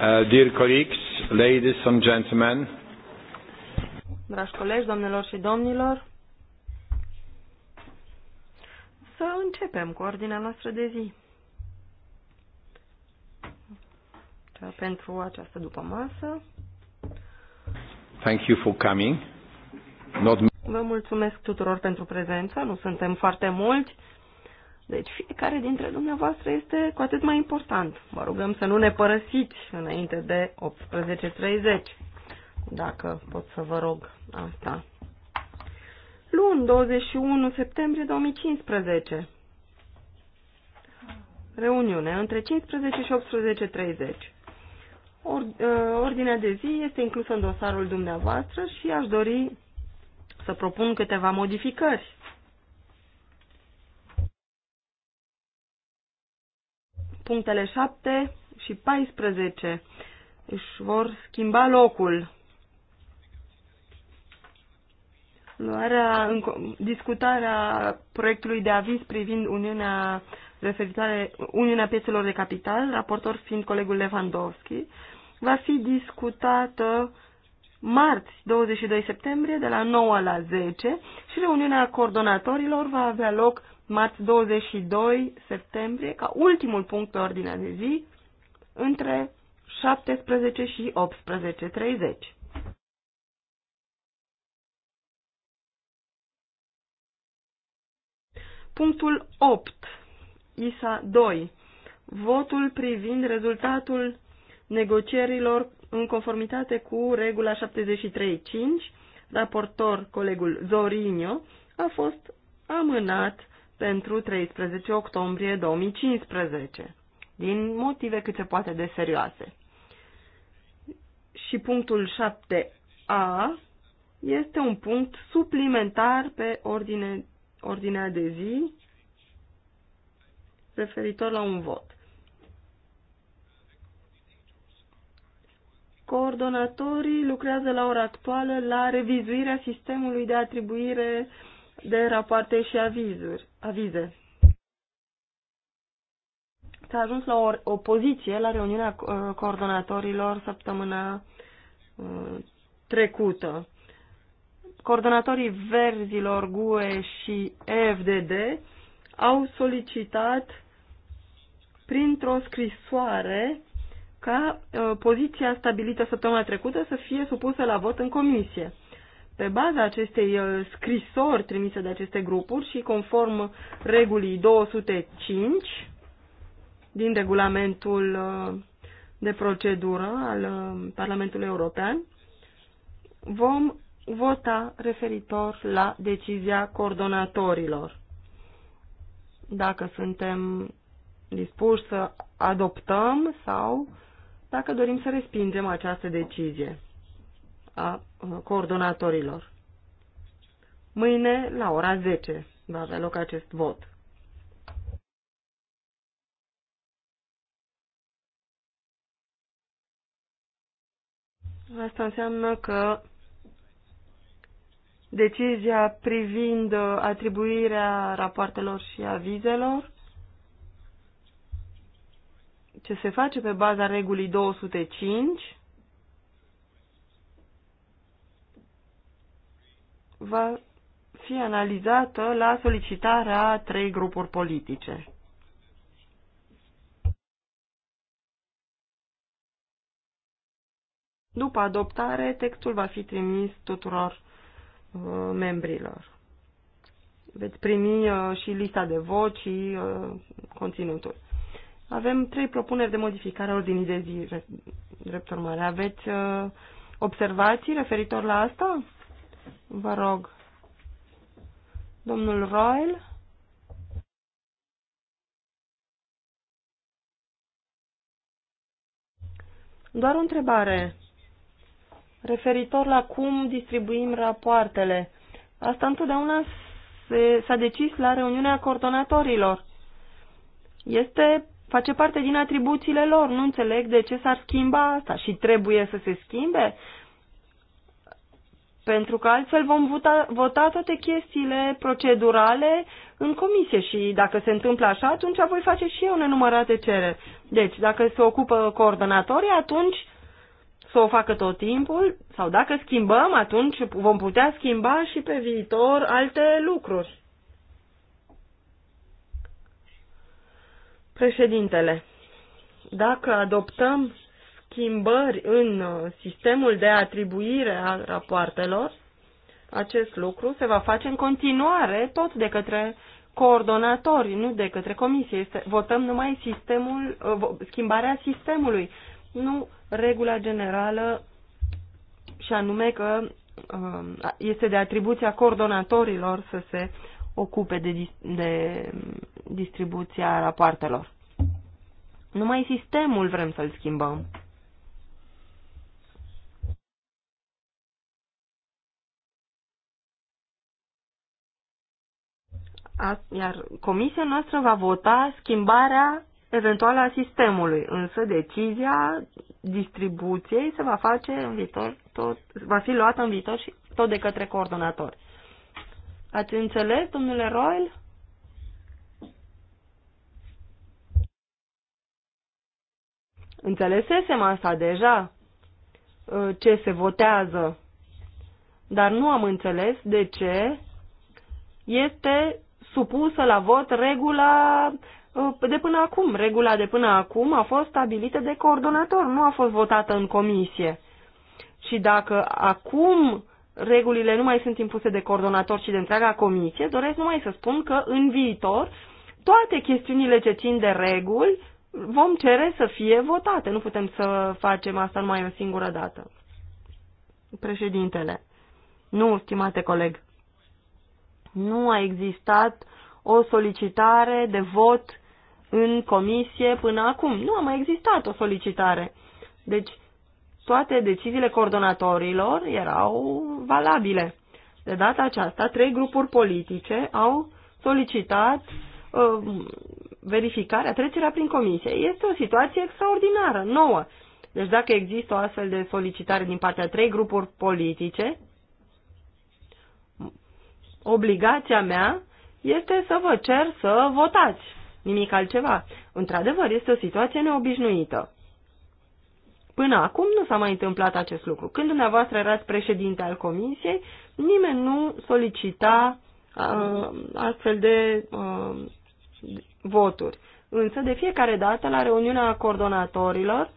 Uh, dear colleagues, ladies and gentlemen. Dragi colegi, domnilor și domnilor, să începem cu ordinea noastră de zi. pentru această după masă. Thank you for coming. Not... Vă mulțumesc tuturor pentru prezență. Nu suntem foarte mulți, deci fiecare dintre dumneavoastră este cu atât mai important. Vă rugăm să nu ne părăsiți înainte de 18.30, dacă pot să vă rog asta. Luni, 21 septembrie 2015. Reuniune între 15 și 18.30. Or, uh, ordinea de zi este inclusă în dosarul dumneavoastră și aș dori să propun câteva modificări punctele 7 și 14 își vor schimba locul. Luarea, în, discutarea proiectului de aviz privind Uniunea referitoare Uniunea Piețelor de Capital, raportor fiind colegul Lewandowski, va fi discutată marți 22 septembrie de la 9 la 10 și reuniunea coordonatorilor va avea loc marți 22 septembrie, ca ultimul punct pe ordinea de zi, între 17 și 18.30. Punctul 8. ISA 2. Votul privind rezultatul negocierilor în conformitate cu regula 73.5, raportor colegul Zorinio, a fost amânat pentru 13 octombrie 2015, din motive cât se poate de serioase. Și punctul 7a este un punct suplimentar pe ordine, ordinea de zi referitor la un vot. Coordonatorii lucrează la ora actuală la revizuirea sistemului de atribuire de rapoarte și avizuri avize. S-a ajuns la o, o poziție la reuniunea uh, coordonatorilor săptămâna uh, trecută. Coordonatorii verzilor GUE și FDD au solicitat printr-o scrisoare ca uh, poziția stabilită săptămâna trecută să fie supusă la vot în comisie. Pe baza acestei uh, scrisori trimise de aceste grupuri și conform regulii 205 din regulamentul uh, de procedură al uh, Parlamentului European, vom vota referitor la decizia coordonatorilor. Dacă suntem dispuși să adoptăm sau dacă dorim să respingem această decizie a coordonatorilor. Mâine, la ora 10, va avea loc acest vot. Asta înseamnă că decizia privind uh, atribuirea rapoartelor și avizelor, ce se face pe baza regulii 205, va fi analizată la solicitarea trei grupuri politice. După adoptare, textul va fi trimis tuturor uh, membrilor. Veți primi uh, și lista de voci și uh, conținutul. Avem trei propuneri de modificare a ordinii de zi, drept urmare. Aveți uh, observații referitor la asta? Vă rog. Domnul Royal. Doar o întrebare. Referitor la cum distribuim rapoartele. Asta întotdeauna s-a decis la reuniunea coordonatorilor. Este, face parte din atribuțiile lor. Nu înțeleg de ce s-ar schimba asta și trebuie să se schimbe pentru că altfel vom vota, vota toate chestiile procedurale în comisie și dacă se întâmplă așa, atunci voi face și eu nenumărate cereri. Deci, dacă se ocupă coordonatorii, atunci să o facă tot timpul sau dacă schimbăm, atunci vom putea schimba și pe viitor alte lucruri. Președintele, dacă adoptăm schimbări în uh, sistemul de atribuire a rapoartelor, acest lucru se va face în continuare tot de către coordonatori, nu de către comisie. Este, votăm numai sistemul, uh, schimbarea sistemului, nu regula generală și anume că uh, este de atribuția coordonatorilor să se ocupe de, de distribuția rapoartelor. Numai sistemul vrem să-l schimbăm. iar comisia noastră va vota schimbarea eventuală a sistemului, însă decizia distribuției se va face în viitor, tot, va fi luată în viitor și tot de către coordonator. Ați înțeles, domnule Royal? Înțelesesem asta deja, uh, ce se votează, dar nu am înțeles de ce este supusă la vot regula uh, de până acum. Regula de până acum a fost stabilită de coordonator, nu a fost votată în comisie. Și dacă acum regulile nu mai sunt impuse de coordonator, ci de întreaga comisie, doresc numai să spun că în viitor toate chestiunile ce țin de reguli vom cere să fie votate. Nu putem să facem asta numai o singură dată. Președintele. Nu, stimate coleg nu a existat o solicitare de vot în comisie până acum. Nu a mai existat o solicitare. Deci, toate deciziile coordonatorilor erau valabile. De data aceasta, trei grupuri politice au solicitat uh, verificarea, trecerea prin comisie. Este o situație extraordinară, nouă. Deci dacă există o astfel de solicitare din partea trei grupuri politice, obligația mea este să vă cer să votați, nimic altceva. Într-adevăr, este o situație neobișnuită. Până acum nu s-a mai întâmplat acest lucru. Când dumneavoastră erați președinte al comisiei, nimeni nu solicita uh, astfel de uh, voturi. Însă, de fiecare dată, la reuniunea coordonatorilor,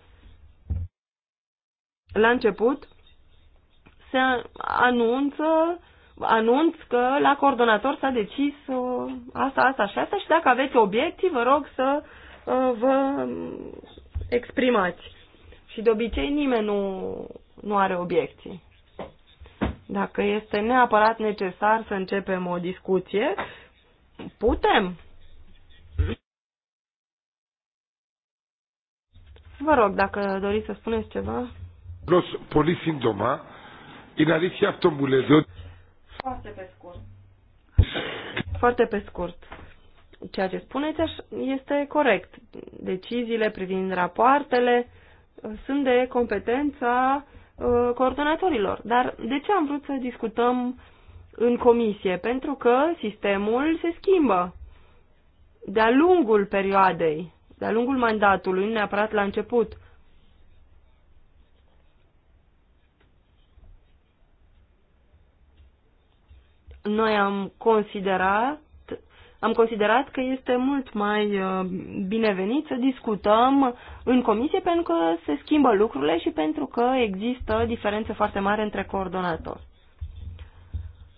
la început, se anunță anunț că la coordonator s-a decis uh, asta, asta și asta și dacă aveți obiectii, vă rog să uh, vă exprimați. Și de obicei nimeni nu, nu are obiecții. Dacă este neapărat necesar să începem o discuție, putem. Vă rog, dacă doriți să spuneți ceva. Poliți în doma, în foarte pe scurt. Foarte pe scurt. Ceea ce spuneți este corect. Deciziile privind rapoartele uh, sunt de competența uh, coordonatorilor. Dar de ce am vrut să discutăm în comisie? Pentru că sistemul se schimbă. De-a lungul perioadei, de-a lungul mandatului, nu neapărat la început, Noi am considerat am considerat că este mult mai uh, binevenit să discutăm în comisie pentru că se schimbă lucrurile și pentru că există diferențe foarte mari între coordonatori.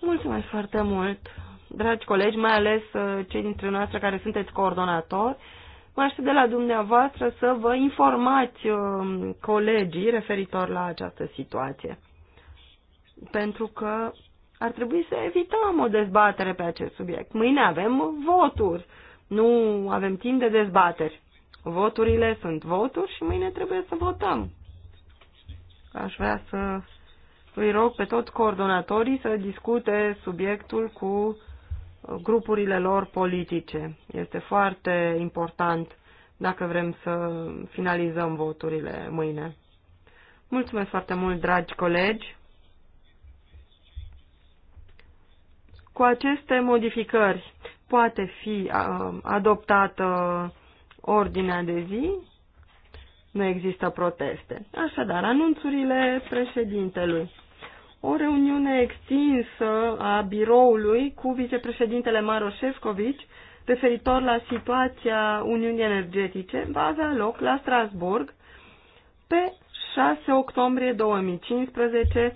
Mulțumesc foarte mult, dragi colegi, mai ales uh, cei dintre noastre care sunteți coordonatori. Mă aștept de la dumneavoastră să vă informați uh, colegii referitor la această situație. Pentru că ar trebui să evităm o dezbatere pe acest subiect. Mâine avem voturi, nu avem timp de dezbateri. Voturile sunt voturi și mâine trebuie să votăm. Aș vrea să îi rog pe toți coordonatorii să discute subiectul cu grupurile lor politice. Este foarte important dacă vrem să finalizăm voturile mâine. Mulțumesc foarte mult, dragi colegi! Cu aceste modificări poate fi adoptată ordinea de zi, nu există proteste. Așadar, anunțurile președintelui. O reuniune extinsă a biroului cu vicepreședintele Maroșescovici referitor la situația Uniunii Energetice va avea loc la Strasburg pe 6 octombrie 2015,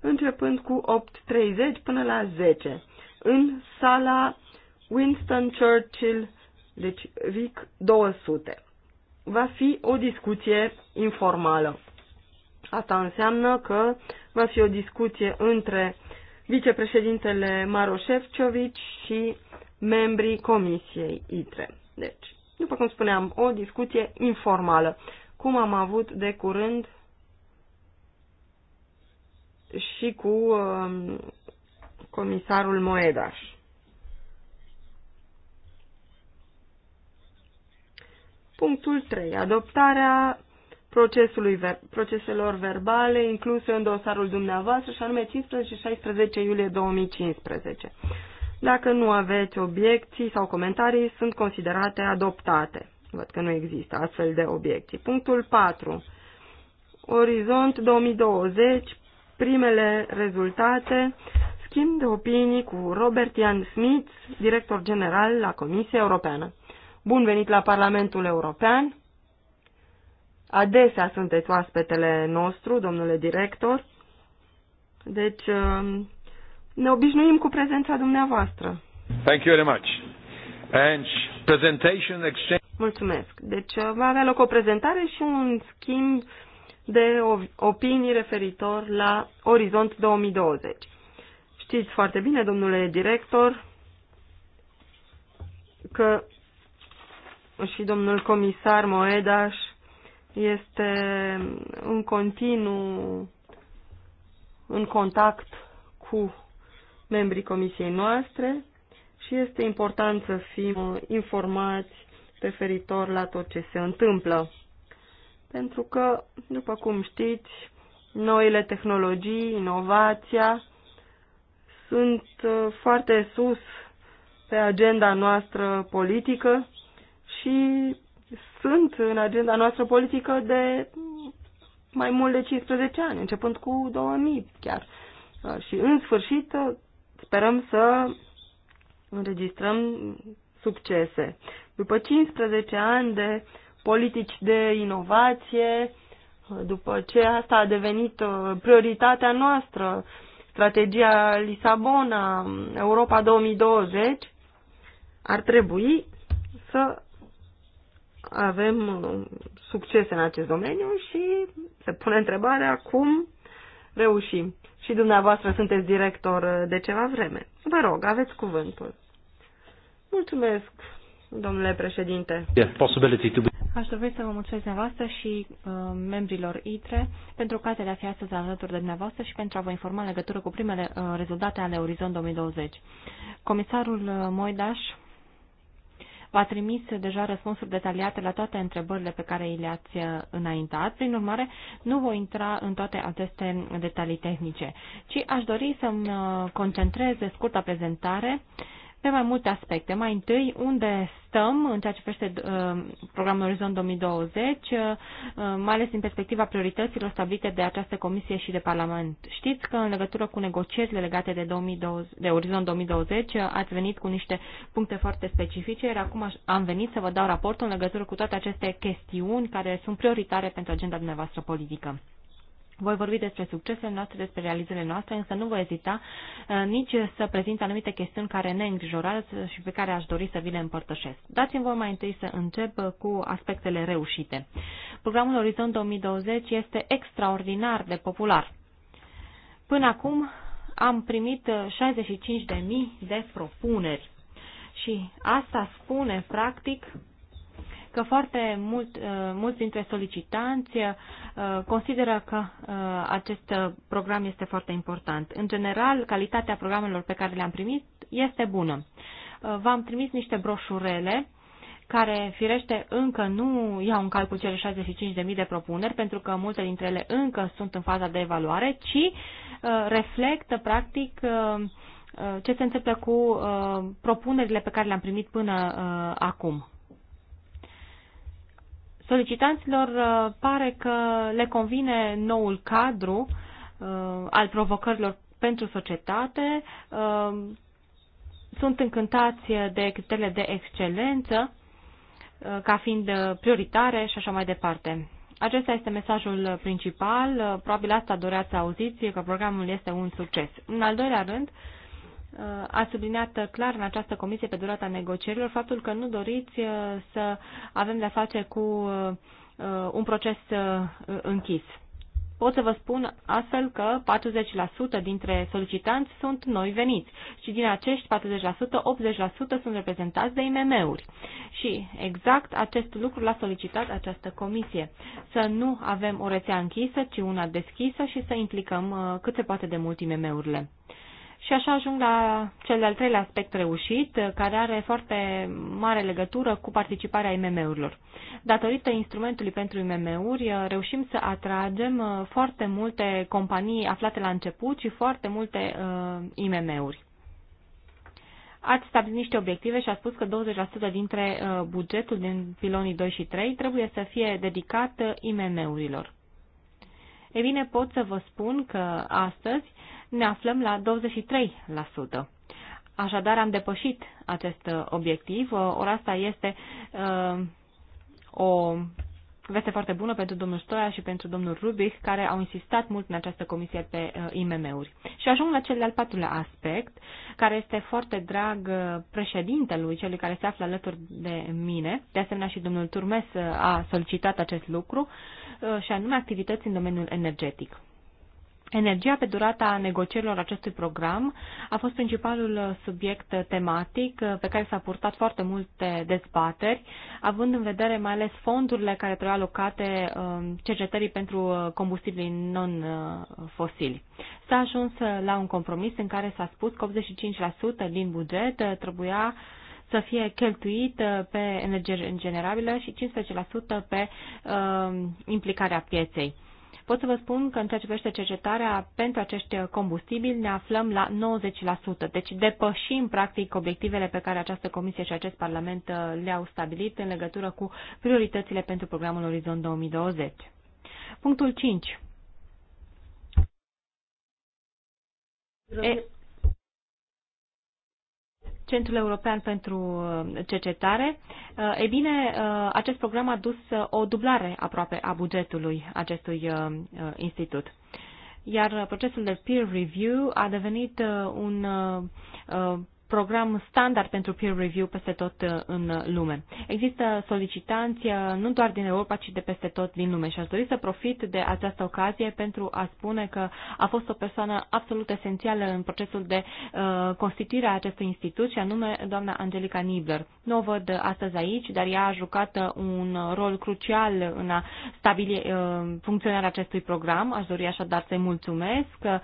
începând cu 8.30 până la 10 în sala Winston Churchill, deci VIC 200. Va fi o discuție informală. Asta înseamnă că va fi o discuție între vicepreședintele Maro și membrii Comisiei ITRE. Deci, după cum spuneam, o discuție informală, cum am avut de curând și cu uh, comisarul Moedas. Punctul 3. Adoptarea procesului ver proceselor verbale incluse în dosarul dumneavoastră, și anume 15 și 16 iulie 2015. Dacă nu aveți obiecții sau comentarii, sunt considerate adoptate. Văd că nu există astfel de obiecții. Punctul 4. Orizont 2020, primele rezultate Schimb de opinii cu Robert Ian Smith, director general la Comisia Europeană. Bun venit la Parlamentul European. Adesea sunteți oaspetele nostru, domnule director. Deci, um, ne obișnuim cu prezența dumneavoastră. Thank you very much. And presentation exchange... Mulțumesc. Deci uh, va avea loc o prezentare și un schimb de opinii referitor la Orizont 2020. Știți foarte bine, domnule director, că și domnul comisar Moedaș este în continuu în contact cu membrii comisiei noastre și este important să fim informați referitor la tot ce se întâmplă. Pentru că, după cum știți, noile tehnologii, inovația sunt uh, foarte sus pe agenda noastră politică și sunt în agenda noastră politică de mai mult de 15 ani, începând cu 2000 chiar. Uh, și în sfârșit uh, sperăm să înregistrăm succese. După 15 ani de politici de inovație, după ce asta a devenit prioritatea noastră, strategia Lisabona, Europa 2020, ar trebui să avem succes în acest domeniu și se pune întrebarea cum reușim. Și dumneavoastră sunteți director de ceva vreme. Vă rog, aveți cuvântul. Mulțumesc, domnule președinte. Aș dori să vă mulțumesc dumneavoastră și uh, membrilor ITRE pentru că de a fi astăzi alături de dumneavoastră și pentru a vă informa în legătură cu primele uh, rezultate ale Orizont 2020. Comisarul uh, Moidaș v-a trimis deja răspunsuri detaliate la toate întrebările pe care i le-ați uh, înaintat. Prin urmare, nu voi intra în toate aceste detalii tehnice, ci aș dori să-mi uh, concentrez scurta prezentare uh, pe mai multe aspecte. Mai întâi, unde stăm în ceea ce privește uh, programul Orizont 2020, uh, mai ales din perspectiva priorităților stabilite de această comisie și de Parlament. Știți că în legătură cu negocierile legate de, 2020, de Orizont 2020 uh, ați venit cu niște puncte foarte specifice, iar acum am venit să vă dau raportul în legătură cu toate aceste chestiuni care sunt prioritare pentru agenda dumneavoastră politică. Voi vorbi despre succesele noastre, despre realizările noastre, însă nu voi ezita uh, nici să prezint anumite chestiuni care ne îngrijorează și pe care aș dori să vi le împărtășesc. Dați-mi voi mai întâi să încep uh, cu aspectele reușite. Programul Orizont 2020 este extraordinar de popular. Până acum am primit 65.000 uh, de propuneri și asta spune practic că foarte mult, uh, mulți dintre solicitanți uh, consideră că uh, acest program este foarte important. În general, calitatea programelor pe care le-am primit este bună. V-am trimis niște broșurele care, firește, încă nu iau în calcul cele 65.000 de propuneri, pentru că multe dintre ele încă sunt în faza de evaluare, ci reflectă, practic, ce se întâmplă cu propunerile pe care le-am primit până acum. Solicitanților uh, pare că le convine noul cadru uh, al provocărilor pentru societate, uh, sunt încântați de criteriile de excelență ca fiind prioritare și așa mai departe. Acesta este mesajul principal. Probabil asta doreați să auziți, că programul este un succes. În al doilea rând, a subliniat clar în această comisie pe durata negocierilor faptul că nu doriți uh, să avem de-a face cu uh, un proces uh, închis. Pot să vă spun astfel că 40% dintre solicitanți sunt noi veniți și din acești 40%, 80% sunt reprezentați de IMM-uri. Și exact acest lucru l-a solicitat această comisie. Să nu avem o rețea închisă, ci una deschisă și să implicăm cât se poate de mult IMM-urile. Și așa ajung la cel de-al treilea aspect reușit, uh, care are foarte mare legătură cu participarea IMM-urilor. Datorită instrumentului pentru IMM-uri, uh, reușim să atragem uh, foarte multe companii aflate la început și foarte multe uh, IMM-uri. Ați stabilit niște obiective și a spus că 20% dintre bugetul din pilonii 2 și 3 trebuie să fie dedicat IMM-urilor. Ei bine, pot să vă spun că astăzi ne aflăm la 23%. Așadar, am depășit acest uh, obiectiv. Uh, ora asta este uh, o veste foarte bună pentru domnul Stoia și pentru domnul Rubic, care au insistat mult în această comisie pe uh, IMM-uri. Și ajung la cel de-al patrulea aspect, care este foarte drag uh, președintelui, celui care se află alături de mine. De asemenea, și domnul Turmes a solicitat acest lucru, uh, și anume activități în domeniul energetic. Energia pe durata negocierilor acestui program a fost principalul subiect tematic pe care s-a purtat foarte multe dezbateri, având în vedere mai ales fondurile care trebuiau alocate um, cercetării pentru uh, combustibili non-fosili. Uh, s-a ajuns la un compromis în care s-a spus că 85% din buget uh, trebuia să fie cheltuit pe energie regenerabilă și 15% pe implicarea pieței. Pot să vă spun că în ceea ce privește cercetarea pentru acești combustibili ne aflăm la 90%, deci depășim practic obiectivele pe care această comisie și acest parlament uh, le-au stabilit în legătură cu prioritățile pentru programul Orizont 2020. Punctul 5. E Centrul European pentru uh, Cercetare. Uh, e bine, uh, acest program a dus o dublare aproape a bugetului acestui institut. Iar procesul de peer review a devenit un program standard pentru peer review peste tot uh, în lume. Există solicitanți uh, nu doar din Europa, ci de peste tot din lume și aș dori să profit de această ocazie pentru a spune că a fost o persoană absolut esențială în procesul de uh, constituire a acestui institut și anume doamna Angelica Nibler. Nu o văd astăzi aici, dar ea a jucat uh, un rol crucial în a stabili uh, funcționarea acestui program. Aș dori așadar să-i mulțumesc, uh,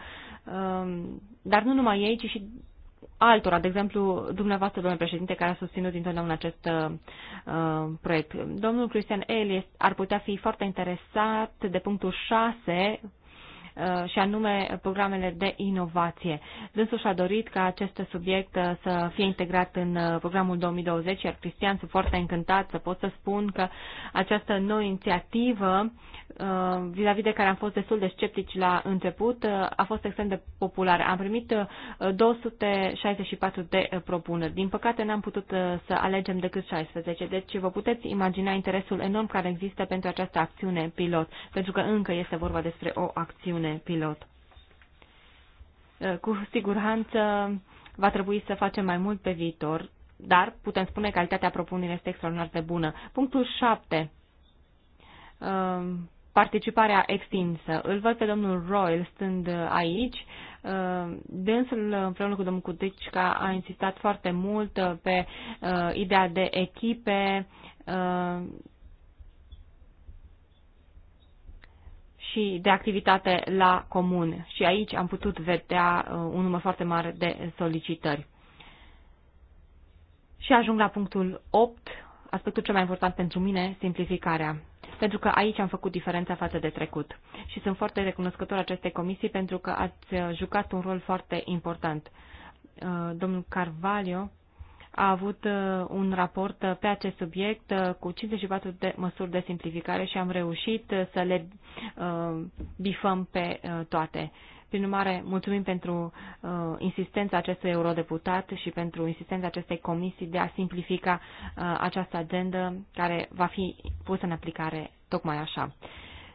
dar nu numai ei, ci și altora, de exemplu, dumneavoastră, domnule președinte, care a susținut un acest uh, uh, proiect. Domnul Cristian Elias ar putea fi foarte interesat de punctul 6 uh, și anume programele de inovație. Dânsul și-a dorit ca acest subiect uh, să fie integrat în programul 2020, iar Cristian sunt foarte încântat să pot să spun că această nouă inițiativă Uh, vis-a-vis -vis de care am fost destul de sceptici la început, uh, a fost extrem de popular. Am primit 264 uh, de propuneri. Din păcate n-am putut să alegem decât 16, deci vă puteți imagina interesul enorm care există pentru această acțiune pilot, pentru că încă este vorba despre o acțiune pilot. Cu siguranță va trebui să facem mai mult pe viitor, dar putem spune că calitatea propunerii este extraordinar de bună. Punctul 7 participarea extinsă. Îl văd pe domnul Royal stând uh, aici. Uh, dânsul, uh, împreună cu domnul Cuticica, a insistat foarte mult pe ideea de echipe și de activitate la comun. Și aici am putut vedea un număr foarte mare de solicitări. Și ajung la punctul 8, aspectul cel mai important pentru mine, simplificarea pentru că aici am făcut diferența față de trecut. Și sunt foarte recunoscător acestei comisii pentru că ați uh, jucat un rol foarte important. Uh, domnul Carvalho a avut uh, un raport pe acest subiect cu 54 de măsuri de simplificare și am reușit să le bifăm pe toate. Prin urmare, mulțumim pentru uh, insistența acestui eurodeputat și pentru insistența acestei comisii de a simplifica uh, această agendă care va fi pusă în aplicare tocmai așa.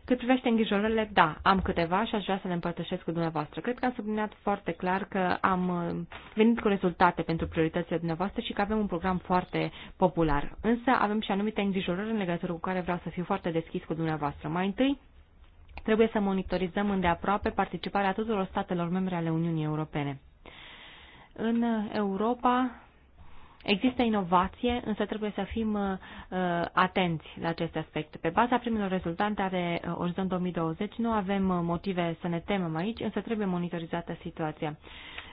Cât privește îngrijorările, da, am câteva și aș vrea să le împărtășesc cu dumneavoastră. Cred că am subliniat foarte clar că am uh, venit cu rezultate pentru prioritățile dumneavoastră și că avem un program foarte popular. Însă avem și anumite îngrijorări în legătură cu care vreau să fiu foarte deschis cu dumneavoastră. Mai întâi, Trebuie să monitorizăm îndeaproape participarea tuturor statelor membre ale Uniunii Europene. În Europa există inovație, însă trebuie să fim uh, atenți la aceste aspecte. Pe baza primelor rezultate ale uh, Orizont 2020 nu avem uh, motive să ne temem aici, însă trebuie monitorizată situația. Uh,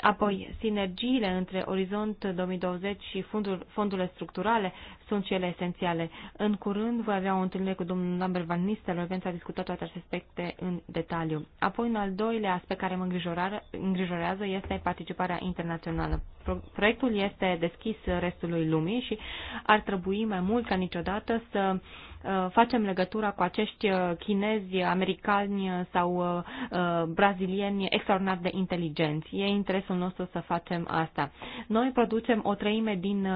Apoi, sinergiile între Orizont 2020 și fundul, fondurile structurale sunt cele esențiale. În curând voi avea o întâlnire cu domnul Lambert Van Nistelrooy pentru a discuta toate aceste aspecte în detaliu. Apoi, un al doilea aspect care mă îngrijorează este participarea internațională proiectul este deschis restului lumii și ar trebui mai mult ca niciodată să uh, facem legătura cu acești uh, chinezi, americani sau uh, brazilieni extraordinar de inteligenți. E interesul nostru să facem asta. Noi producem o treime din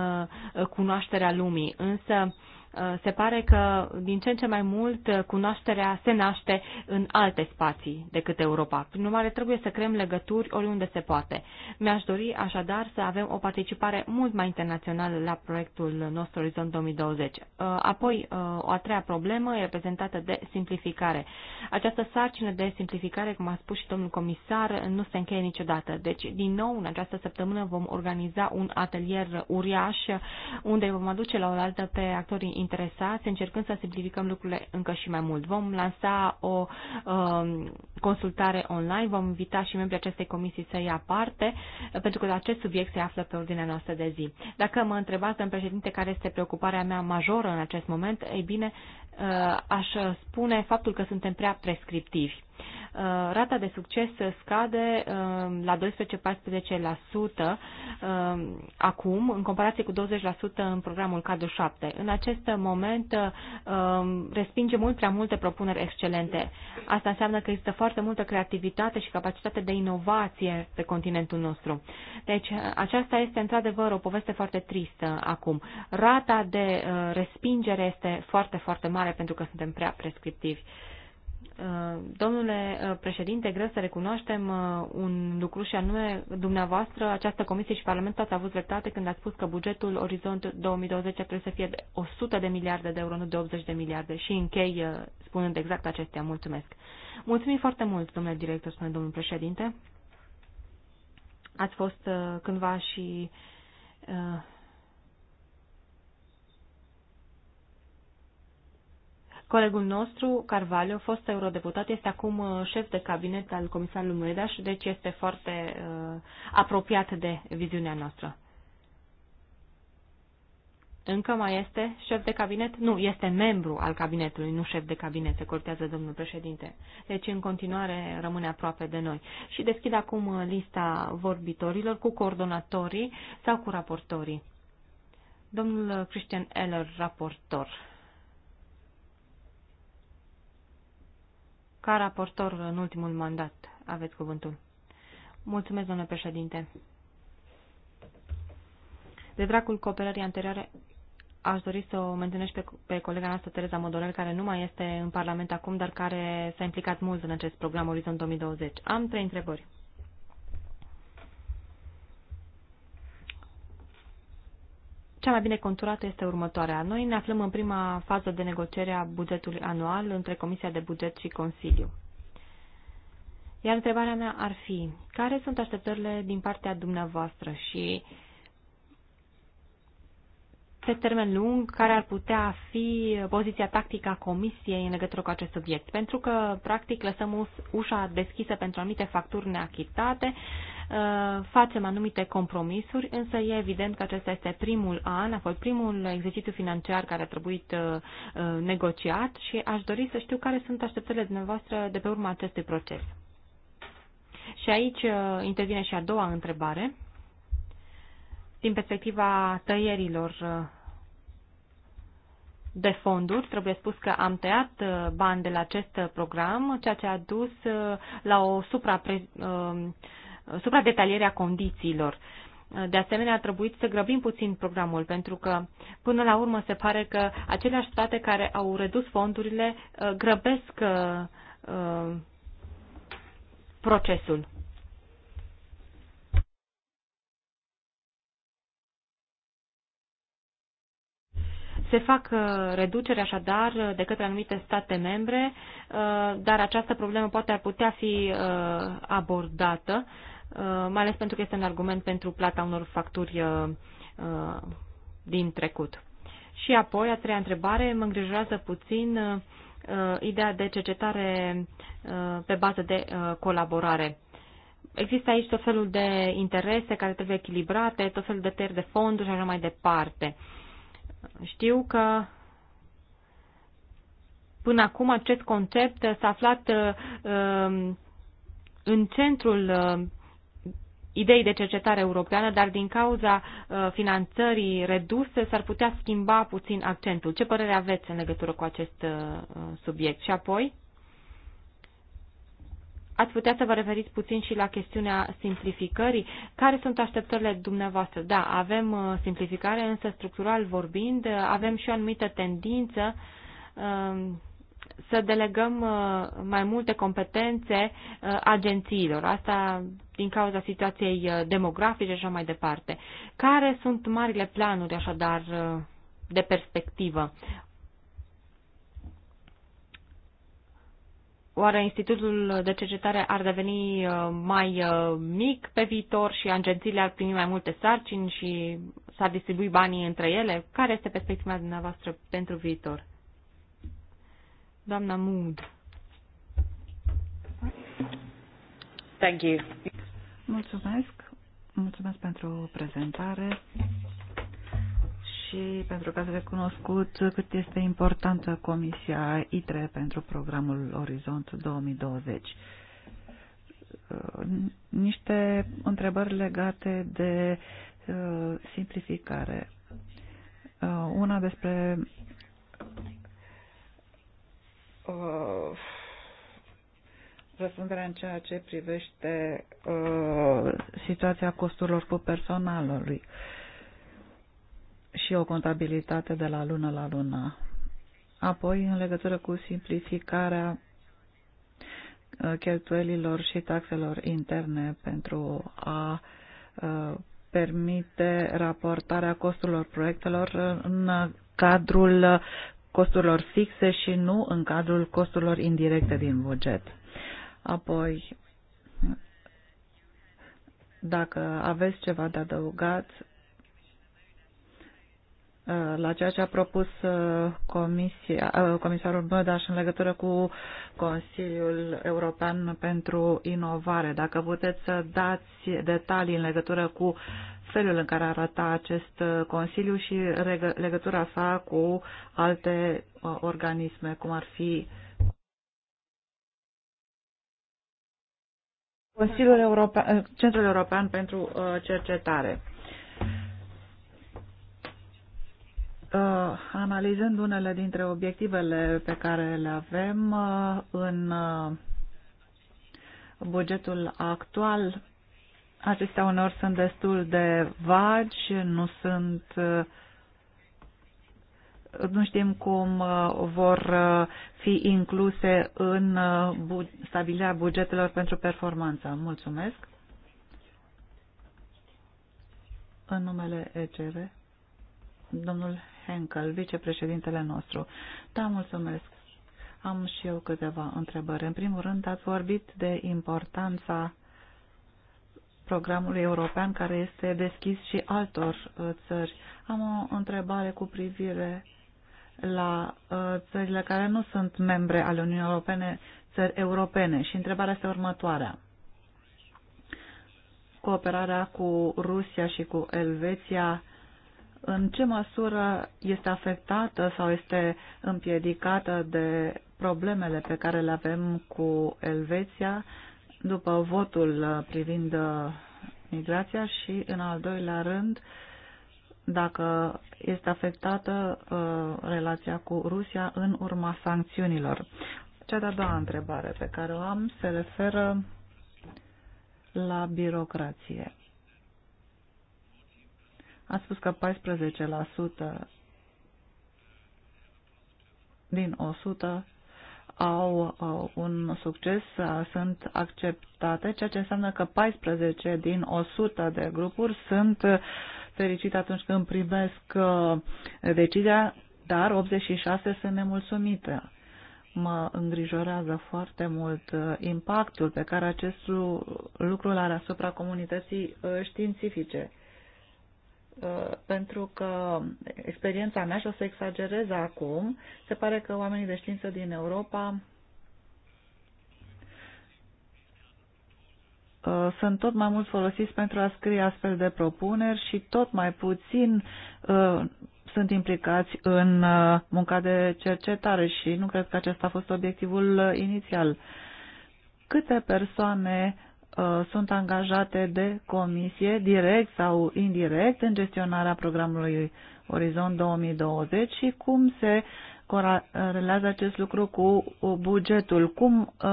cunoașterea lumii, însă Uh, se pare că din ce în ce mai mult uh, cunoașterea se naște în alte spații decât Europa. Prin urmare, trebuie să creăm legături oriunde se poate. Mi-aș dori așadar să avem o participare mult mai internațională la proiectul nostru Orizont 2020. Uh, apoi, o a treia problemă e reprezentată de simplificare. Această sarcină de simplificare, cum a spus și domnul comisar, nu se încheie niciodată. Deci, din nou, în această săptămână vom organiza un atelier uriaș unde vom aduce la oaltă pe actorii interesați, încercând să simplificăm lucrurile încă și mai mult. Vom lansa o uh, consultare online, vom invita și membrii acestei comisii să ia parte, pentru că acest subiect se află pe ordinea noastră de zi. Dacă mă întrebați, domn președinte, care este preocuparea mea majoră în acest moment, ei bine, Uh, aș spune faptul că suntem prea prescriptivi. Uh, rata de succes scade uh, la 12-14% acum, în comparație cu 20% în programul CADU 7. În acest moment respinge mult prea multe propuneri excelente. Asta înseamnă că există foarte multă creativitate și capacitate de inovație pe continentul nostru. Deci aceasta este într-adevăr o poveste foarte tristă acum. Rata de respingere este foarte, foarte mare mare pentru că suntem prea prescriptivi. Uh, domnule uh, președinte, greu să recunoaștem uh, un lucru și anume, dumneavoastră, această comisie și Parlamentul ați avut dreptate când ați spus că bugetul Orizont 2020 trebuie să fie 100 de miliarde de euro, nu de 80 de miliarde. Și închei spunând exact acestea. Mulțumesc. Mulțumim foarte mult, domnule director, spune domnul președinte. Ați fost cândva și Colegul nostru, Carvalho, fost eurodeputat, este acum uh, șef de cabinet al comisarului și deci este foarte uh, apropiat de viziunea noastră. Încă mai este șef de cabinet? Nu, este membru al cabinetului, nu șef de cabinet, se cortează domnul președinte. Deci, în continuare, rămâne aproape de noi. Și deschid acum uh, lista vorbitorilor cu coordonatorii sau cu raportorii. Domnul uh, Christian Eller, raportor. ca raportor în ultimul mandat. Aveți cuvântul. Mulțumesc, domnule președinte. De dracul cooperării anterioare, aș dori să o menționez pe, pe colega noastră, Tereza Modorel, care nu mai este în Parlament acum, dar care s-a implicat mult în acest program Orizont 2020. Am trei întrebări. cea mai bine conturată este următoarea. Noi ne aflăm în prima fază de negociere a bugetului anual între Comisia de Buget și Consiliu. Iar întrebarea mea ar fi, care sunt așteptările din partea dumneavoastră și pe termen lung, care ar putea fi poziția tactică a Comisiei în legătură cu acest subiect? Pentru că, practic, lăsăm ușa deschisă pentru anumite facturi neachitate, Uh, facem anumite compromisuri, însă e evident că acesta este primul an, a fost primul exercițiu financiar care a trebuit uh, uh, negociat și aș dori să știu care sunt așteptările dumneavoastră de pe urma acestui proces. Și aici intervine și a doua întrebare. Din perspectiva tăierilor de fonduri. Trebuie spus că am tăiat bani de la acest program, ceea ce a dus la o suprapre supra-detalierea condițiilor. De asemenea, a trebuit să grăbim puțin programul, pentru că, până la urmă, se pare că aceleași state care au redus fondurile uh, grăbesc uh, uh, procesul. Se fac uh, reduceri așadar de către anumite state membre, dar această problemă poate ar putea fi abordată Uh, mai ales pentru că este un argument pentru plata unor facturi uh, uh, din trecut. Și apoi, a treia întrebare, mă îngrijorează puțin ideea de cercetare pe bază de colaborare. Există aici tot felul de interese care trebuie echilibrate, tot felul de tăieri de fonduri și așa mai departe. Știu că până acum acest concept s-a aflat în centrul idei de cercetare europeană, dar din cauza uh, finanțării reduse s-ar putea schimba puțin accentul. Ce părere aveți în legătură cu acest uh, subiect? Și apoi, ați putea să vă referiți puțin și la chestiunea simplificării. Care sunt așteptările dumneavoastră? Da, avem uh, simplificare, însă structural vorbind, avem și o anumită tendință să delegăm uh, mai multe competențe uh, agențiilor. Asta din cauza situației uh, demografice și așa mai departe. Care sunt marile planuri, așadar, de perspectivă? Oare Institutul de Cercetare ar deveni mai mic pe viitor și agențiile ar primi mai multe sarcini și s-ar distribui banii între ele? Care este perspectiva dumneavoastră pentru viitor? doamna Mood. Thank you. Mulțumesc. Mulțumesc pentru prezentare și pentru că ați recunoscut cât este importantă Comisia ITRE pentru programul Orizont 2020. Niște întrebări legate de uh, simplificare. Uh, una despre Uh, răspunderea în ceea ce privește uh, situația costurilor cu personalului și o contabilitate de la lună la lună. Apoi, în legătură cu simplificarea uh, cheltuielilor și taxelor interne pentru a uh, permite raportarea costurilor proiectelor în cadrul costurilor fixe și nu în cadrul costurilor indirecte din buget. Apoi, dacă aveți ceva de adăugat, Uh, la ceea ce a propus uh, comisia, uh, comisarul Bădaș în legătură cu Consiliul European pentru Inovare. Dacă puteți să dați detalii în legătură cu felul în care arăta acest Consiliu și legătura sa cu alte organisme, cum ar fi Consiliul European, Centrul European pentru Cercetare. Uh, analizând unele dintre obiectivele pe care le avem uh, în uh, bugetul actual, acestea uneori sunt destul de vagi, nu sunt nu știm cum vor fi incluse în stabilirea bugetelor pentru performanță. Mulțumesc. În numele ECR. Domnul Henkel, vicepreședintele nostru. Da, mulțumesc. Am și eu câteva întrebări. În primul rând, ați vorbit de importanța programului european care este deschis și altor uh, țări. Am o întrebare cu privire la uh, țările care nu sunt membre ale Uniunii Europene, țări europene. Și întrebarea este următoarea. Cooperarea cu Rusia și cu Elveția în ce măsură este afectată sau este împiedicată de problemele pe care le avem cu Elveția după votul uh, privind uh, migrația și, în al doilea rând, dacă este afectată uh, relația cu Rusia în urma sancțiunilor. Cea de-a doua întrebare pe care o am se referă la birocrație. A spus că 14% din 100 au uh, un succes, uh, sunt acceptate, ceea ce înseamnă că 14 din 100 de grupuri sunt uh, fericite atunci când primesc decizia, dar 86 sunt nemulțumite. Mă îngrijorează foarte mult impactul pe care acest lucru l are asupra comunității științifice Uh, pentru că experiența mea, și o să exagerez acum, se pare că oamenii de știință din Europa uh, sunt tot mai mult folosiți pentru a scrie astfel de propuneri și tot mai puțin uh, sunt implicați în munca de cercetare și nu cred că acesta a fost obiectivul inițial. Câte persoane Uh, sunt angajate de comisie, direct sau indirect, în gestionarea programului Orizont 2020 și cum se corelează acest lucru cu bugetul, cum uh,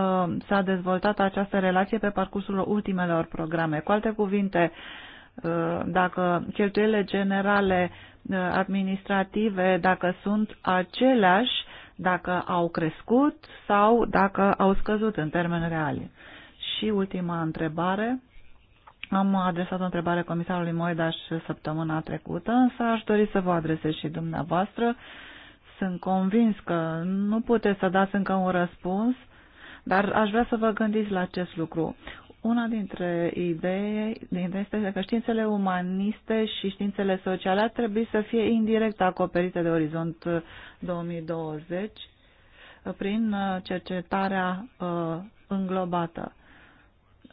s-a dezvoltat această relație pe parcursul ultimelor programe. Cu alte cuvinte, uh, dacă cheltuielile generale administrative, dacă sunt aceleași, dacă au crescut sau dacă au scăzut în termeni reali. Și ultima întrebare. Am adresat o întrebare comisarului Moedaș săptămâna trecută, însă aș dori să vă adresez și dumneavoastră. Sunt convins că nu puteți să dați încă un răspuns, dar aș vrea să vă gândiți la acest lucru. Una dintre idei, dintre este că științele umaniste și științele sociale ar trebui să fie indirect acoperite de Orizont 2020 prin cercetarea uh, înglobată.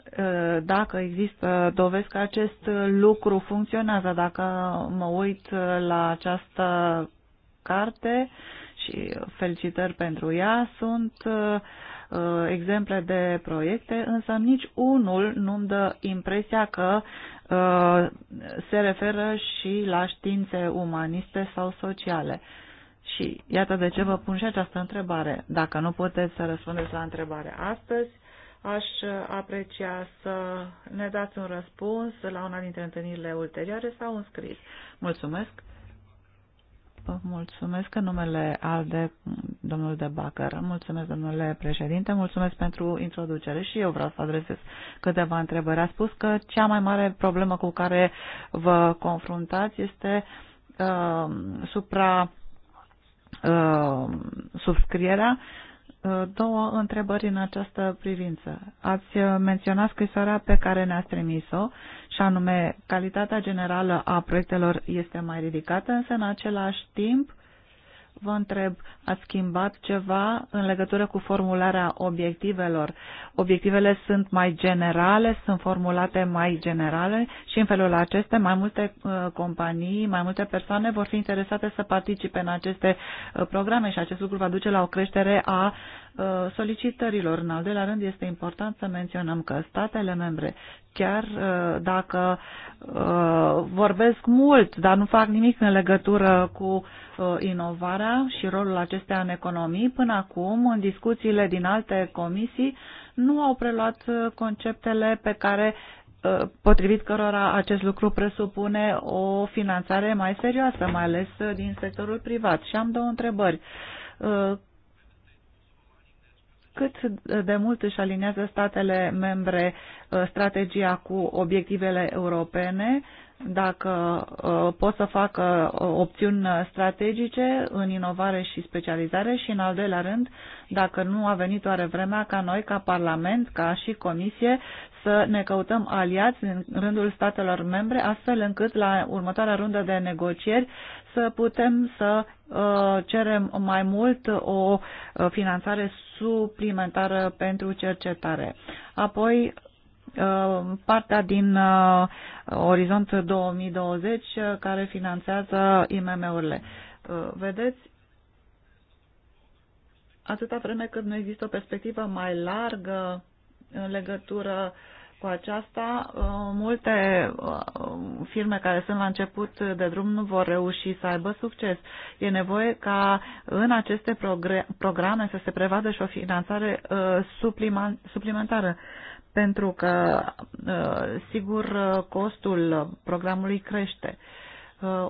Eh, dacă există dovezi că acest lucru funcționează. Dacă mă uit la această carte și felicitări pentru ea, sunt eh, exemple de proiecte, însă nici unul nu-mi dă impresia că eh, se referă și la științe umaniste sau sociale. Și iată de ce vă pun și această întrebare. Dacă nu puteți să răspundeți la întrebare astăzi, Aș aprecia să ne dați un răspuns la una dintre întâlnirile ulterioare sau un scris. Mulțumesc! Mulțumesc în numele de domnul de Bacăr. Mulțumesc, domnule președinte, mulțumesc pentru introducere și eu vreau să adresez câteva întrebări. A spus că cea mai mare problemă cu care vă confruntați este uh, supra uh, subscrierea uh, două întrebări în această privință. Ați menționat scrisoarea pe care ne-ați trimis-o și anume calitatea generală a proiectelor este mai ridicată, însă în același timp vă întreb, ați schimbat ceva în legătură cu formularea obiectivelor? Obiectivele sunt mai generale, sunt formulate mai generale și în felul acesta mai multe uh, companii, mai multe persoane vor fi interesate să participe în aceste uh, programe și acest lucru va duce la o creștere a Uh, solicitărilor. În al doilea rând, este important să menționăm că statele membre, chiar uh, dacă uh, vorbesc mult, dar nu fac nimic în legătură cu inovarea și rolul acestea în economii, până acum, în discuțiile din alte comisii, nu au preluat conceptele pe care potrivit cărora acest lucru presupune o finanțare mai serioasă, mai ales din sectorul privat. Și am două întrebări cât de mult își alinează statele membre uh, strategia cu obiectivele europene, dacă uh, pot să facă uh, opțiuni strategice în inovare și specializare și, în al doilea rând, dacă nu a venit oare vremea ca noi, ca Parlament, ca și Comisie, să ne căutăm aliați în rândul statelor membre, astfel încât la următoarea rundă de negocieri să putem să uh, cerem mai mult o uh, finanțare suplimentară pentru cercetare. Apoi, uh, partea din Orizont 2020 care finanțează IMM-urile. Vedeți, atâta vreme cât nu există o perspectivă mai largă în legătură uh, cu aceasta, uh, multe uh, firme care sunt la început de drum nu vor reuși să aibă succes. E nevoie ca în aceste programe să se prevadă și o finanțare uh, suplimentară, pentru că, sigur, costul programului crește.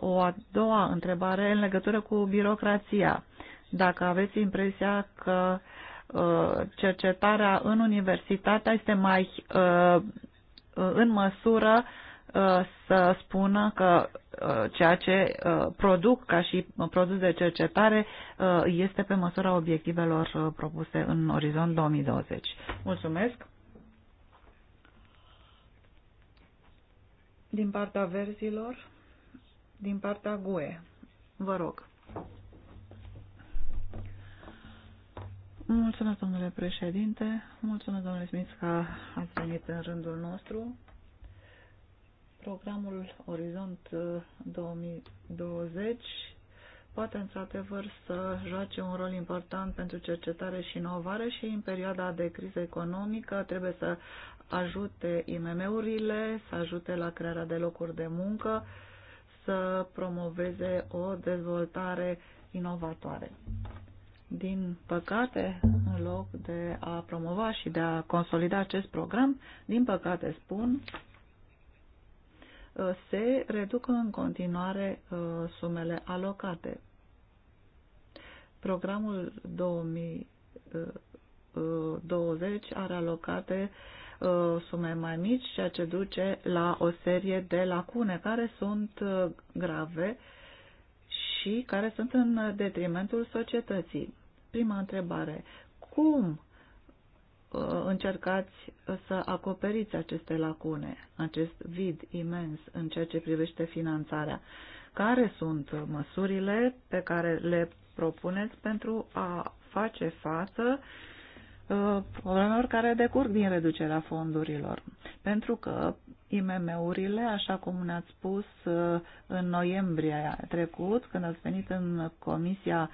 O a doua întrebare în legătură cu birocrația. Dacă aveți impresia că uh, Uh, cercetarea în universitatea este mai uh, în măsură uh, să spună că ceea ce produc ca și produs de cercetare este pe măsura obiectivelor propuse în orizont 2020. Mulțumesc! Din partea verzilor, din partea GUE, vă rog. Mulțumesc, domnule președinte. Mulțumesc, domnule Smith, că ați venit în rândul nostru. Programul Orizont 2020 uh, poate, într-adevăr, să joace un rol important pentru cercetare și inovare și în perioada de criză economică trebuie să ajute IMM-urile, să ajute la crearea de locuri de muncă, să promoveze o dezvoltare inovatoare. Din păcate, în loc de a promova și de a consolida acest program, din păcate spun, uh, se reduc în continuare uh, sumele alocate. Programul 2020 uh, are alocate sume mai mici, ceea ce duce la o serie de lacune care sunt grave și care sunt în detrimentul societății. Prima întrebare, cum uh, încercați să acoperiți aceste lacune, acest vid imens în ceea ce privește finanțarea? Care sunt măsurile pe care le propuneți pentru a face față uh, Uh, problemelor care decurg din reducerea fondurilor. Pentru că IMM-urile, așa cum ne-ați spus uh, în noiembrie trecut, când ați venit în comisia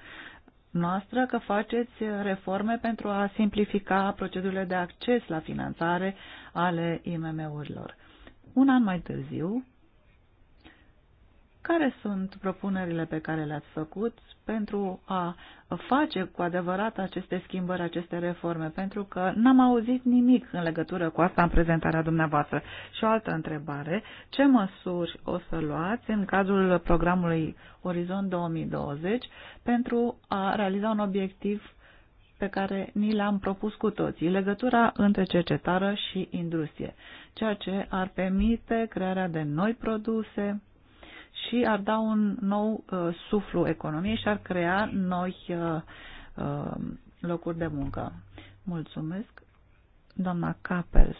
noastră, că faceți reforme pentru a simplifica procedurile de acces la finanțare ale IMM-urilor. Un an mai târziu, care sunt propunerile pe care le-ați făcut pentru a face cu adevărat aceste schimbări, aceste reforme? Pentru că n-am auzit nimic în legătură cu asta în prezentarea dumneavoastră. Și o altă întrebare, ce măsuri o să luați în cadrul programului Orizont 2020 pentru a realiza un obiectiv pe care ni l-am propus cu toții, legătura între cercetare și industrie, ceea ce ar permite crearea de noi produse, și ar da un nou uh, suflu economiei și ar crea noi uh, uh, locuri de muncă. Mulțumesc, doamna Capel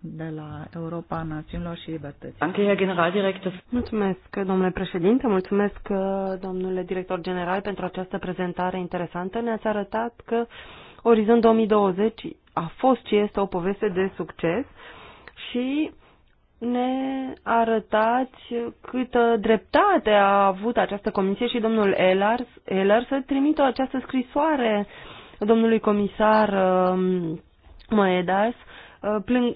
de la Europa Națiunilor și Libertății. Mulțumesc, domnule președinte, mulțumesc, uh, domnule director general, pentru această prezentare interesantă. Ne-ați arătat că Orizont 2020 a fost și este o poveste de succes și ne arătați câtă dreptate a avut această comisie și domnul Elar, Elar să trimită această scrisoare domnului comisar um, Moedas uh, plâng,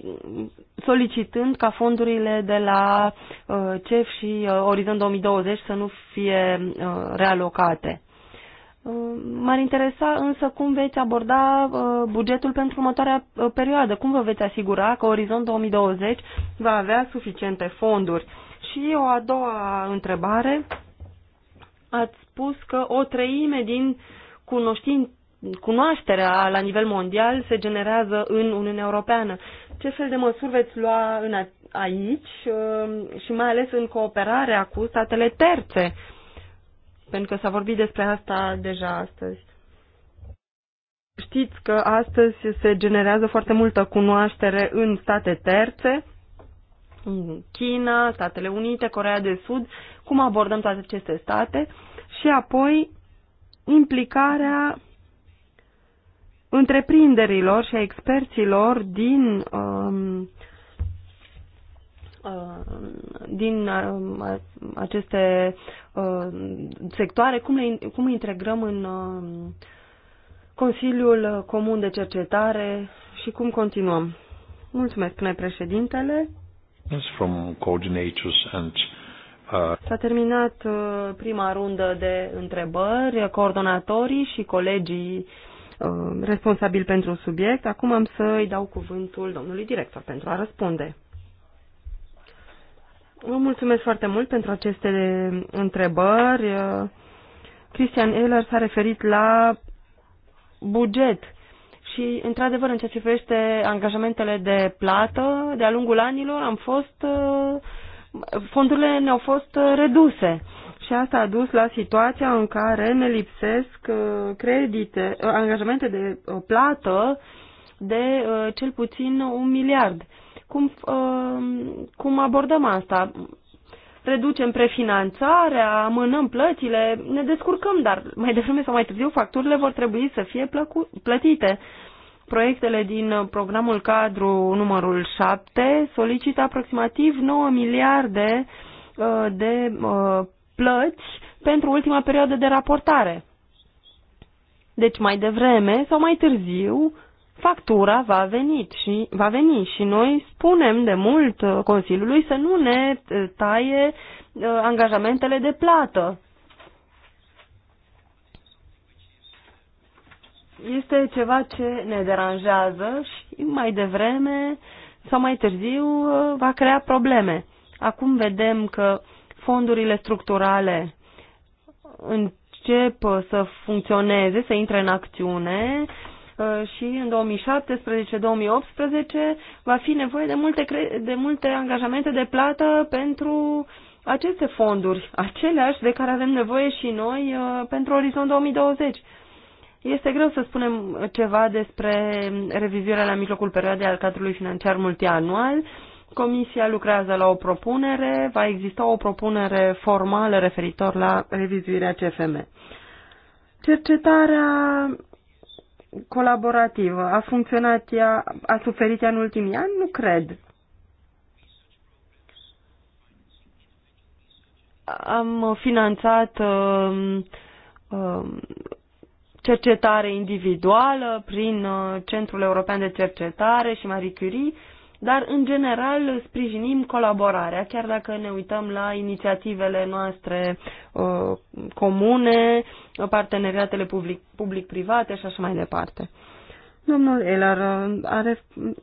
solicitând ca fondurile de la uh, CEF și uh, Orizont 2020 să nu fie realocate. Uh, m-ar interesa însă cum veți aborda uh, bugetul pentru următoarea uh, perioadă, cum vă veți asigura că Orizont 2020 va avea suficiente fonduri. Și o a doua întrebare, ați spus că o treime din cunoștin, cunoașterea la nivel mondial se generează în Uniunea Europeană. Ce fel de măsuri veți lua în aici și mai ales în cooperarea cu statele terțe? pentru că s-a vorbit despre asta deja astăzi. Știți că astăzi se generează foarte multă cunoaștere în state terțe, în China, Statele Unite, Corea de Sud, cum abordăm toate aceste state și apoi implicarea întreprinderilor și a experților din um, Uh, din uh, aceste uh, sectoare, cum, le, cum integrăm în Consiliul Comun de Cercetare și cum continuăm. Mulțumesc, spune președintele. From S-a terminat prima rundă de întrebări, coordonatorii și colegii responsabili pentru subiect. Acum am să îi dau cuvântul domnului director pentru a răspunde. Vă mulțumesc foarte mult pentru aceste întrebări. Cristian Eller s-a referit la buget și, într-adevăr, în ceea ce privește angajamentele de plată, de-a lungul anilor am fost, fondurile ne-au fost reduse și asta a dus la situația în care ne lipsesc uh, credite, uh, angajamente de uh, plată de cel puțin un miliard cum, uh, cum abordăm asta. Reducem prefinanțarea, amânăm plățile, ne descurcăm, dar mai devreme sau mai târziu facturile vor trebui să fie plăcu- plătite. Proiectele din programul cadru numărul 7 solicită aproximativ 9 miliarde uh, de uh, plăți pentru ultima perioadă de raportare. Deci mai devreme sau mai târziu factura va, veni și, va veni și noi spunem de mult uh, Consiliului să nu ne uh, taie uh, angajamentele de plată. Este ceva ce ne deranjează și mai devreme sau mai târziu va crea probleme. Acum vedem că fondurile structurale încep să funcționeze, să intre în acțiune Uh, și în 2017-2018 va fi nevoie de multe, de multe angajamente de plată pentru aceste fonduri, aceleași de care avem nevoie și noi uh, pentru Orizont 2020. Este greu să spunem ceva despre revizuirea la mijlocul perioadei al cadrului financiar multianual. Comisia lucrează la o propunere, va exista o propunere formală referitor la revizuirea CFM. Cercetarea colaborativă a funcționat ea, a suferit ea în ultimii ani? Nu cred. Am finanțat um, um, cercetare individuală prin uh, Centrul European de Cercetare și Marie Curie, dar în general sprijinim colaborarea, chiar dacă ne uităm la inițiativele noastre uh, comune, parteneriatele public-private și așa mai departe. Domnul Eller a,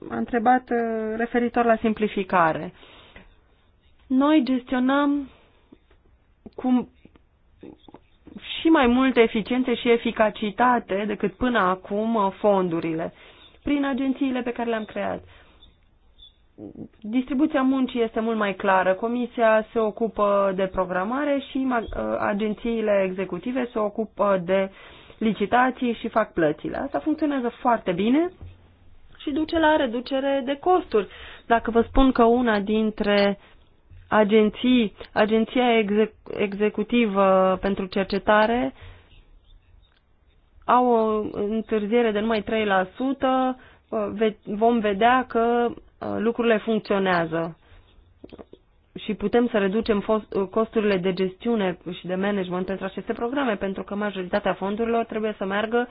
a întrebat uh, referitor la simplificare. Noi gestionăm cum și mai multă eficiență și eficacitate decât până acum uh, fondurile, prin agențiile pe care le-am creat distribuția muncii este mult mai clară. Comisia se ocupă de programare și ă, agențiile executive se ocupă de licitații și fac plățile. Asta funcționează foarte bine și duce la reducere de costuri. Dacă vă spun că una dintre agenții, agenția exec, executivă pentru cercetare au o întârziere de numai 3%, ă, vom vedea că Uh, lucrurile funcționează și putem să reducem uh, costurile de gestiune și de management pentru aceste programe, pentru că majoritatea fondurilor trebuie să meargă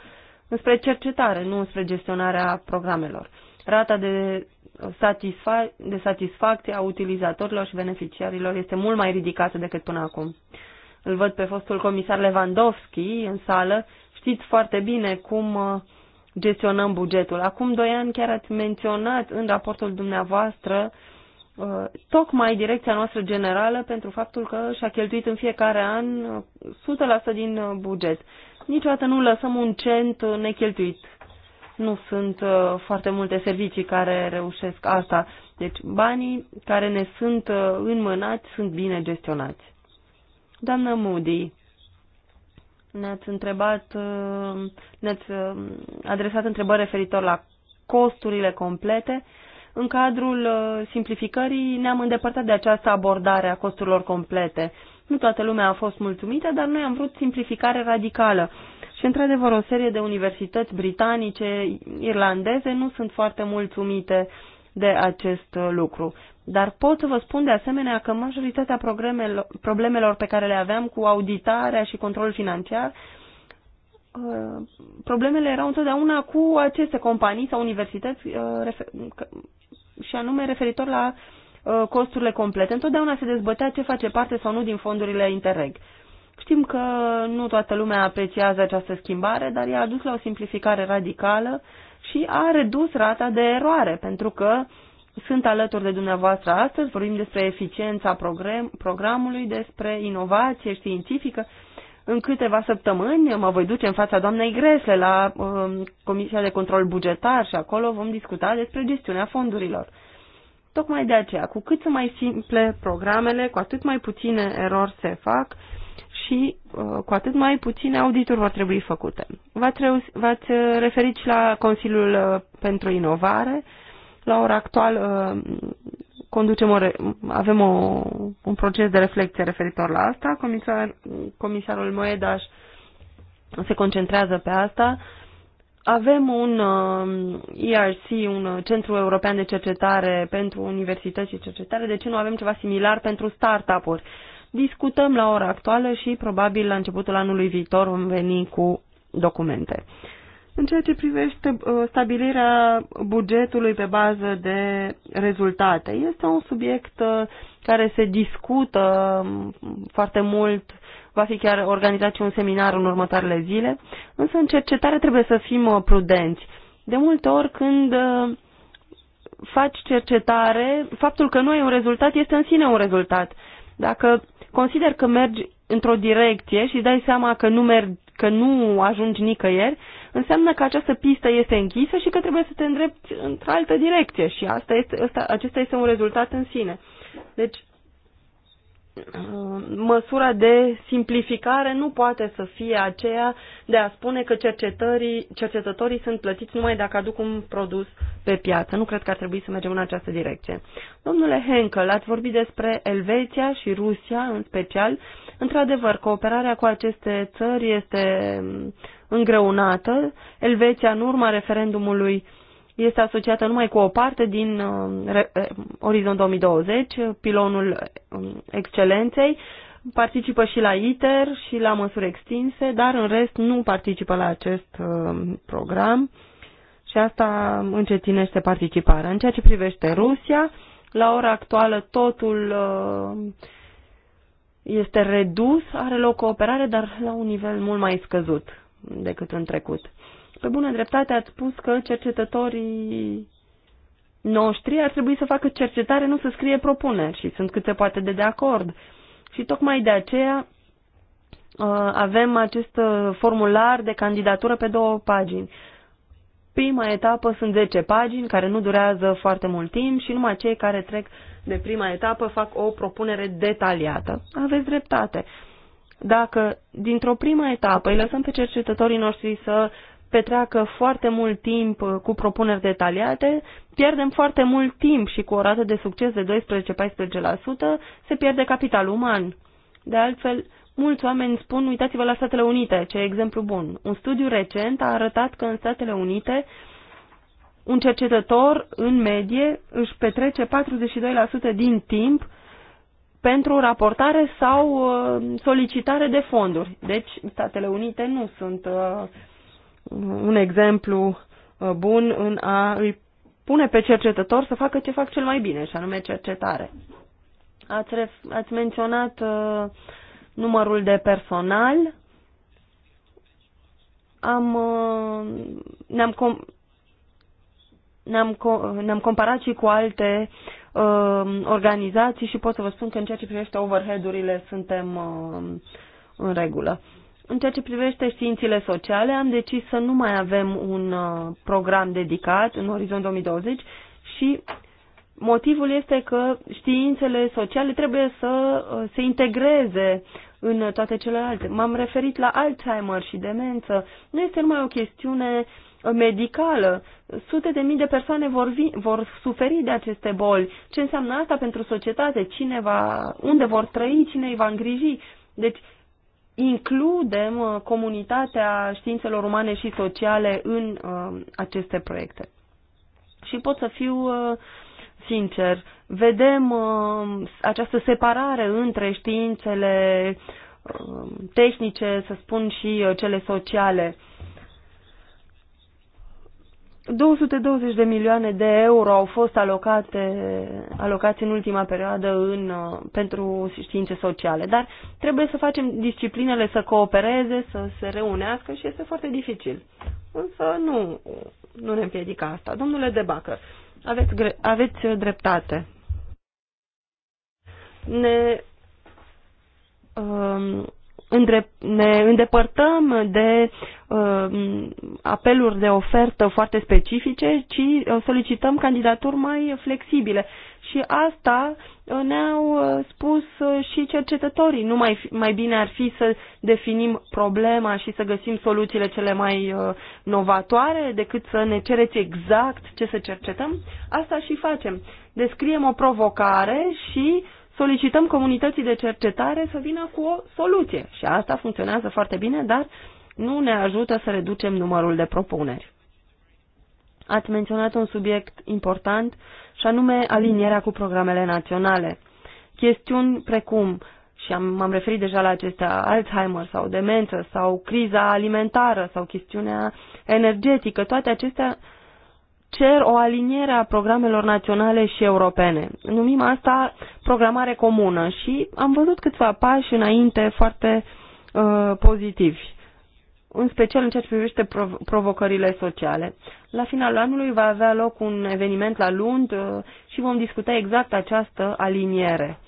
înspre cercetare, nu înspre gestionarea programelor. Rata de, uh, satisfa- de satisfacție a utilizatorilor și beneficiarilor este mult mai ridicată decât până acum. Îl văd pe fostul comisar Lewandowski în sală. Știți foarte bine cum gestionăm bugetul. Acum doi ani chiar ați menționat în raportul dumneavoastră uh, tocmai direcția noastră generală pentru faptul că și-a cheltuit în fiecare an 100% uh, din uh, buget. Niciodată nu lăsăm un cent necheltuit. Nu sunt foarte multe servicii care reușesc asta. Deci banii care ne sunt înmânați sunt bine gestionați. Doamnă Moody, ne-ați întrebat, uh, ne-ați uh, adresat întrebări referitor la costurile complete. În cadrul uh, simplificării ne-am îndepărtat de această abordare a costurilor complete. Nu toată lumea a fost mulțumită, dar noi am vrut simplificare radicală. Și, într-adevăr, o serie de universități britanice, irlandeze, nu sunt foarte mulțumite de acest lucru. Dar pot să vă spun de asemenea că majoritatea problemelor pe care le aveam cu auditarea și controlul financiar, uh, problemele erau întotdeauna cu aceste companii sau universități uh, și anume referitor la uh, costurile complete. Întotdeauna se dezbătea ce face parte sau nu din fondurile Interreg. Știm că nu toată lumea apreciază această schimbare, dar ea a dus la o simplificare radicală și a redus rata de eroare, pentru că uh, sunt alături de dumneavoastră astăzi, vorbim despre eficiența program, programului, despre inovație științifică. În câteva săptămâni mă voi duce în fața doamnei Gresle la uh, Comisia de Control Bugetar și acolo vom discuta despre gestiunea fondurilor. Tocmai de aceea, cu cât sunt mai simple programele, cu atât mai puține erori se fac și uh, cu atât mai puține audituri vor trebui făcute. V-ați referit și la Consiliul uh, pentru Inovare. La ora actuală uh, conducem o, avem o, un proces de reflecție referitor la asta. Comisar, comisarul Moedaș se concentrează pe asta. Avem un uh, ERC, un Centru European de Cercetare pentru Universități și Cercetare. De ce nu avem ceva similar pentru startup-uri? Discutăm la ora actuală și probabil la începutul anului viitor vom veni cu documente. În ceea ce privește uh, stabilirea bugetului pe bază de rezultate, este un subiect uh, care se discută um, foarte mult, va fi chiar organizat și un seminar în următoarele zile, însă în cercetare trebuie să fim uh, prudenți. De multe ori când faci cercetare, faptul că nu ai un rezultat este în sine un rezultat. Dacă consider că mergi într-o direcție și dai seama că nu, mergi, că nu ajungi nicăieri, înseamnă că această pistă este închisă și că trebuie să te îndrepti într-o altă direcție și asta este, asta, acesta este un rezultat în sine. Deci, uh, măsura de simplificare nu poate să fie aceea de a spune că cercetătorii, cercetătorii sunt plătiți numai dacă aduc un produs pe piață. Nu cred că ar trebui să mergem în această direcție. Domnule Henkel, ați vorbit despre Elveția și Rusia în special. Într-adevăr, cooperarea cu aceste țări este îngreunată. Elveția, în urma referendumului, este asociată numai cu o parte din uh, uh Orizont 2020, pilonul uh, excelenței, participă și la ITER și la măsuri extinse, dar în rest nu participă la acest uh, program și asta încetinește participarea. În ceea ce privește Rusia, la ora actuală totul uh, este redus, are loc cooperare, dar la un nivel mult mai scăzut decât în trecut. Pe bună dreptate ați spus că cercetătorii noștri ar trebui să facă cercetare, nu să scrie propuneri și sunt cât se poate de de acord. Și tocmai de aceea uh, avem acest uh, formular de candidatură pe două pagini. Prima etapă sunt 10 pagini, care nu durează foarte mult timp și numai cei care trec de prima etapă fac o propunere detaliată. Aveți dreptate. Dacă dintr-o primă etapă îi lăsăm pe cercetătorii noștri să petreacă foarte mult timp uh, cu propuneri detaliate, pierdem foarte mult timp și cu o rată de succes de 12-14% se pierde capital uman. De altfel, mulți oameni spun, uitați-vă la Statele Unite, ce exemplu bun. Un studiu recent a arătat că în Statele Unite un cercetător, în medie, își petrece 42% din timp pentru raportare sau uh, solicitare de fonduri. Deci, Statele Unite nu sunt uh, un exemplu uh, bun în a îi pune pe cercetător să facă ce fac cel mai bine, și anume cercetare. Ați, ref- ați menționat uh, numărul de personal. Am, uh, ne-am com- ne-am, ne-am comparat și cu alte uh, organizații și pot să vă spun că în ceea ce privește overhead-urile suntem uh, în regulă. În ceea ce privește științele sociale, am decis să nu mai avem un uh, program dedicat în orizont 2020 și motivul este că științele sociale trebuie să uh, se integreze în toate celelalte. M-am referit la Alzheimer și demență. Nu este numai o chestiune uh, medicală. Sute de mii de persoane vor, vi, vor suferi de aceste boli. Ce înseamnă asta pentru societate? Cine va, unde vor trăi? Cine îi va îngriji? Deci, includem uh, comunitatea științelor umane și sociale în uh, aceste proiecte. Și pot să fiu uh, sincer, vedem uh, această separare între științele uh, tehnice, să spun, și uh, cele sociale. 220 de milioane de euro au fost alocate, alocați în ultima perioadă în, uh, pentru științe sociale, dar trebuie să facem disciplinele să coopereze, să se reunească și este foarte dificil. Însă nu, nu ne împiedică asta. Domnule Debacă, aveți, aveți uh, dreptate. Ne um, ne îndepărtăm de uh, apeluri de ofertă foarte specifice, ci uh, solicităm candidaturi mai flexibile. Și asta uh, ne-au spus și cercetătorii. Nu mai, mai bine ar fi să definim problema și să găsim soluțiile cele mai novatoare decât să ne cereți exact ce să cercetăm. Asta și facem. Descriem o provocare și uh, solicităm comunității de cercetare să vină cu o soluție. Și asta funcționează foarte bine, dar nu ne ajută să reducem numărul de propuneri. Ați menționat un subiect important și anume alinierea cu programele naționale. Chestiuni precum, și am, m-am referit deja la acestea, Alzheimer sau demență sau criza alimentară sau chestiunea energetică, toate acestea cer o aliniere a programelor naționale și europene. Numim asta programare comună și am văzut câțiva pași înainte foarte uh, pozitivi, în special în ceea ce privește prov- provocările sociale. La finalul anului va avea loc un eveniment la Lund uh, și vom discuta exact această aliniere.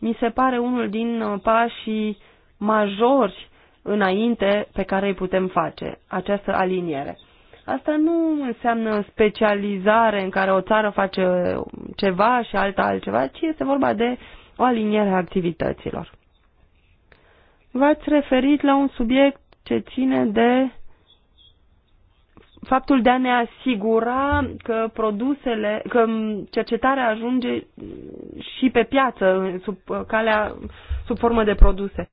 Mi se pare unul din uh, pașii majori înainte pe care îi putem face, această aliniere. Asta nu înseamnă specializare în care o țară face ceva și alta altceva, ci este vorba de o aliniere a activităților. V-ați referit la un subiect ce ține de faptul de a ne asigura că produsele, că cercetarea ajunge și pe piață sub calea, sub formă de produse.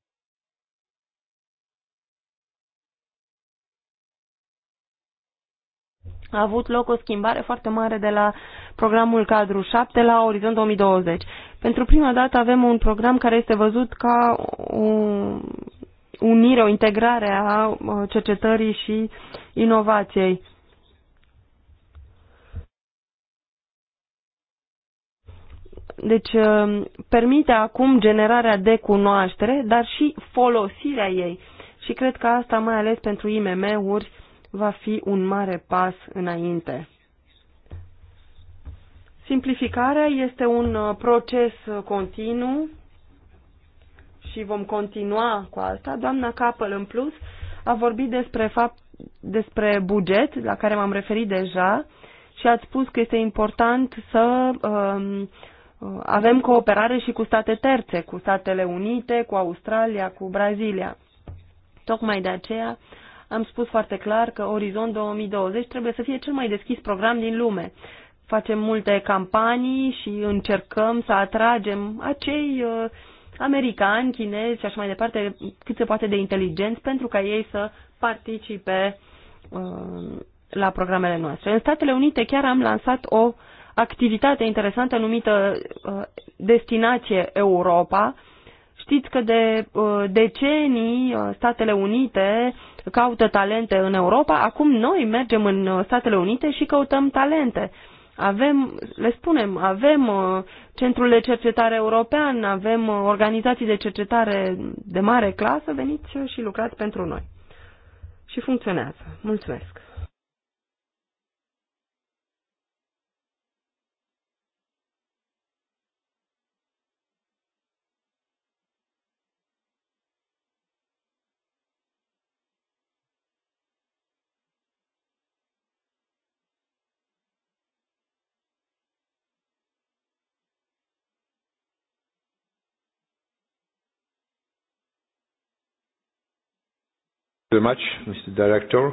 a avut loc o schimbare foarte mare de la programul cadru 7 la Orizont 2020. Pentru prima dată avem un program care este văzut ca o unire, o integrare a cercetării și inovației. Deci ă, permite acum generarea de cunoaștere, dar și folosirea ei. Și cred că asta mai ales pentru IMM-uri va fi un mare pas înainte. Simplificarea este un uh, proces uh, continuu și vom continua cu asta. Doamna Capăl, în plus, a vorbit despre, fapt, despre buget, la care m-am referit deja, și ați spus că este important să um, uh, avem cooperare și cu state terțe, cu Statele Unite, cu Australia, cu Brazilia. Tocmai de aceea am spus foarte clar că Orizont 2020 trebuie să fie cel mai deschis program din lume. Facem multe campanii și încercăm să atragem acei uh, americani, chinezi și așa mai departe, cât se poate de inteligenți, pentru ca ei să participe uh, la programele noastre. În Statele Unite chiar am lansat o activitate interesantă numită uh, Destinație Europa. Știți că de uh, decenii uh, Statele Unite caută talente în Europa, acum noi mergem în uh, Statele Unite și căutăm talente. Avem, le spunem, avem uh, centrul de cercetare european, avem uh, organizații de cercetare de mare clasă, veniți și lucrați pentru noi. Și funcționează. Mulțumesc! very much, Mr. Director.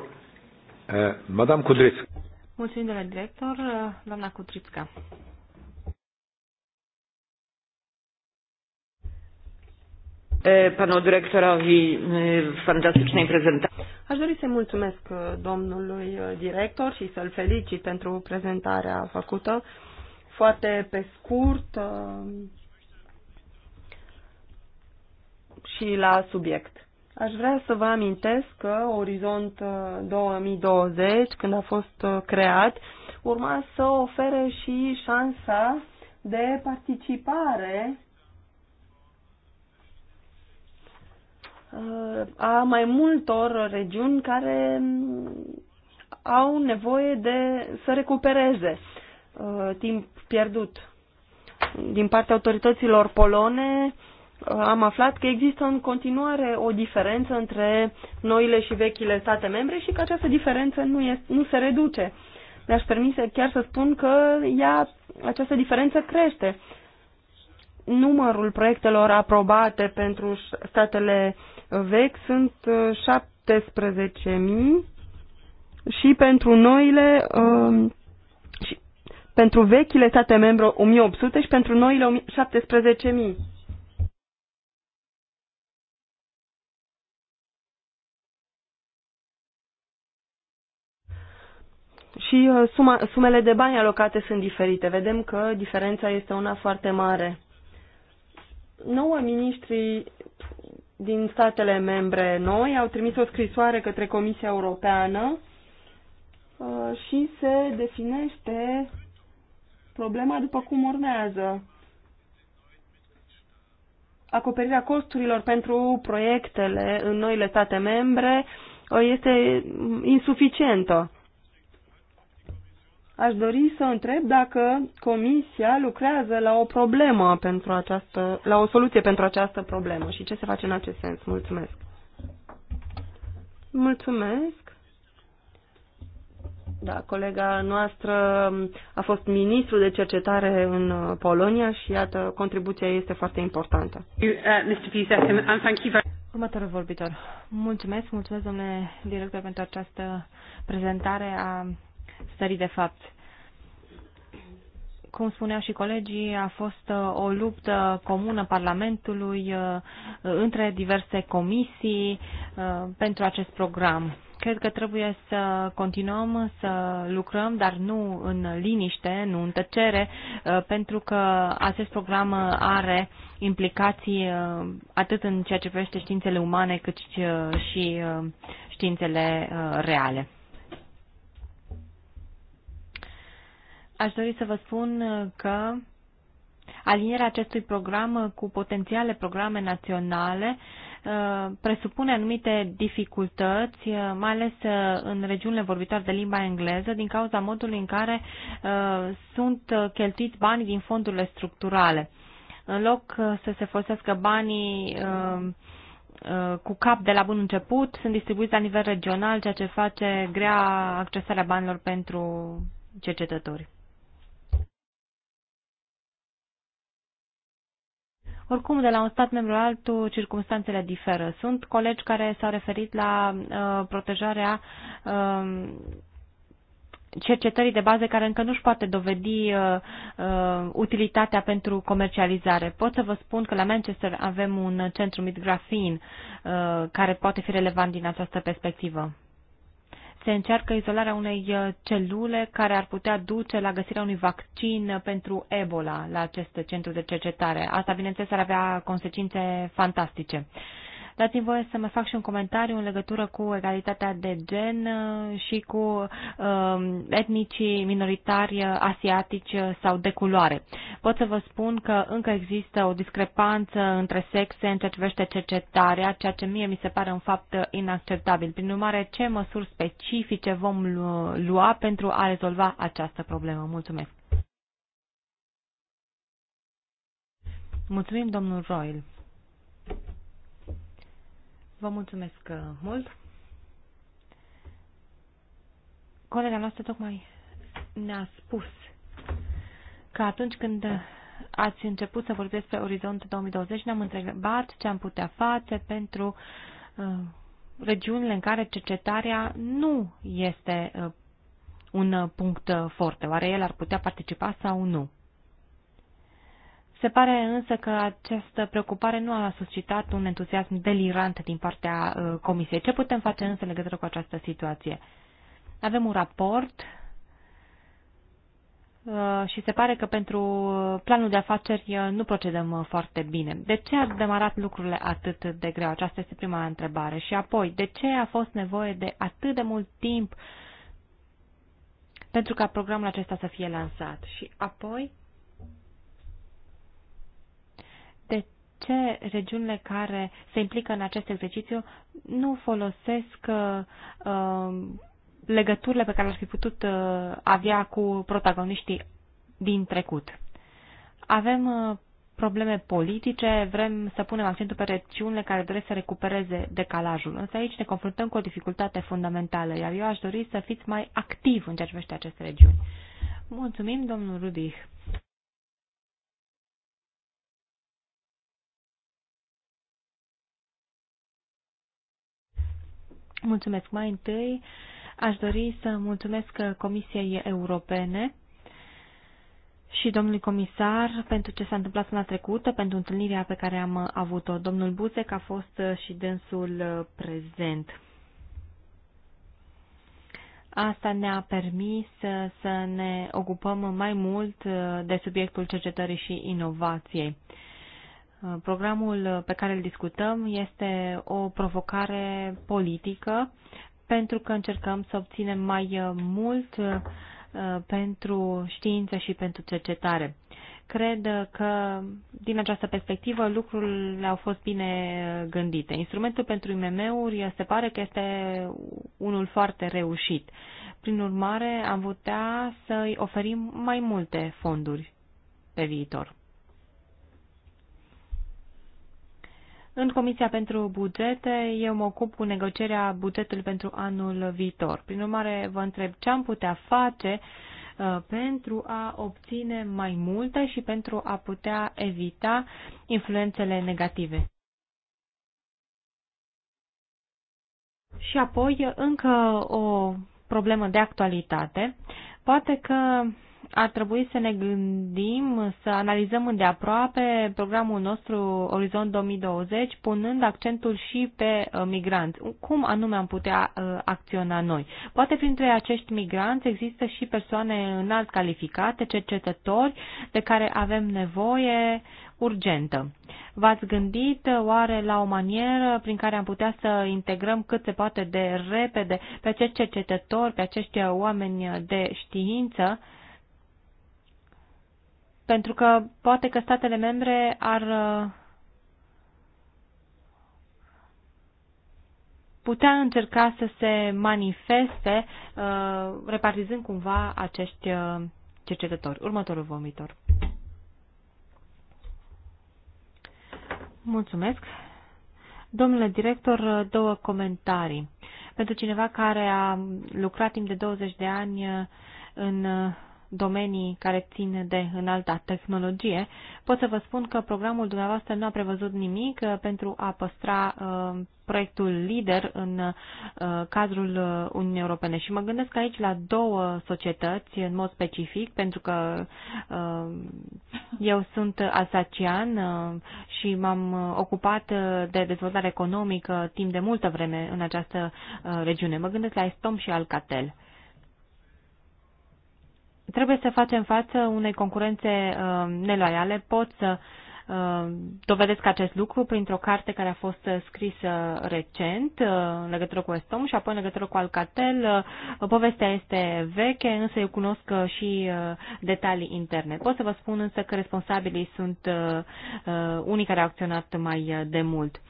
Uh, Madame Kudritska. Mulțumim, domnule director. Uh, doamna Kudritska. panu dyrektorowi fantastycznej prezentacji. Aș dori să-i mulțumesc uh, domnului uh, director și să-l felicit pentru prezentarea făcută. Foarte pe scurt și la subiect. Aș vrea să vă amintesc că Orizont 2020, uh, când a fost uh, creat, urma să ofere și șansa de participare uh, a mai multor regiuni care mm, au nevoie de să recupereze timp pierdut. Din partea autorităților polone, am aflat că există în continuare o diferență între noile și vechile state membre și că această diferență nu, este, nu se reduce. Mi-aș permite chiar să spun că ea, această diferență crește. Numărul proiectelor aprobate pentru statele vechi sunt 17.000 uh, și pentru noile um, și pentru vechile state membre 1800 și pentru noile 17.000. și uh, suma, sumele de bani alocate sunt diferite. Vedem că diferența este una foarte mare. Nouă ministrii din statele membre noi au trimis o scrisoare către Comisia Europeană uh, și se definește problema după cum urmează. Acoperirea costurilor pentru proiectele în noile state membre uh, este insuficientă Aș dori să întreb dacă Comisia lucrează la o problemă pentru această, la o soluție pentru această problemă și ce se face în acest sens. Mulțumesc. Mulțumesc. Da, colega noastră a fost ministru de cercetare în uh, Polonia și iată, contribuția este foarte importantă. Uh, Următorul vorbitor. Mulțumesc, mulțumesc domnule director pentru această prezentare a stării de fapt. Cum spuneau și colegii, a fost uh, o luptă comună Parlamentului uh, între diverse comisii uh, pentru acest program. Cred că trebuie să continuăm să lucrăm, dar nu în liniște, nu în tăcere, pentru că acest program are implicații atât în ceea ce privește științele umane cât și științele reale. Aș dori să vă spun uh, că alinierea acestui program uh, cu potențiale programe naționale uh, presupune anumite dificultăți, mai ales în regiunile vorbitoare de limba engleză, din cauza modului în care sunt cheltuiți banii din fondurile structurale. În loc să se folosească banii cu cap de la bun început, sunt distribuiți la nivel regional, ceea ce face grea accesarea banilor pentru cercetători. Oricum, de la un stat membru la altul, circumstanțele diferă. Sunt colegi care s-au referit la uh, protejarea uh, cercetării de bază care încă nu-și poate dovedi uh, uh, utilitatea pentru comercializare. Pot să vă spun că la Manchester avem un centru grafin uh, care poate fi relevant din această perspectivă se încearcă izolarea unei uh, celule care ar putea duce la găsirea unui vaccin uh, pentru Ebola la acest centru de cercetare. Asta, bineînțeles, ar avea consecințe fantastice. Dați-mi voie să mă fac și un comentariu în legătură cu egalitatea de gen uh, și cu um, etnicii minoritari uh, asiatici uh, sau de culoare. Pot să vă spun că încă există o discrepanță între sexe în ceea ce privește cercetarea, ceea ce mie mi se pare un fapt inacceptabil. Prin urmare, ce măsuri specifice vom lua pentru a rezolva această problemă? Mulțumesc! Mulțumim, domnul Royal. Vă mulțumesc uh, mult. Colega noastră tocmai ne-a spus că atunci când ați început să vorbesc pe Orizont 2020, ne-am întrebat ce am putea face pentru uh, regiunile în care cercetarea nu este uh, un punct foarte. Oare el ar putea participa sau nu? Se pare însă că această preocupare nu a suscitat un entuziasm delirant din partea uh, Comisiei. Ce putem face însă în legătură cu această situație? Avem un raport uh, și se pare că pentru planul de afaceri uh, nu procedăm foarte bine. De ce a demarat lucrurile atât de greu? Aceasta este prima întrebare. Și apoi, de ce a fost nevoie de atât de mult timp pentru ca programul acesta să fie lansat? Și apoi, ce regiunile care se implică în acest exercițiu nu folosesc uh, legăturile pe care ar fi putut uh, avea cu protagoniștii din trecut. Avem uh, probleme politice, vrem să punem accentul pe regiunile care doresc să recupereze decalajul. Însă aici ne confruntăm cu o dificultate fundamentală, iar eu aș dori să fiți mai activ în ceea ce privește aceste regiuni. Mulțumim, domnul Rubich. Mulțumesc. Mai întâi aș dori să mulțumesc Comisiei Europene și domnului comisar pentru ce s-a întâmplat luna trecută, pentru întâlnirea pe care am avut-o. Domnul Buzek a fost și dânsul prezent. Asta ne-a permis să, să ne ocupăm mai mult de subiectul cercetării și inovației. Programul pe care îl discutăm este o provocare politică pentru că încercăm să obținem mai mult uh, pentru știință și pentru cercetare. Cred că din această perspectivă lucrurile au fost bine gândite. Instrumentul pentru IMM-uri se pare că este unul foarte reușit. Prin urmare, am putea să-i oferim mai multe fonduri pe viitor. În Comisia pentru Bugete eu mă ocup cu negocierea bugetului pentru anul viitor. Prin urmare, vă întreb ce am putea face uh, pentru a obține mai multe și pentru a putea evita influențele negative. Și apoi, încă o problemă de actualitate. Poate că ar trebui să ne gândim, să analizăm îndeaproape programul nostru Orizont 2020, punând accentul și pe uh, migranți. Cum anume am putea uh, acționa noi? Poate printre acești migranți există și persoane înalt calificate, cercetători, de care avem nevoie urgentă. V-ați gândit uh, oare la o manieră prin care am putea să integrăm cât se poate de repede pe acești cercetători, pe acești oameni de știință, pentru că poate că statele membre ar uh, putea încerca să se manifeste uh, repartizând cumva acești uh, cercetători. Următorul vomitor. Mulțumesc. Domnule director, două comentarii. Pentru cineva care a lucrat timp de 20 de ani în domenii care țin de înalta tehnologie, pot să vă spun că programul dumneavoastră nu a prevăzut nimic uh, pentru a păstra uh, proiectul lider în uh, cadrul Uniunii Europene. Și mă gândesc aici la două societăți în mod specific, pentru că eu sunt alsacian și m-am ocupat de dezvoltare economică timp de multă vreme în această regiune. Mă gândesc la Estom și Alcatel trebuie să facem față unei concurențe uh, neloiale. Pot să uh, dovedesc acest lucru printr-o carte care a fost uh, scrisă recent în legătură cu Estom și apoi în legătură cu Alcatel. Povestea este veche, însă eu cunosc și detalii interne. Pot să vă spun însă că responsabilii sunt unii care au acționat mai de mult.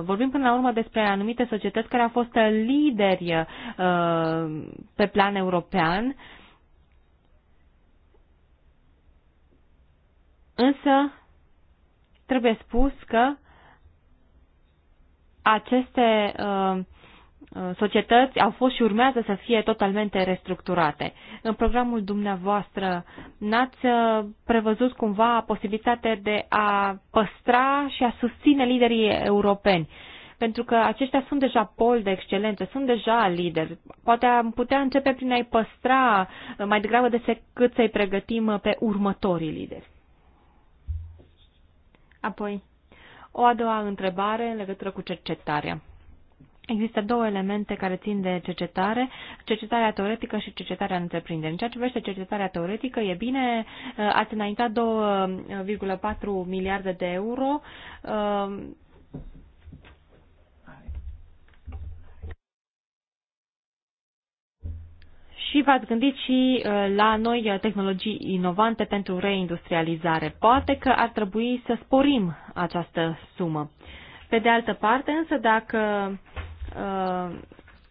Vorbim până la urmă despre anumite societăți care au fost lideri pe plan european Însă, trebuie spus că aceste uh, uh, societăți au fost și urmează să fie totalmente restructurate. În programul dumneavoastră n-ați uh, prevăzut cumva posibilitatea de a păstra și a susține liderii europeni. Pentru că aceștia sunt deja pol de excelență, sunt deja lideri. Poate am putea începe prin a-i păstra uh, mai degrabă decât să-i pregătim pe următorii lideri. Apoi, o a doua întrebare în legătură cu cercetarea. Există două elemente care țin de cercetare, cercetarea teoretică și cercetarea întreprinderii. întreprinderi. În ceea ce privește cercetarea teoretică, e bine, uh, ați înaintat 2,4 uh, miliarde de euro uh, și v-ați gândit și uh, la noi uh, tehnologii inovante pentru reindustrializare. Poate că ar trebui să sporim această sumă. Pe de altă parte, însă, dacă uh,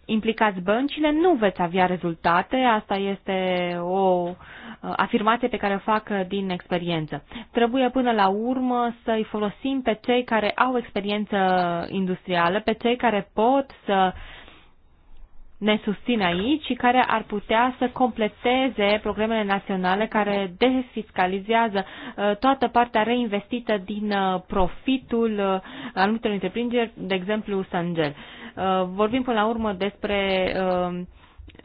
implicați băncile, nu veți avea rezultate. Asta este o uh, afirmație pe care o fac din experiență. Trebuie până la urmă să-i folosim pe cei care au experiență industrială, pe cei care pot să uh, ne susțin aici și care ar putea să completeze programele naționale care defiscalizează uh, toată partea reinvestită din uh, profitul uh, anumitor întreprinderi, de exemplu Sanger. Vorbim până la urmă despre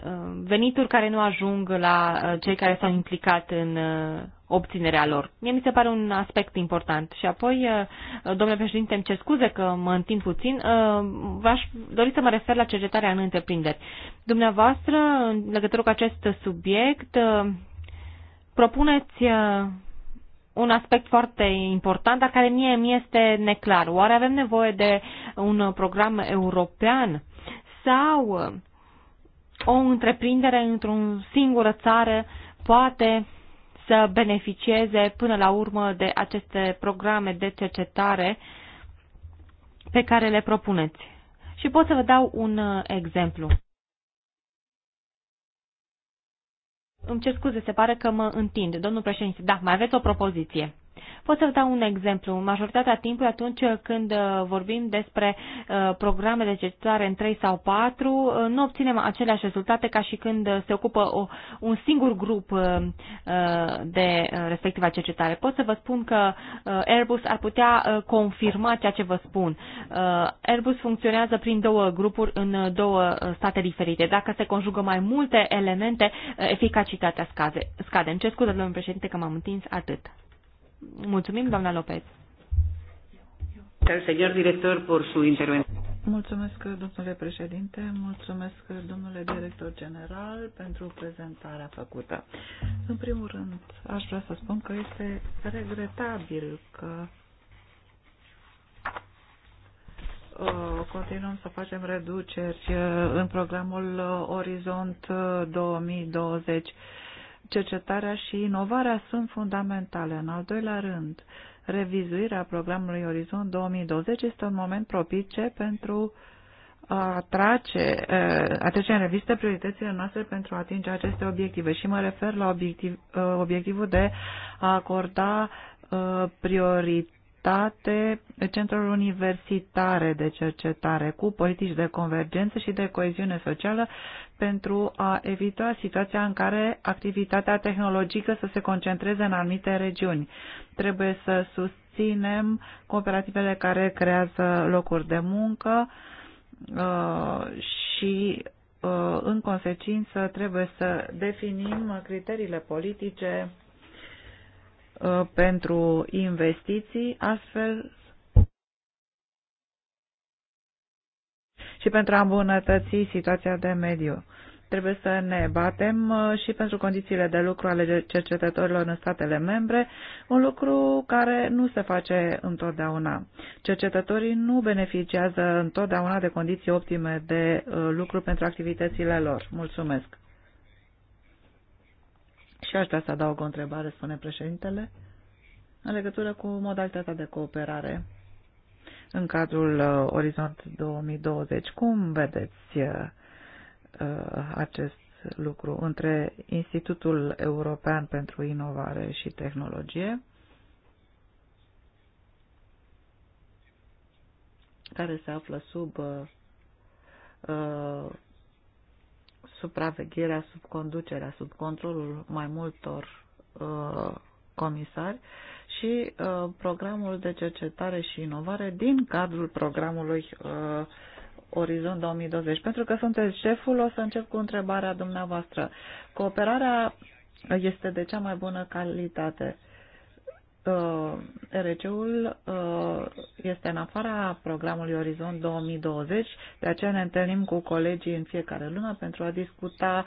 Uh, venituri care nu ajung la uh, cei care s-au implicat în uh, obținerea lor. Mie mi se pare un aspect important. Și apoi, domnule președinte, îmi cer scuze că mă întind puțin, v-aș dori să mă refer la cercetarea în întreprinderi. Dumneavoastră, în legătură cu acest subiect, propuneți un aspect foarte important, dar care mie mi este neclar. Oare avem nevoie de un program european sau o întreprindere într-o singură țară poate să beneficieze până la urmă de aceste programe de cercetare pe care le propuneți. Și pot să vă dau un uh, exemplu. Îmi cer scuze, se pare că mă întind. Domnul președinte, da, mai aveți o propoziție. Pot să vă dau un exemplu. Majoritatea timpului atunci când uh, vorbim despre uh, programe de cercetare în 3 sau 4, uh, nu obținem aceleași rezultate ca și când se ocupă o, un singur grup de respectiva cercetare. Pot să vă spun că Airbus ar putea confirma ceea ce vă spun. Airbus funcționează prin două grupuri în două state diferite. Dacă se conjugă mai multe elemente, eficacitatea scade. Îmi cer scuze, domnul președinte, că m-am întins atât. Mulțumim, doamna Lopez. Señor director, por su intervención. Mulțumesc, domnule președinte, mulțumesc, domnule director general, pentru prezentarea făcută. În primul rând, aș vrea să spun că este regretabil că uh, continuăm să facem reduceri uh, în programul uh, Orizont 2020 cercetarea și inovarea sunt fundamentale. În al doilea rând, revizuirea programului Orizont 2020 este un moment propice pentru a trece, a trece în revistă prioritățile noastre pentru a atinge aceste obiective. Și mă refer la obiectiv, obiectivul de a acorda prioritate centrelor universitare de cercetare cu politici de convergență și de coeziune socială pentru a evita situația în care activitatea tehnologică să se concentreze în anumite regiuni. Trebuie să susținem cooperativele care creează locuri de muncă uh, și uh, în consecință trebuie să definim criteriile politice uh, pentru investiții, astfel și pentru a îmbunătăți situația de mediu. Trebuie să ne batem uh, și pentru condițiile de lucru ale cercetătorilor în statele membre, un lucru care nu se face întotdeauna. Cercetătorii nu beneficiază întotdeauna de condiții optime de uh, lucru pentru activitățile lor. Mulțumesc. Și aș vrea să adaug o întrebare, spune președintele, în legătură cu modalitatea de cooperare în cadrul uh, Orizont 2020. Cum vedeți Uh, acest lucru între Institutul European pentru Inovare și Tehnologie, care se află sub uh, uh, supravegherea, sub conducerea, sub controlul mai multor uh, comisari și uh, programul de cercetare și inovare din cadrul programului uh, Orizont 2020. Pentru că sunteți șeful, o să încep cu întrebarea dumneavoastră. Cooperarea este de cea mai bună calitate. Uh, rc ul uh, este în afara programului Orizont 2020, de aceea ne întâlnim cu colegii în fiecare lună pentru a discuta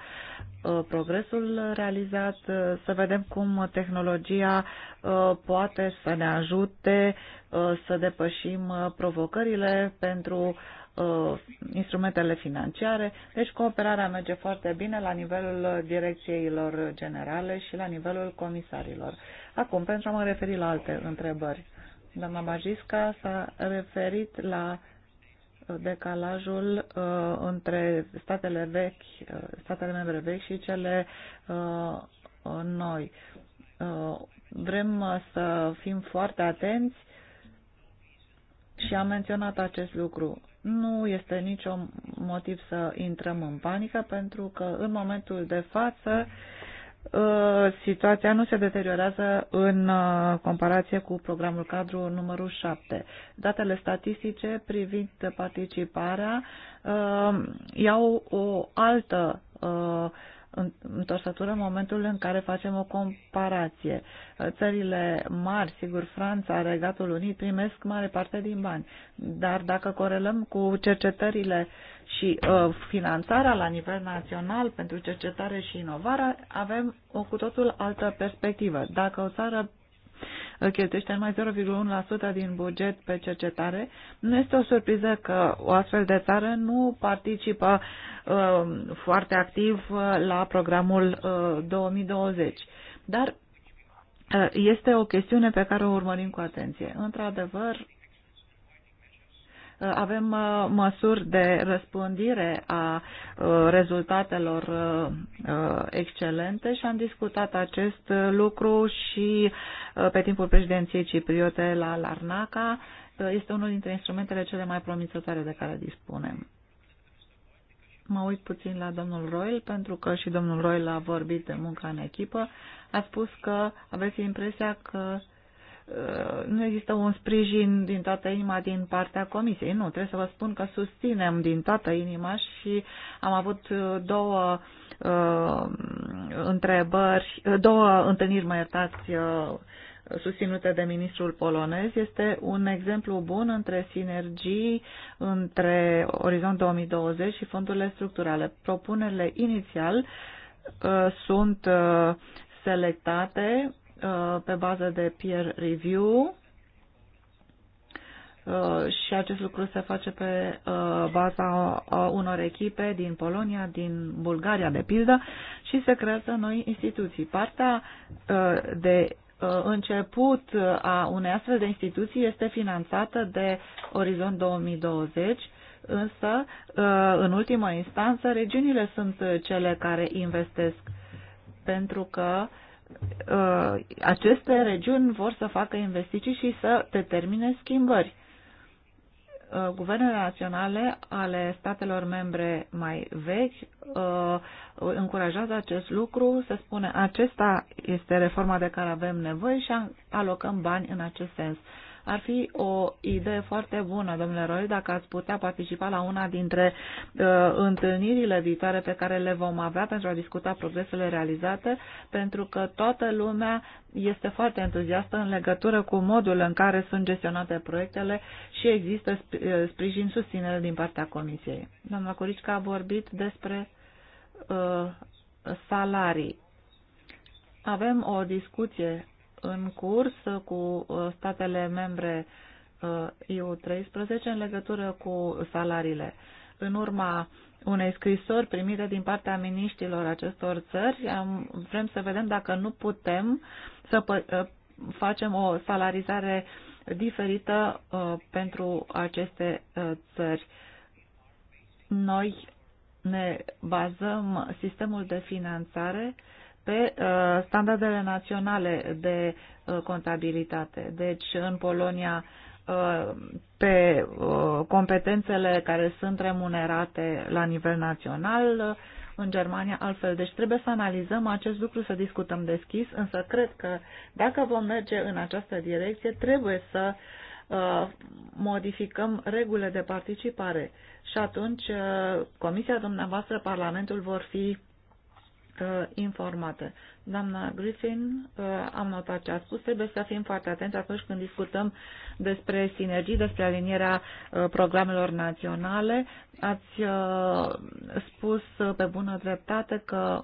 uh, progresul realizat, uh, să vedem cum tehnologia uh, poate să ne ajute uh, să depășim uh, provocările pentru uh, uh, instrumentele financiare. Deci cooperarea merge foarte bine la nivelul direcțiilor generale și la nivelul comisarilor. Acum, pentru a mă referi la alte întrebări, doamna Bajisca s-a referit la uh, decalajul uh, între statele vechi, uh, statele membre vechi și cele uh, noi. Uh, vrem să fim foarte atenți și am menționat acest lucru. Nu este niciun motiv să intrăm în panică pentru că în momentul de față ă, situația nu se deteriorează în ă, comparație cu programul cadru numărul 7. Datele statistice privind participarea ă, iau o altă întorsătură în momentul în care facem o comparație. Țările mari, sigur, Franța, Regatul Unit, primesc mare parte din bani, dar dacă corelăm cu cercetările și uh, finanțarea la nivel național pentru cercetare și inovare, avem o cu totul altă perspectivă. Dacă o țară cheltuiește numai 0,1% din buget pe cercetare. Nu este o surpriză că o astfel de țară nu participă uh, foarte activ uh, la programul uh, 2020. Dar uh, este o chestiune pe care o urmărim cu atenție. Într-adevăr, Uh, avem uh, măsuri de răspândire a uh, rezultatelor excelente și am discutat acest lucru și pe timpul președinției cipriote la Larnaca. Este unul dintre instrumentele cele mai promițătoare de care dispunem. Mă uit puțin la domnul Royal, pentru că și domnul Royal a vorbit de munca în echipă. A spus că aveți impresia că uh, Uh, nu există un sprijin din toată inima din partea comisiei. Nu, trebuie să vă spun că susținem din toată inima și am avut uh, două uh, întrebări, uh, două întâlniri, mă iertați, uh, susținute de ministrul polonez. Este un exemplu bun între sinergii între Orizont 2020 și fondurile structurale. Propunerile inițial uh, sunt uh, selectate Uh, pe bază de peer review uh, și acest lucru se face pe uh, baza unor echipe din Polonia, din Bulgaria, de pildă, și se creează noi instituții. Partea de început a unei astfel de instituții este finanțată de Orizont 2020, însă, în ultima instanță, regiunile sunt cele care investesc, pentru că uh, Uh, aceste regiuni vor să facă investiții și să determine schimbări. Uh, guvernele naționale ale statelor membre mai vechi uh, încurajează acest lucru, se spune acesta este reforma de care avem nevoie și alocăm bani în acest sens. Ar fi o idee foarte bună, domnule Roy, dacă ați putea participa la una dintre uh, întâlnirile viitoare pe care le vom avea pentru a discuta progresele realizate, pentru că toată lumea este foarte entuziastă în legătură cu modul în care sunt gestionate proiectele și există uh, sprijin susținere din partea Comisiei. Doamna Curicica a vorbit despre uh, salarii. Avem o discuție în curs cu uh, statele membre uh, EU13 în legătură cu salariile. În urma unei scrisori primite din partea miniștilor acestor țări, am, vrem să vedem dacă nu putem să uh, facem o salarizare diferită uh, pentru aceste uh, țări. Noi ne bazăm sistemul de finanțare pe uh, standardele naționale de uh, contabilitate. Deci, în Polonia, uh, pe competențele care sunt remunerate la nivel național, în Germania altfel. Deci trebuie să analizăm acest lucru, să discutăm deschis, însă cred că dacă vom merge în această direcție, trebuie să uh, modificăm regulile de participare și atunci uh, Comisia dumneavoastră, Parlamentul vor fi uh, informată. Doamna Griffin, uh, am notat ce a spus, trebuie să fim foarte atenți atunci când discutăm despre sinergii, despre alinierea uh, programelor naționale. Ați uh, spus uh, pe bună dreptate că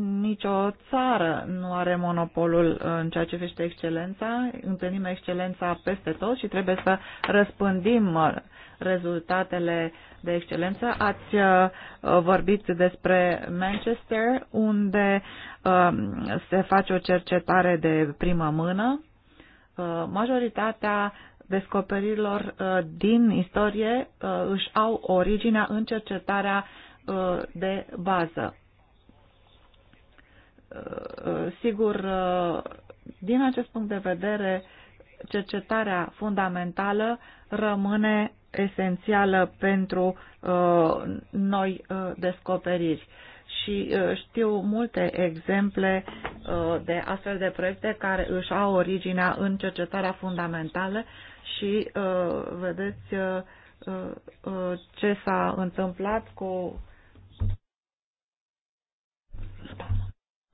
nicio țară nu are monopolul uh, în ceea ce vește excelența, întâlnim excelența peste tot și trebuie să răspândim uh, rezultatele de excelență. Ați uh, vorbit despre Manchester, unde se face o cercetare de primă mână. Majoritatea descoperirilor din istorie își au originea în cercetarea de bază Uh, sigur, uh, din acest punct de vedere, cercetarea fundamentală rămâne esențială pentru uh, noi descoperiri și știu multe exemple de astfel de proiecte care își au originea în cercetarea fundamentală și vedeți ce s-a întâmplat cu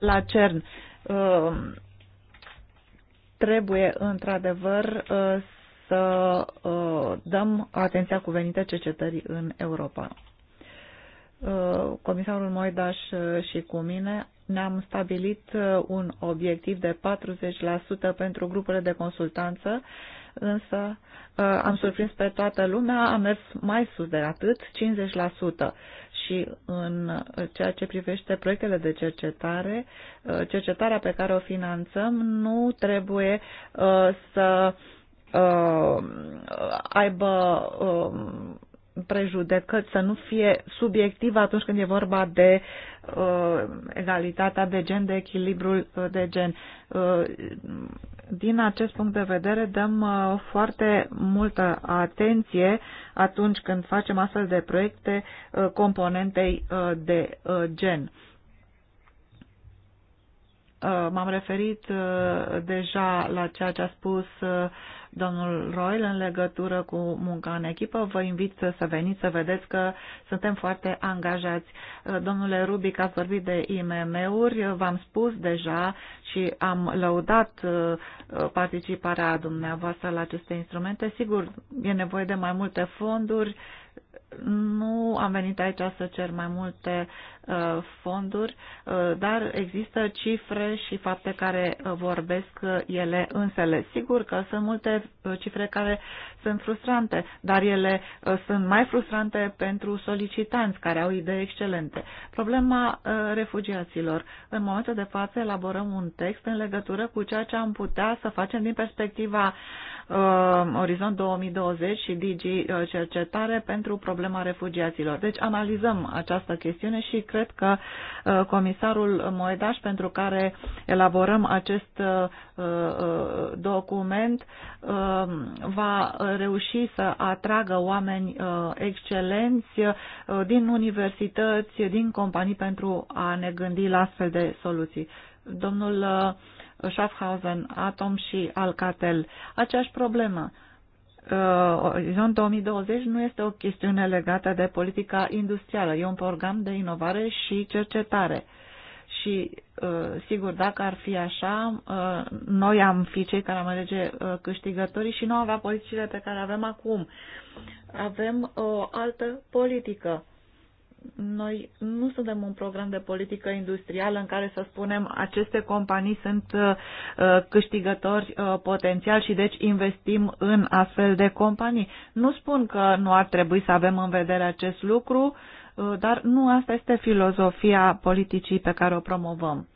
la CERN. Uh, trebuie, într-adevăr, uh, să uh, dăm atenția cuvenită cercetării în Europa. Comisarul Moidaș și cu mine ne-am stabilit un obiectiv de 40% pentru grupurile de consultanță, însă am surprins pe toată lumea, am mers mai sus de atât, 50% și în ceea ce privește proiectele de cercetare, uh, cercetarea pe care o finanțăm nu trebuie uh, să uh, aibă um, prejudecăți, să nu fie subiectiv atunci când e vorba de egalitatea de gen, de echilibrul de gen din acest punct de vedere dăm uh, foarte multă atenție atunci când facem astfel de proiecte uh, componentei uh, de gen. M-am referit deja la ceea ce a spus domnul Royal în legătură cu munca în echipă. Vă invit să veniți să vedeți că suntem foarte angajați. Uh, domnule Rubic, ați vorbit de IMM-uri, v-am spus deja și am lăudat uh, uh, participarea dumneavoastră la aceste instrumente. Sigur, e nevoie de mai multe fonduri, nu am venit aici să cer mai multe uh, fonduri, uh, dar există cifre și fapte care uh, vorbesc ele însele. Sigur că sunt multe cifre care sunt frustrante, dar ele sunt mai frustrante pentru solicitanți care au idei excelente. Problema refugiaților. În momentul de față elaborăm un text în legătură cu ceea ce am putea să facem din perspectiva uh, uh, Orizont 2020 și Digi uh, Cercetare pentru problema refugiaților. Deci analizăm această chestiune și cred că uh, comisarul Moedaș, pentru care elaborăm acest uh, uh, document, uh, va reuși să atragă oameni uh, excelenți uh, din universități, din companii pentru a ne gândi la astfel de soluții. Domnul uh, Schaffhausen, Atom și Alcatel. Aceeași problemă. Uh, Orizont 2020 nu este o chestiune legată de politica industrială, e un program de inovare și cercetare. Și, uh, sigur, dacă ar fi așa, uh, noi am fi cei care am alege uh, câștigătorii și nu avea politicile pe care avem acum. Avem o altă politică noi nu suntem un program de politică industrială în care să spunem aceste companii sunt uh, uh, câștigători uh, potențial și deci investim în astfel de companii. Nu spun că nu ar trebui să avem în vedere acest lucru, dar nu asta este filozofia politicii pe care o promovăm.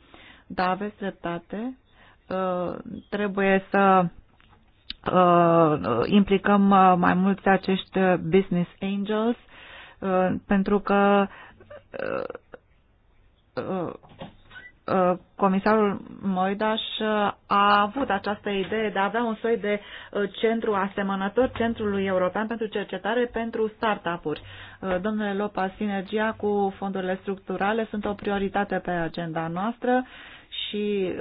Da, aveți dreptate. Trebuie să implicăm mai mulți acești business angels Uh, pentru că uh, uh, comisarul Moidaș a avut această idee de a avea un soi de centru asemănător Centrului European pentru Cercetare pentru startup-uri. Domnule Lopa, sinergia cu fondurile structurale sunt o prioritate pe agenda noastră și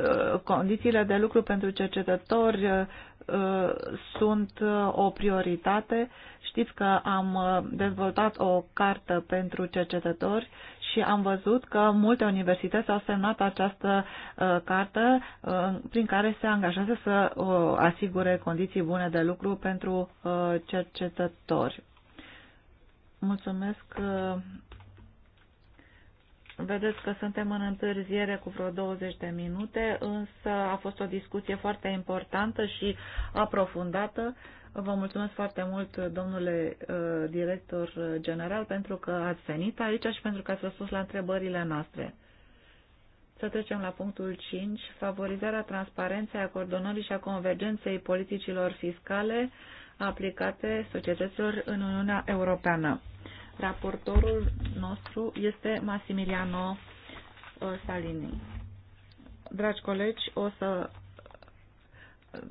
condițiile de lucru pentru cercetători Uh, sunt uh, o prioritate. Știți că am uh, dezvoltat o cartă pentru cercetători și am văzut că multe universități au semnat această cartă prin care se angajează să asigure condiții bune de lucru pentru cercetători. Mulțumesc, Vedeți că suntem în întârziere cu vreo 20 de minute, însă a fost o discuție foarte importantă și aprofundată. Vă mulțumesc foarte mult, domnule uh, director general, pentru că ați venit aici și pentru că ați răspuns la întrebările noastre. Să trecem la punctul 5, favorizarea transparenței, a coordonării și a convergenței politicilor fiscale aplicate societăților în Uniunea Europeană. Raportorul nostru este Massimiliano uh, Salini. Dragi colegi, o să...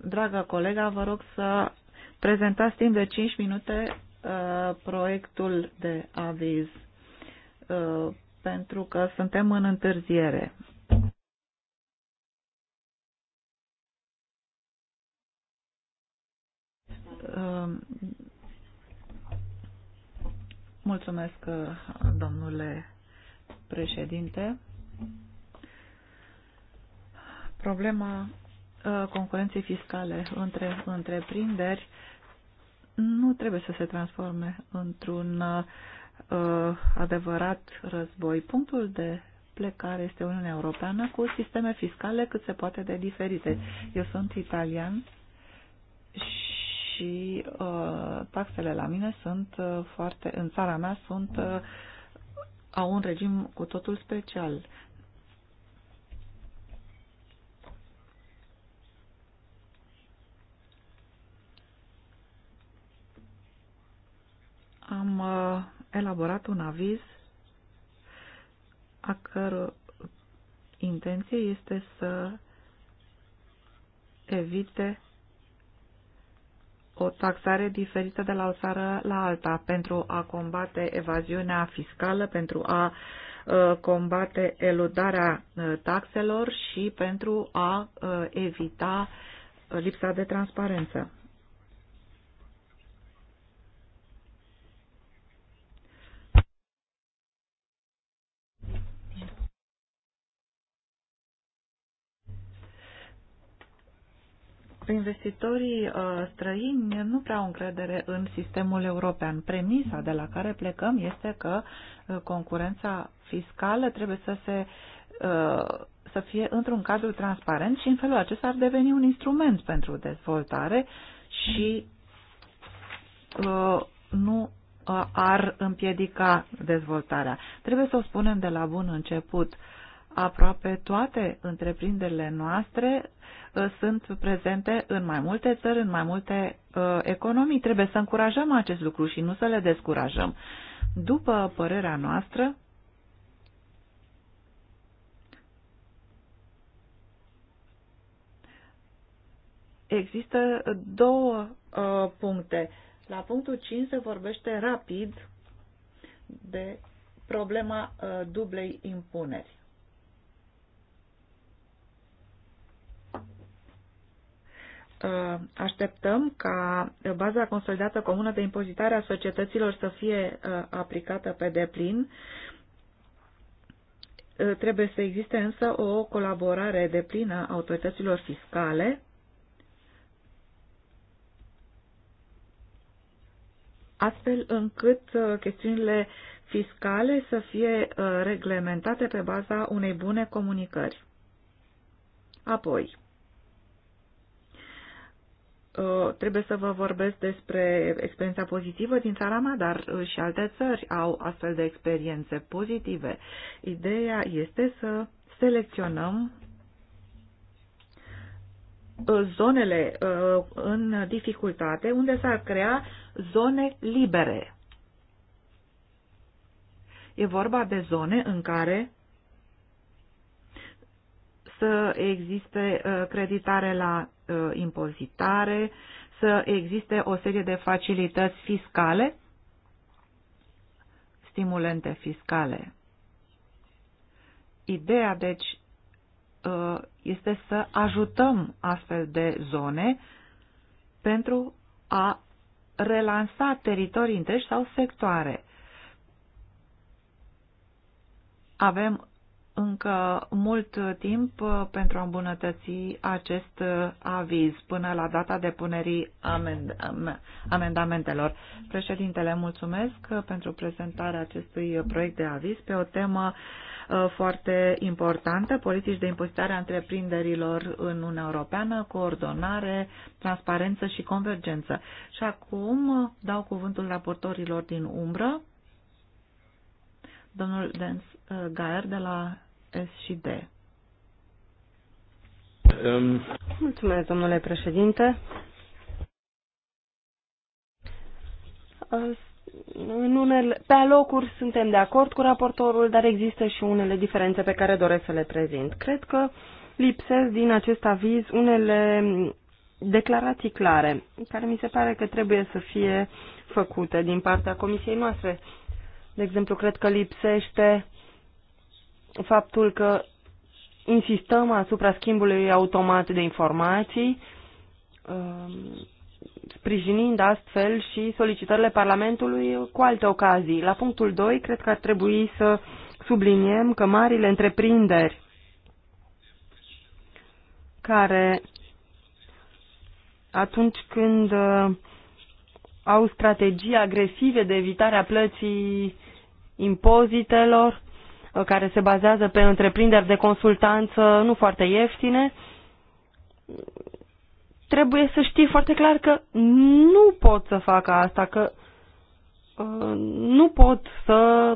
Dragă colega, vă rog să prezentați timp de 5 minute uh, proiectul de aviz uh, pentru că suntem în întârziere. Mulțumesc, uh, domnule președinte. Problema uh, concurenței fiscale între întreprinderi nu trebuie să se transforme într-un uh, adevărat război. Punctul de plecare este Uniunea Europeană cu sisteme fiscale cât se poate de diferite. Eu sunt italian și și uh, taxele la mine sunt uh, foarte, în țara mea sunt, uh, au un regim cu totul special. Am uh, elaborat un aviz a căru intenție este să evite o taxare diferită de la o țară la alta pentru a combate evaziunea fiscală, pentru a uh, combate eludarea uh, taxelor și pentru a uh, evita lipsa de transparență. Investitorii uh, străini nu prea au încredere în sistemul european. Premisa de la care plecăm este că uh, concurența fiscală trebuie să se uh, să fie într-un cadru transparent și în felul acesta ar deveni un instrument pentru dezvoltare și nu ar împiedica dezvoltarea. Trebuie să o spunem de la bun început. Uh, Aproape toate întreprinderile noastre uh, sunt prezente în mai multe țări, în mai multe uh, economii. Trebuie să încurajăm acest lucru și nu să le descurajăm. După părerea noastră, există două uh, puncte. La punctul 5 se vorbește rapid de problema uh, dublei impuneri. Uh, așteptăm ca baza consolidată comună de impozitare a societăților să fie uh, aplicată pe deplin. Uh, trebuie să existe însă o colaborare deplină a autorităților fiscale astfel încât chestiunile fiscale să fie reglementate pe baza unei bune comunicări. Apoi, Uh, trebuie să vă vorbesc despre experiența pozitivă din țara mea, dar uh, și alte țări au astfel de experiențe pozitive. Ideea este să selecționăm uh, zonele în dificultate unde s-ar crea zone libere. E vorba de zone în care să existe creditare la Uh, impozitare, să existe o serie de facilități fiscale, stimulente fiscale. Ideea, deci, uh, este să ajutăm astfel de zone pentru a relansa teritorii întregi sau sectoare. Avem încă mult timp uh, pentru a îmbunătăți acest uh, aviz până la data depunerii amend amendamentelor. Președintele, mulțumesc uh, pentru prezentarea acestui proiect de aviz pe o temă foarte importantă, politici de impozitare a întreprinderilor în Uniunea Europeană, coordonare, transparență și convergență. Și acum dau cuvântul raportorilor din umbră, domnul Dens Gaer de la S și D. Um. Mulțumesc, domnule președinte. În unele, pe alocuri suntem de acord cu raportorul, dar există și unele diferențe pe care doresc să le prezint. Cred că lipsesc din acest aviz unele declarații clare, care mi se pare că trebuie să fie făcute din partea comisiei noastre. De exemplu, cred că lipsește faptul că insistăm asupra schimbului automat de informații, um, sprijinind astfel și solicitările Parlamentului cu alte ocazii. La punctul 2, cred că ar trebui să subliniem că marile întreprinderi care atunci când uh, au strategii agresive de evitare a plății impozitelor, care se bazează pe întreprinderi de consultanță nu foarte ieftine, trebuie să știi foarte clar că nu pot să fac asta, că uh, nu pot să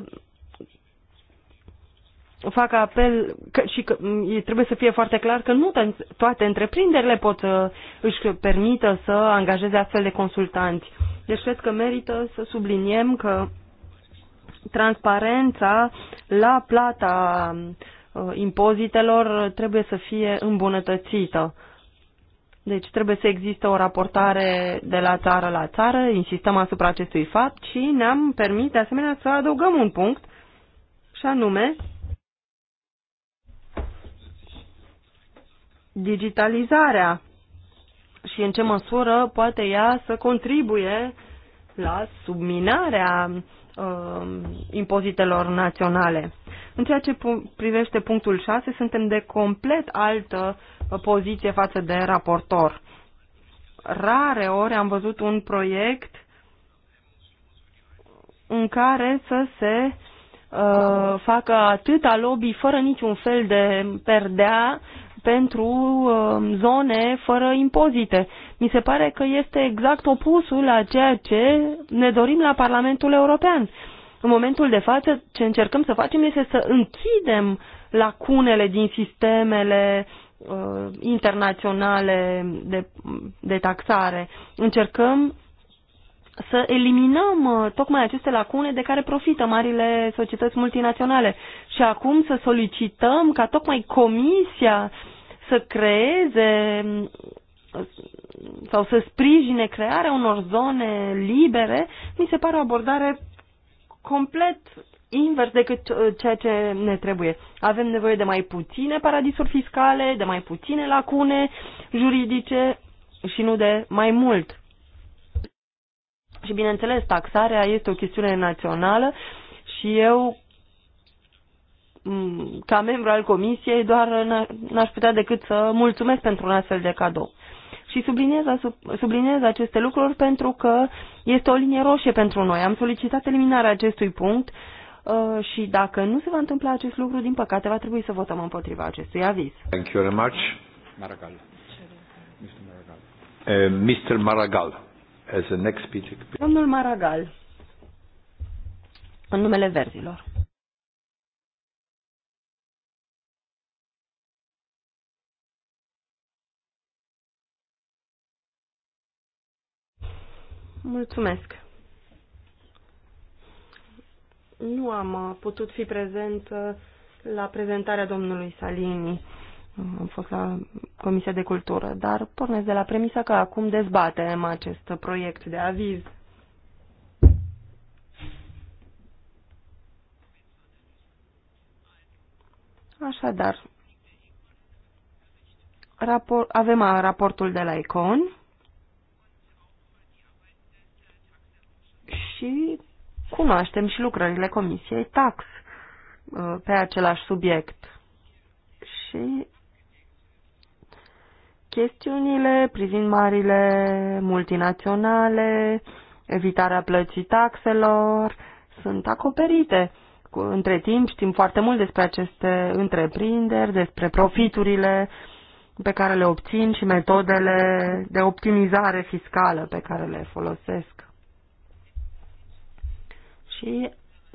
fac apel că, și că, mm, trebuie să fie foarte clar că nu toate întreprinderile pot să își permită să angajeze astfel de consultanți. Deci cred că merită să subliniem că transparența la plata uh, impozitelor trebuie să fie îmbunătățită. Deci trebuie să existe o raportare de la țară la țară, insistăm asupra acestui fapt și ne-am permis de asemenea să adăugăm un punct și anume digitalizarea și în ce măsură poate ea să contribuie la subminarea uh, impozitelor naționale. În ceea ce privește punctul 6, suntem de complet altă uh, poziție față de raportor. Rare ori am văzut un proiect în care să se uh, facă atâta lobby fără niciun fel de perdea pentru um, zone fără impozite. Mi se pare că este exact opusul a ceea ce ne dorim la Parlamentul European. În momentul de față, ce încercăm să facem este să închidem lacunele din sistemele uh, internaționale de, de taxare. Încercăm să eliminăm uh, tocmai aceste lacune de care profită marile societăți multinaționale și acum să solicităm ca tocmai Comisia să creeze sau să sprijine crearea unor zone libere, mi se pare o abordare complet invers decât ceea ce ne trebuie. Avem nevoie de mai puține paradisuri fiscale, de mai puține lacune juridice și nu de mai mult. Și bineînțeles, taxarea este o chestiune națională și eu ca membru al comisiei, doar n-aș putea decât să mulțumesc pentru un astfel de cadou. Și subliniez, subliniez aceste lucruri pentru că este o linie roșie pentru noi. Am solicitat eliminarea acestui punct uh, și dacă nu se va întâmpla acest lucru, din păcate, va trebui să votăm împotriva acestui aviz. Thank you very much. Maragall. Mr. Maragall. Uh, Mr. Maragall, As the next speaker. Domnul Maragall. În numele verzilor. Mulțumesc. Nu am uh, putut fi prezent uh, la prezentarea domnului Salini. Mm, am fost la Comisia de Cultură, dar pornesc de la premisa că acum dezbatem acest proiect de aviz. Așadar, rapor, avem uh, raportul de la ICON și cunoaștem și lucrările Comisiei Tax uh, pe același subiect. Și chestiunile privind marile multinaționale, evitarea plății taxelor, sunt acoperite. Între timp știm foarte mult despre aceste întreprinderi, despre profiturile pe care le obțin și metodele de optimizare fiscală pe care le folosesc. Și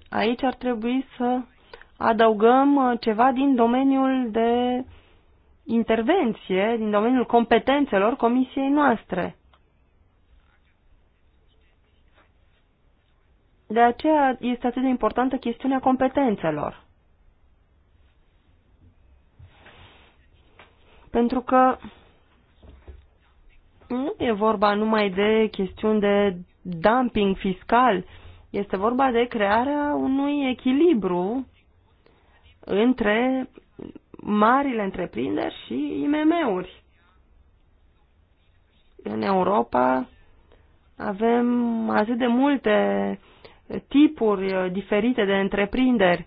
aici ar trebui să adăugăm uh, ceva din domeniul de intervenție, din domeniul competențelor comisiei noastre. De aceea este atât de importantă chestiunea competențelor. Pentru că nu e vorba numai de chestiuni de dumping fiscal, este vorba de crearea unui echilibru între marile întreprinderi și IMM-uri. În Europa avem atât de multe tipuri diferite de întreprinderi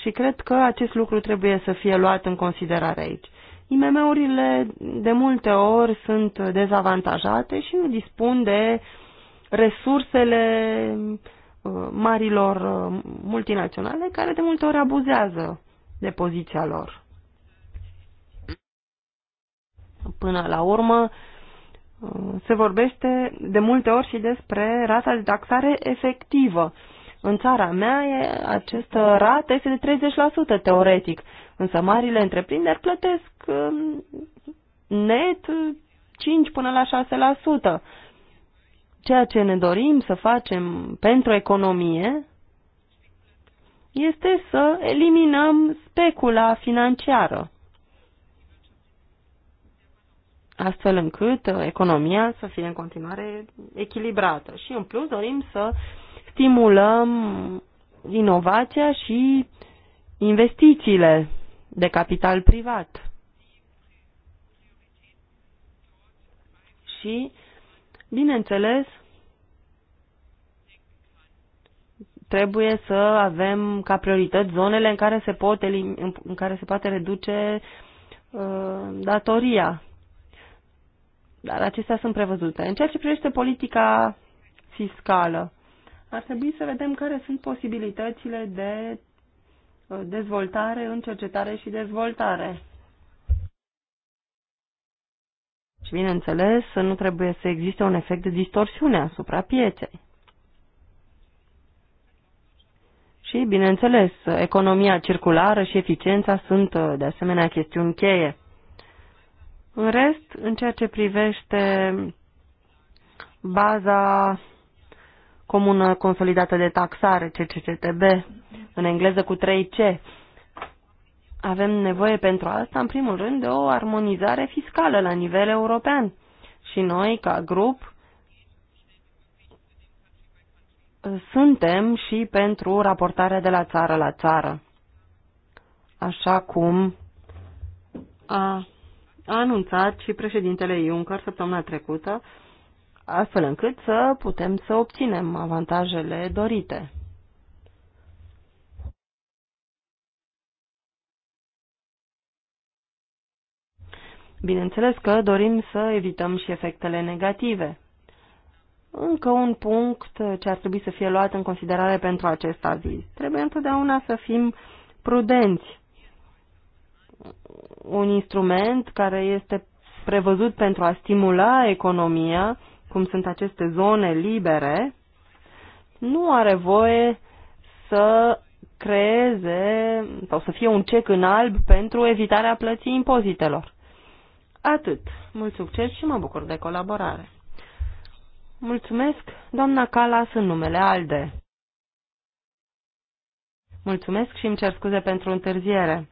și cred că acest lucru trebuie să fie luat în considerare aici. IMM-urile de multe ori sunt dezavantajate și nu dispun de uh, resursele uh, marilor uh, multinaționale care de multe ori abuzează de poziția lor. Până la urmă, uh, se vorbește de multe ori și despre rata de taxare efectivă. În țara mea, această rată este de 30% teoretic, însă marile întreprinderi plătesc net 5 până la 6% ceea ce ne dorim să facem pentru economie este să eliminăm specula financiară, astfel încât uh, economia să fie în continuare echilibrată. Și în plus dorim să stimulăm inovația și investițiile de capital privat. Și Bineînțeles, trebuie să avem ca priorități zonele în care se, pot în care se poate reduce uh, datoria. Dar acestea sunt prevăzute. În ceea ce privește politica fiscală, ar trebui să vedem care sunt posibilitățile de uh, dezvoltare în cercetare și dezvoltare. bineînțeles, nu trebuie să existe un efect de distorsiune asupra pieței. Și, bineînțeles, economia circulară și eficiența sunt, uh, de asemenea, chestiuni cheie. În rest, în ceea ce privește baza comună consolidată de taxare, CCCTB, în engleză cu 3C, avem nevoie pentru asta, în primul rând, de o armonizare fiscală la nivel european. Și noi, ca grup, suntem și pentru raportarea de la țară la țară. Așa cum a anunțat și președintele Juncker săptămâna trecută, astfel încât să putem să obținem avantajele dorite. Bineînțeles că dorim să evităm și efectele negative. Încă un punct ce ar trebui să fie luat în considerare pentru acest aviz. Trebuie întotdeauna să fim prudenți. Un instrument care este prevăzut pentru a stimula economia, cum sunt aceste zone libere, nu are voie să creeze sau să fie un cec în alb pentru evitarea plății impozitelor. Atât. Mult succes și mă bucur de colaborare. Mulțumesc, doamna Calas, în numele ALDE. Mulțumesc și îmi cer scuze pentru întârziere.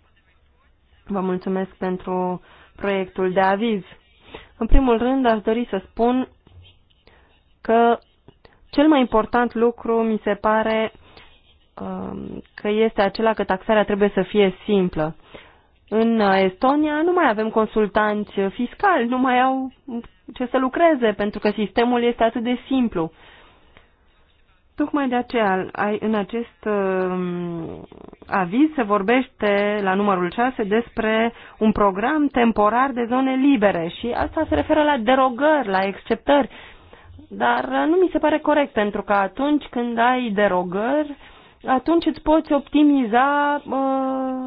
Vă mulțumesc pentru proiectul de aviz. În primul rând, aș dori să spun că cel mai important lucru mi se pare um, că este acela că taxarea trebuie să fie simplă. În uh, Estonia nu mai avem consultanți fiscali, nu mai au ce să lucreze, pentru că sistemul este atât de simplu. Tocmai de aceea, ai, în acest um, aviz se vorbește la numărul 6 despre un program temporar de zone libere și asta se referă la derogări, la exceptări, dar uh, nu mi se pare corect pentru că atunci când ai derogări, atunci îți poți optimiza uh,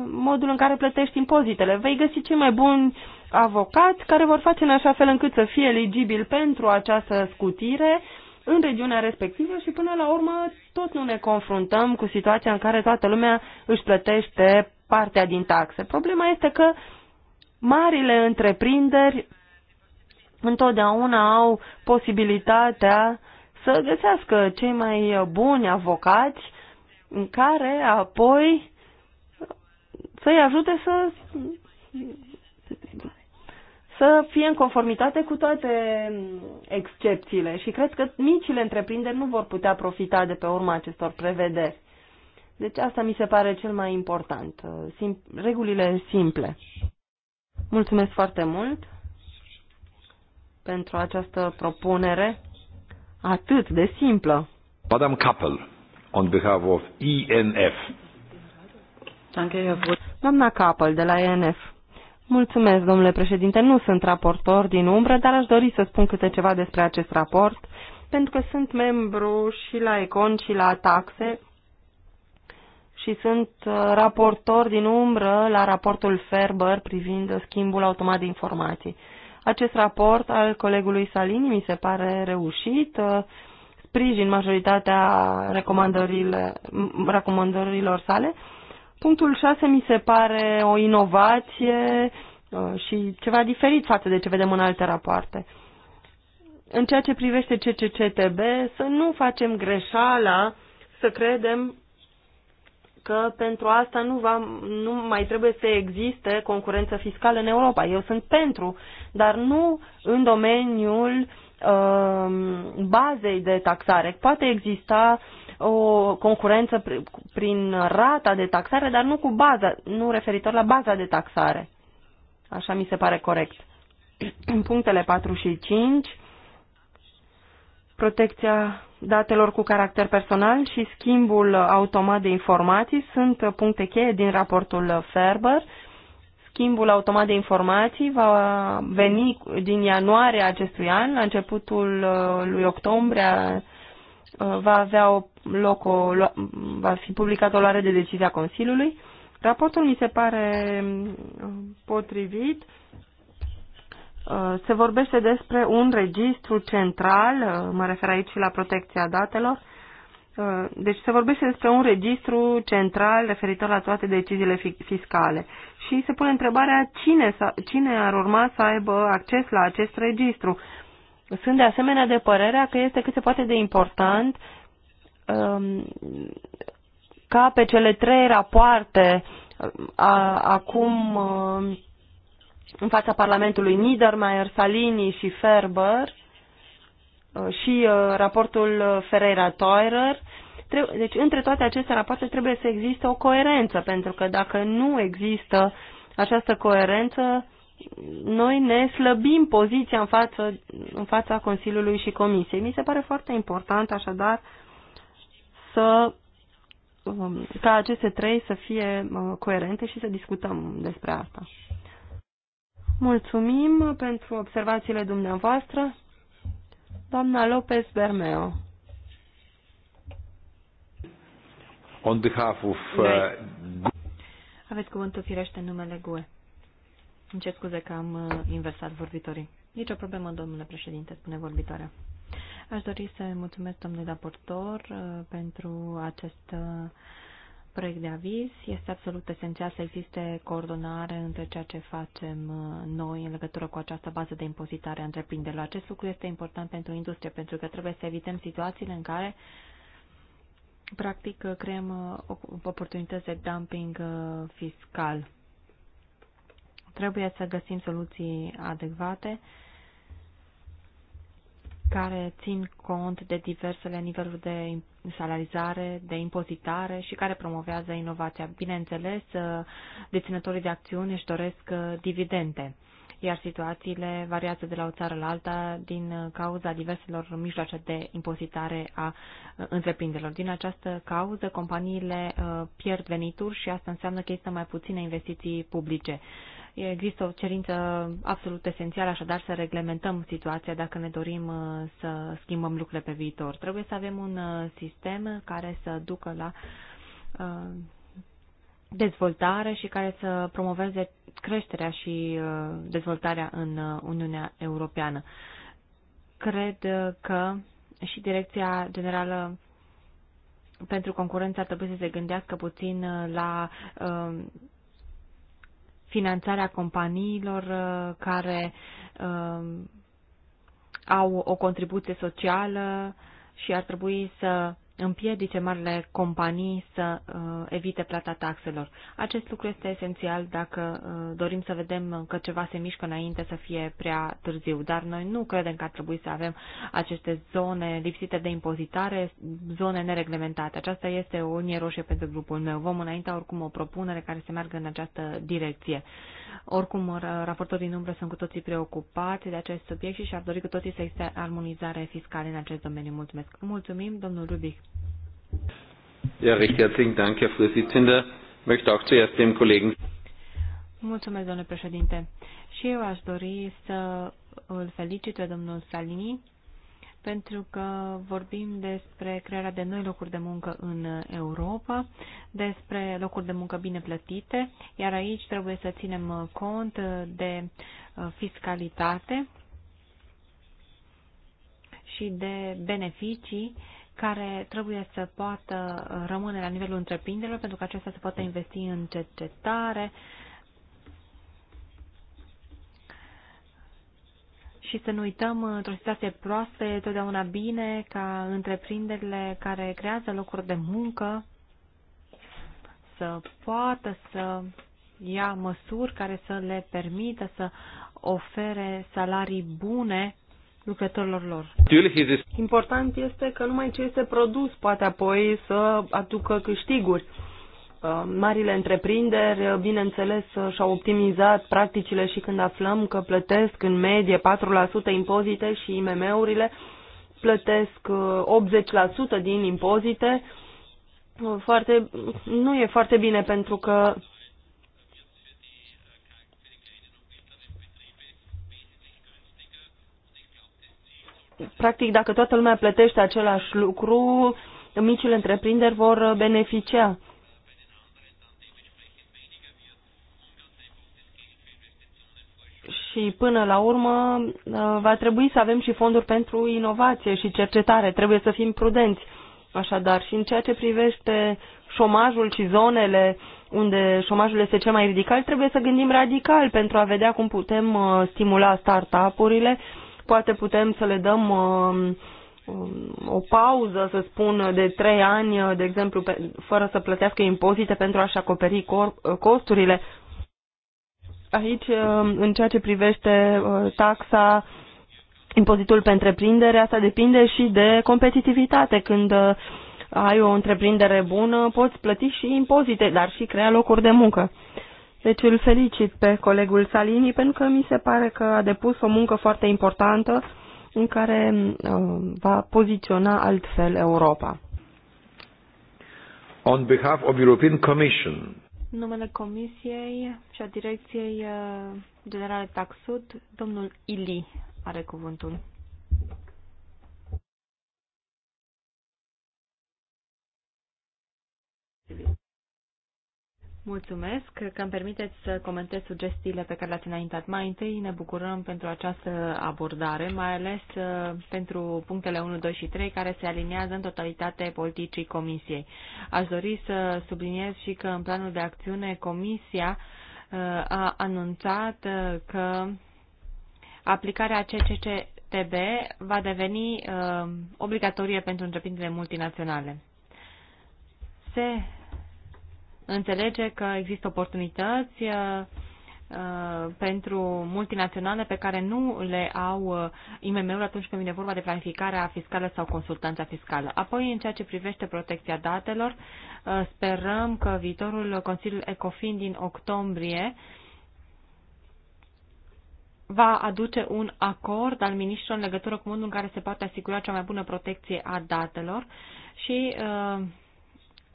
modul în care plătești impozitele. Vei găsi cei mai buni avocați care vor face în așa fel încât să fie eligibil pentru această scutire în regiunea respectivă și până la urmă tot nu ne confruntăm cu situația în care toată lumea își plătește partea din taxe. Problema este că marile întreprinderi întotdeauna au posibilitatea să găsească cei mai buni avocați în care apoi să-i ajute să să fie în conformitate cu toate excepțiile și cred că micile întreprinderi nu vor putea profita de pe urma acestor prevederi. Deci asta mi se pare cel mai important, sim- regulile simple. Mulțumesc foarte mult pentru această propunere atât de simplă. Madame Kappel on behalf of ENF. Doamna Capel de la ENF. Mulțumesc, domnule președinte. Nu sunt raportor din umbră, dar aș dori să spun câte ceva despre acest raport, pentru că sunt membru și la Econ și la Taxe și sunt uh, raportor din umbră la raportul Ferber privind schimbul automat de informații. Acest raport al colegului Salini mi se pare reușit uh, sprijin majoritatea recomandărilor sale. Punctul 6 mi se pare o inovație uh, și ceva diferit față de ce vedem în alte rapoarte. În ceea ce privește CCCTB, să nu facem greșeala să credem că pentru asta nu, va, nu mai trebuie să existe concurență fiscală în Europa. Eu sunt pentru, dar nu în domeniul Um, bazei de taxare. Poate exista o concurență prin rata de taxare, dar nu cu baza, nu referitor la baza de taxare. Așa mi se pare corect. În punctele 4 și 5, protecția datelor cu caracter personal și schimbul automat de informații sunt puncte cheie din raportul Ferber Schimbul automat de informații va veni din ianuarie acestui an, la începutul uh, lui octombrie uh, va avea o loc o, va fi publicată o luare de decizia Consiliului. Raportul mi se pare uh, potrivit. Se vorbește despre un registru central, mă refer aici și la protecția datelor, deci se vorbește despre un registru central referitor la toate deciziile fiscale și se pune întrebarea cine, cine ar urma să aibă acces la acest registru. Sunt de asemenea de părerea că este cât se poate de important um, ca pe cele trei rapoarte a, acum um, în fața Parlamentului Niedermayer, Salini și Ferber uh, și uh, raportul Ferreira-Teurer deci între toate aceste rapoarte trebuie să existe o coerență, pentru că dacă nu există această coerență, noi ne slăbim poziția în, față, în fața Consiliului și Comisiei. Mi se pare foarte important, așadar, să, um, ca aceste trei să fie uh, coerente și să discutăm despre asta. Mulțumim pentru observațiile dumneavoastră. Doamna Lopez Bermeo. On behalf of... Uh, Aveți cuvântul firește numele GUE. Îmi cer scuze că am uh, inversat vorbitorii. Nici o problemă, domnule președinte, spune vorbitoarea. Aș dori să mulțumesc domnului raportor uh, pentru acest uh, proiect de aviz. Este absolut esențial să existe coordonare între ceea ce facem noi în legătură cu această bază de impozitare a întreprinderilor. Acest lucru este important pentru industrie, pentru că trebuie să evităm situațiile în care uh, Practic, uh, creăm uh, oportunități de dumping uh, fiscal. Trebuie să găsim soluții adecvate care țin cont de diversele niveluri de salarizare, de impozitare și care promovează inovația. Bineînțeles, deținătorii de acțiuni își doresc dividende iar situațiile variază de la o țară la alta din cauza diverselor mijloace de impozitare a uh, întreprinderilor. Din această cauză, companiile uh, pierd venituri și asta înseamnă că există mai puține investiții publice. Există o cerință absolut esențială, așadar să reglementăm situația dacă ne dorim uh, să schimbăm lucrurile pe viitor. Trebuie să avem un sistem care să ducă la dezvoltare și care să promoveze creșterea și uh, dezvoltarea în uh, Uniunea Europeană. Cred uh, că și Direcția Generală pentru Concurență ar trebui să se gândească puțin la finanțarea companiilor care au o contribuție socială și ar trebui să împiedice marile companii să uh, evite plata taxelor. Acest lucru este esențial dacă uh, dorim să vedem că ceva se mișcă înainte să fie prea târziu, dar noi nu credem că ar trebui să avem aceste zone lipsite de impozitare, zone nereglementate. Aceasta este o unie roșie pentru grupul meu. Vom înainta oricum o propunere care să meargă în această direcție. Oricum, raportorii din umbră sunt cu toții preocupați de acest subiect și și-ar dori cu toții să existe armonizare fiscală în acest domeniu. Mulțumesc. Mulțumim, domnul Rubic. Ja, recht herzlichen Dank, Herr Vorsitzender. Möchte auch zuerst dem Kollegen. Mulțumesc, domnule președinte. Și eu aș dori să îl felicit pe domnul Salini pentru că vorbim despre crearea de noi locuri de muncă în Europa, despre locuri de muncă bine plătite, iar aici trebuie să ținem cont de uh, fiscalitate și de beneficii care trebuie să poată uh, rămâne la nivelul întreprinderilor pentru că acestea se poată investi în cercetare, și să nu uităm într-o situație proastă, e totdeauna bine ca întreprinderile care creează locuri de muncă să poată să ia măsuri care să le permită să ofere salarii bune lucrătorilor lor. Important este că numai ce este produs poate apoi să aducă câștiguri. Uh, marile întreprinderi, uh, bineînțeles, uh, și-au optimizat practicile și când aflăm că plătesc în medie 4% impozite și IMM-urile plătesc 80% din impozite, foarte, nu e foarte bine pentru că practic dacă toată lumea plătește același lucru, micile întreprinderi vor beneficia. și până la urmă uh, va trebui să avem și fonduri pentru inovație și cercetare. Trebuie să fim prudenți. Așadar, și în ceea ce privește șomajul și zonele unde șomajul este cel mai ridicat, trebuie să gândim radical pentru a vedea cum putem uh, stimula startup-urile. Poate putem să le dăm uh, um, o pauză, să spun, de trei ani, de exemplu, fără să plătească impozite pentru a-și acoperi costurile. Aici, uh, în ceea ce privește uh, taxa, impozitul pe întreprindere, asta depinde și de competitivitate. Când uh, ai o întreprindere bună, poți plăti și impozite, dar și crea locuri de muncă. Deci îl felicit pe colegul Salini pentru că mi se pare că a depus o muncă foarte importantă în care va poziționa altfel Europa. On behalf of European Commission, numele Comisiei și a Direcției uh, Generale Taxud, domnul Ili are cuvântul. Mulțumesc că îmi permiteți să comentez sugestiile pe care le-ați înaintat. Mai întâi ne bucurăm pentru această abordare, mai ales uh, pentru punctele 1, 2 și 3, care se aliniază în totalitate politicii Comisiei. Aș dori să subliniez și că în planul de acțiune Comisia uh, a anunțat uh, că aplicarea CCCTB va deveni obligatorie pentru întreprinderile multinaționale. Se înțelege că există oportunități uh, pentru multinaționale pe care nu le au uh, IMM-uri atunci când vine vorba de planificarea fiscală sau consultanța fiscală. Apoi, în ceea ce privește protecția datelor, uh, sperăm că viitorul Consiliul ECOFIN din octombrie va aduce un acord al ministrilor în legătură cu modul în care se poate asigura cea mai bună protecție a datelor și uh,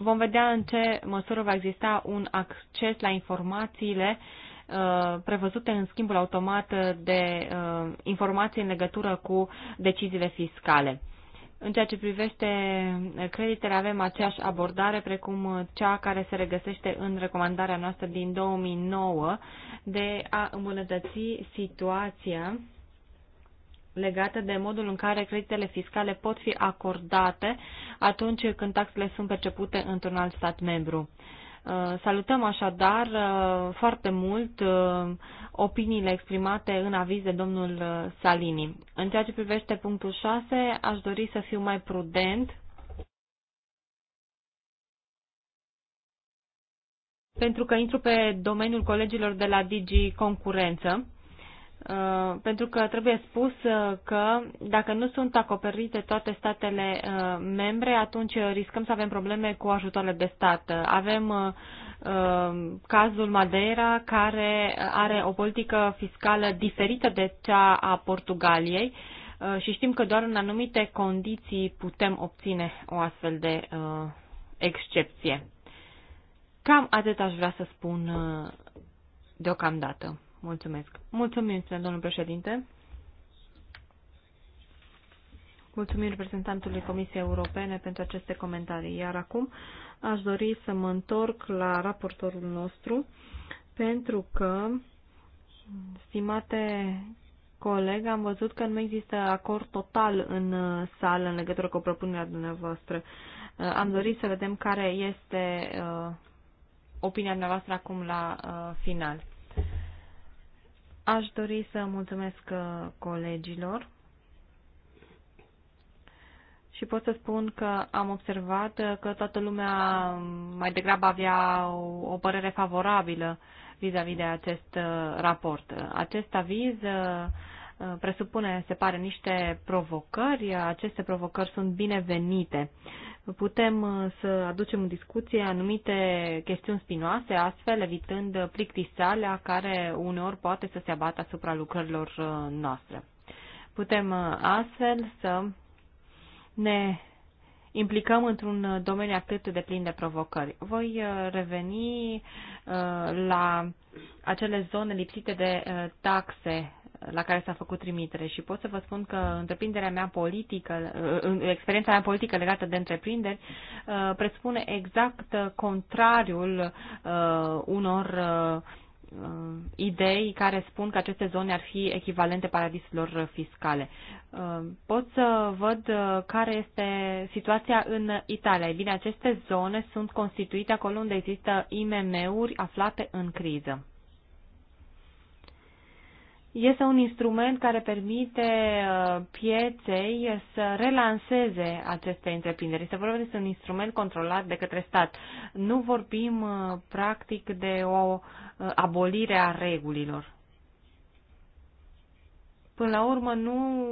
Vom vedea în ce măsură va exista un acces la informațiile uh, prevăzute în schimbul automat de uh, informații în legătură cu deciziile fiscale. În ceea ce privește creditele, avem aceeași abordare precum cea care se regăsește în recomandarea noastră din 2009 de a îmbunătăți situația legate de modul în care creditele fiscale pot fi acordate atunci când taxele sunt percepute într-un alt stat membru. Uh, salutăm așadar uh, foarte mult uh, opiniile exprimate în aviz de domnul Salini. În ceea ce privește punctul 6, aș dori să fiu mai prudent pentru că intru pe domeniul colegilor de la Digi Concurență Uh, pentru că trebuie spus uh, că dacă nu sunt acoperite toate statele uh, membre, atunci riscăm să avem probleme cu ajutoarele de stat. Avem cazul Madeira, care are o politică fiscală diferită de cea a Portugaliei și știm că doar în anumite condiții putem obține o astfel de excepție. Cam atât aș vrea să spun deocamdată. Mulțumesc. Mulțumim, domnul președinte. Mulțumim reprezentantului Comisiei Europene pentru aceste comentarii. Iar acum aș dori să mă întorc la raportorul nostru, pentru că, stimate coleg, am văzut că nu există acord total în uh, sală în legătură cu propunerea dumneavoastră. Uh, am dorit să vedem care este uh, opinia dumneavoastră acum la final. Aș dori să mulțumesc uh, colegilor și pot să spun că am observat uh, că toată lumea mai degrabă avea o părere favorabilă vis-a-vis -vis de acest uh, raport. Acest aviz presupune, se pare, niște provocări. Aceste provocări sunt binevenite putem uh, să aducem în discuție anumite chestiuni spinoase, astfel evitând plictisalea care uneori poate să se abată asupra lucrărilor uh, noastre. Putem uh, astfel să ne implicăm într-un domeniu atât de plin de provocări. Voi reveni la acele zone lipsite de taxe la care s-a făcut trimitere și pot să vă spun că întreprinderea mea politică, experiența mea politică legată de întreprinderi uh, presupune exact contrariul uh, unor uh, idei care spun că aceste zone ar fi echivalente paradisurilor fiscale. Pot să văd care este situația în Italia. bine, aceste zone sunt constituite acolo unde există IMM-uri aflate în criză este un instrument care permite uh, pieței să relanseze aceste întreprinderi. Este vorba despre un instrument controlat de către stat. Nu vorbim uh, practic de o uh, abolire a regulilor. Până la urmă nu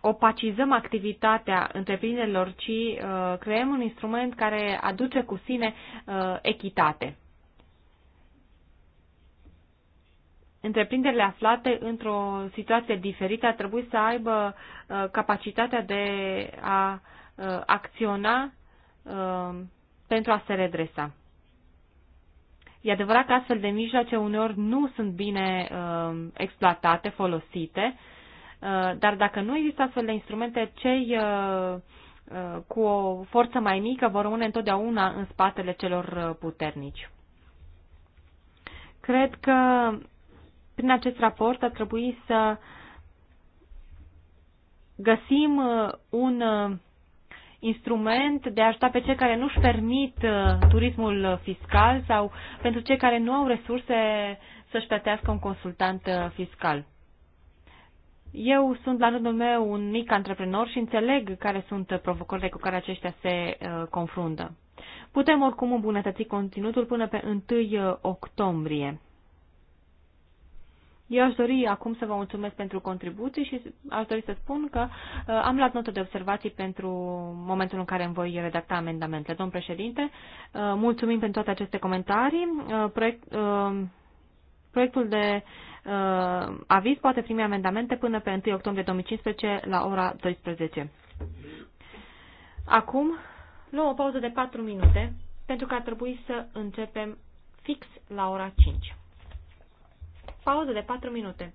opacizăm activitatea întreprinderilor, ci creăm un instrument care aduce cu sine echitate. întreprinderile aflate într-o situație diferită ar trebui să aibă uh, capacitatea de a uh, acționa uh, pentru a se redresa. E adevărat că astfel de mijloace uneori nu sunt bine uh, exploatate, folosite, uh, dar dacă nu există astfel de instrumente, cei uh, cu o forță mai mică vor rămâne întotdeauna în spatele celor puternici. Cred că prin acest raport ar trebui să găsim uh, un uh, instrument de a ajuta pe cei care nu-și permit uh, turismul fiscal sau pentru cei care nu au resurse să-și plătească un consultant fiscal. Eu sunt la rândul meu un mic antreprenor și înțeleg care sunt provocările cu care aceștia se confruntă. Putem oricum îmbunătăți conținutul până pe 1 octombrie. Eu aș dori acum să vă mulțumesc pentru contribuții și aș dori să spun că uh, am luat notă de observații pentru momentul în care îmi voi redacta amendamentele. Domn președinte, uh, mulțumim pentru toate aceste comentarii. Uh, proiect, uh, proiectul de uh, aviz poate primi amendamente până pe 1 octombrie 2015 la ora 12. Acum luăm o pauză de 4 minute pentru că ar trebui să începem fix la ora 5. Pauză de 4 minute.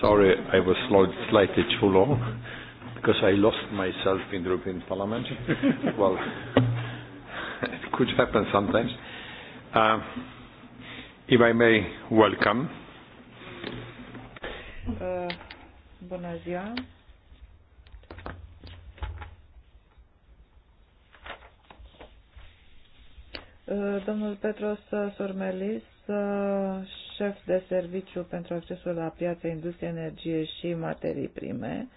Sorry, I was slightly too long because I lost myself in the European Parliament. well, it could happen sometimes. Uh, if I may, welcome. Uh, bună ziua. Uh, domnul Petros Sormelis uh, șef de serviciu pentru accesul la piață, industrie, energie și materii prime.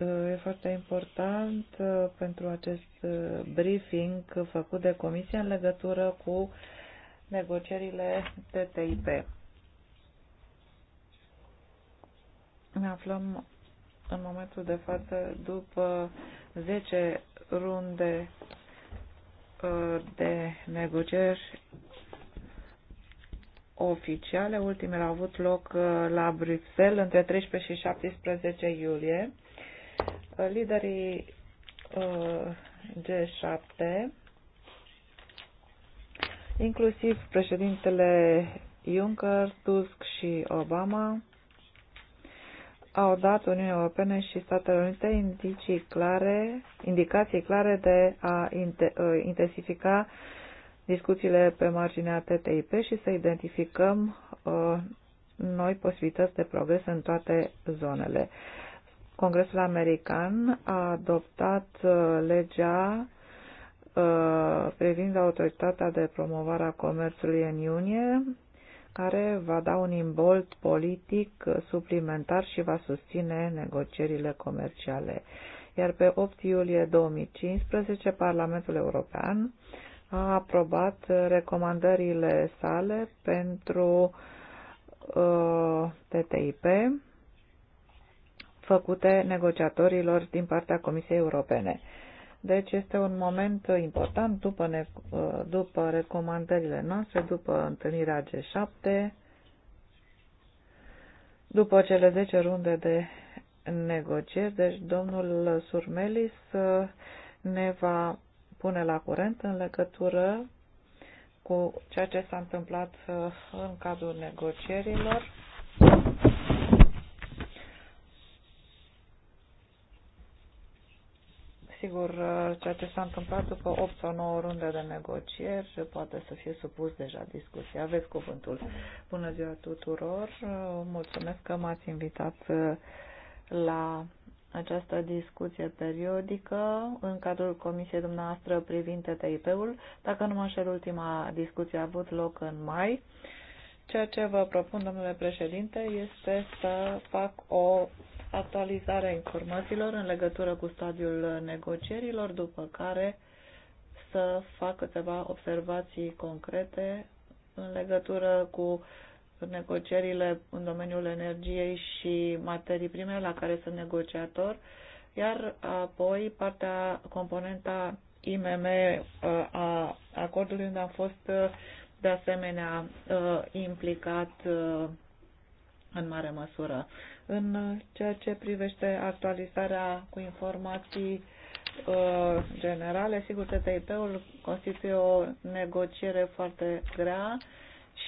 Uh, e foarte important uh, pentru acest uh, briefing făcut de Comisie în legătură cu negocierile TTIP. Ne aflăm în momentul de față după 10 runde de negocieri oficiale. Ultimele au avut loc uh, la Bruxelles între 13 și 17 iulie. Uh, liderii uh, G7, inclusiv președintele Juncker, Tusk și Obama, au dat Uniunea Europene și Statele Unite indicii clare, indicații clare de a intensifica uh, discuțiile pe marginea TTIP și să identificăm uh, noi posibilități de progres în toate zonele. Congresul American a adoptat uh, legea uh, privind autoritatea de promovare a comerțului în iunie, care va da un imbolt politic suplimentar și va susține negocierile comerciale. Iar pe 8 iulie 2015, Parlamentul European a aprobat recomandările sale pentru uh, TTIP făcute negociatorilor din partea Comisiei Europene. Deci este un moment important după, ne, uh, după recomandările noastre, după întâlnirea G7, după cele 10 runde de negocieri, deci domnul Surmelis uh, ne va pune la curent în legătură cu ceea ce s-a întâmplat uh, în cadrul negocierilor. Sigur, uh, ceea ce s-a întâmplat după 8 sau 9 runde de negocieri poate să fie supus deja discuție. Aveți cuvântul. Bună ziua tuturor! Uh, mulțumesc că m-ați invitat la această discuție periodică în cadrul comisiei dumneavoastră privind TTIP-ul. Dacă nu mă înșel, ultima discuție a avut loc în mai. Ceea ce vă propun, domnule președinte, este să fac o actualizare a informațiilor în legătură cu stadiul negocierilor, după care să fac câteva observații concrete în legătură cu uh, negocierile în domeniul energiei și materii prime la care sunt negociator, iar apoi partea, componenta IMM uh, a acordului unde am fost uh, de asemenea uh, implicat în mare măsură. În ceea ce privește actualizarea cu informații generale, sigur, TTIP-ul constituie o negociere foarte grea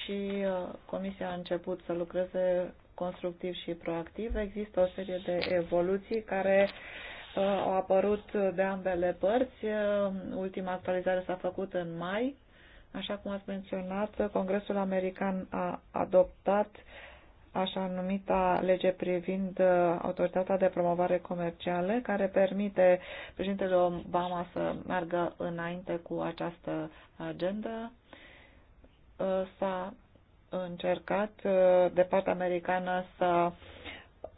și uh, Comisia a început să lucreze constructiv și proactiv. Există o serie de evoluții care uh, au apărut de ambele părți. Uh, ultima actualizare s-a făcut în mai. Așa cum ați menționat, Congresul American a adoptat așa numita lege privind autoritatea de promovare comercială, care permite președintele Obama să meargă înainte cu această agendă s-a încercat uh, de partea americană să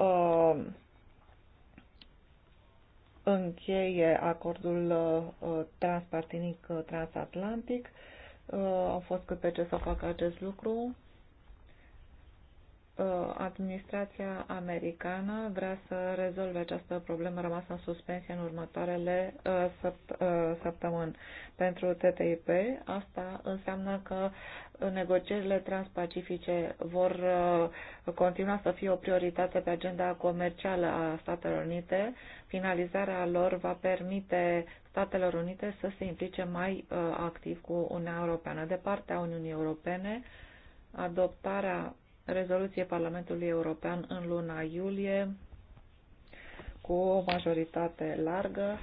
uh, încheie acordul uh, transpartinic transatlantic. Au fost câte ce să facă acest lucru. Uh, administrația americană vrea să rezolve această problemă rămasă în suspensie în următoarele uh, uh, săptămâni. Pentru TTIP, asta înseamnă că negocierile transpacifice vor continua să fie o prioritate pe agenda comercială a Statelor Unite. Finalizarea lor va permite Statelor Unite să se implice mai activ cu Uniunea Europeană. De partea Uniunii Europene, adoptarea rezoluție Parlamentului European în luna iulie cu o majoritate largă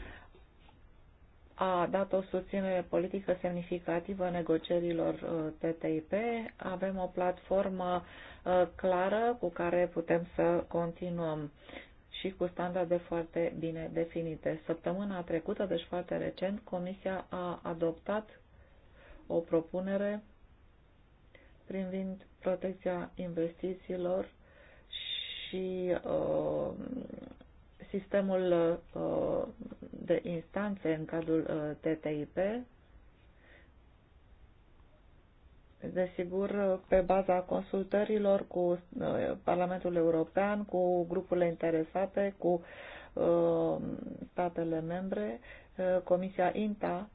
a dat o susținere politică semnificativă negocierilor uh, TTIP. Avem o platformă uh, clară cu care putem să continuăm și cu standarde foarte bine definite. Săptămâna trecută, deci foarte recent, Comisia a adoptat o propunere privind protecția investițiilor și uh, sistemul uh, de instanțe în cadrul uh, TTIP, desigur, pe baza consultărilor cu uh, Parlamentul European, cu grupurile interesate, cu uh, statele membre, uh, Comisia INTA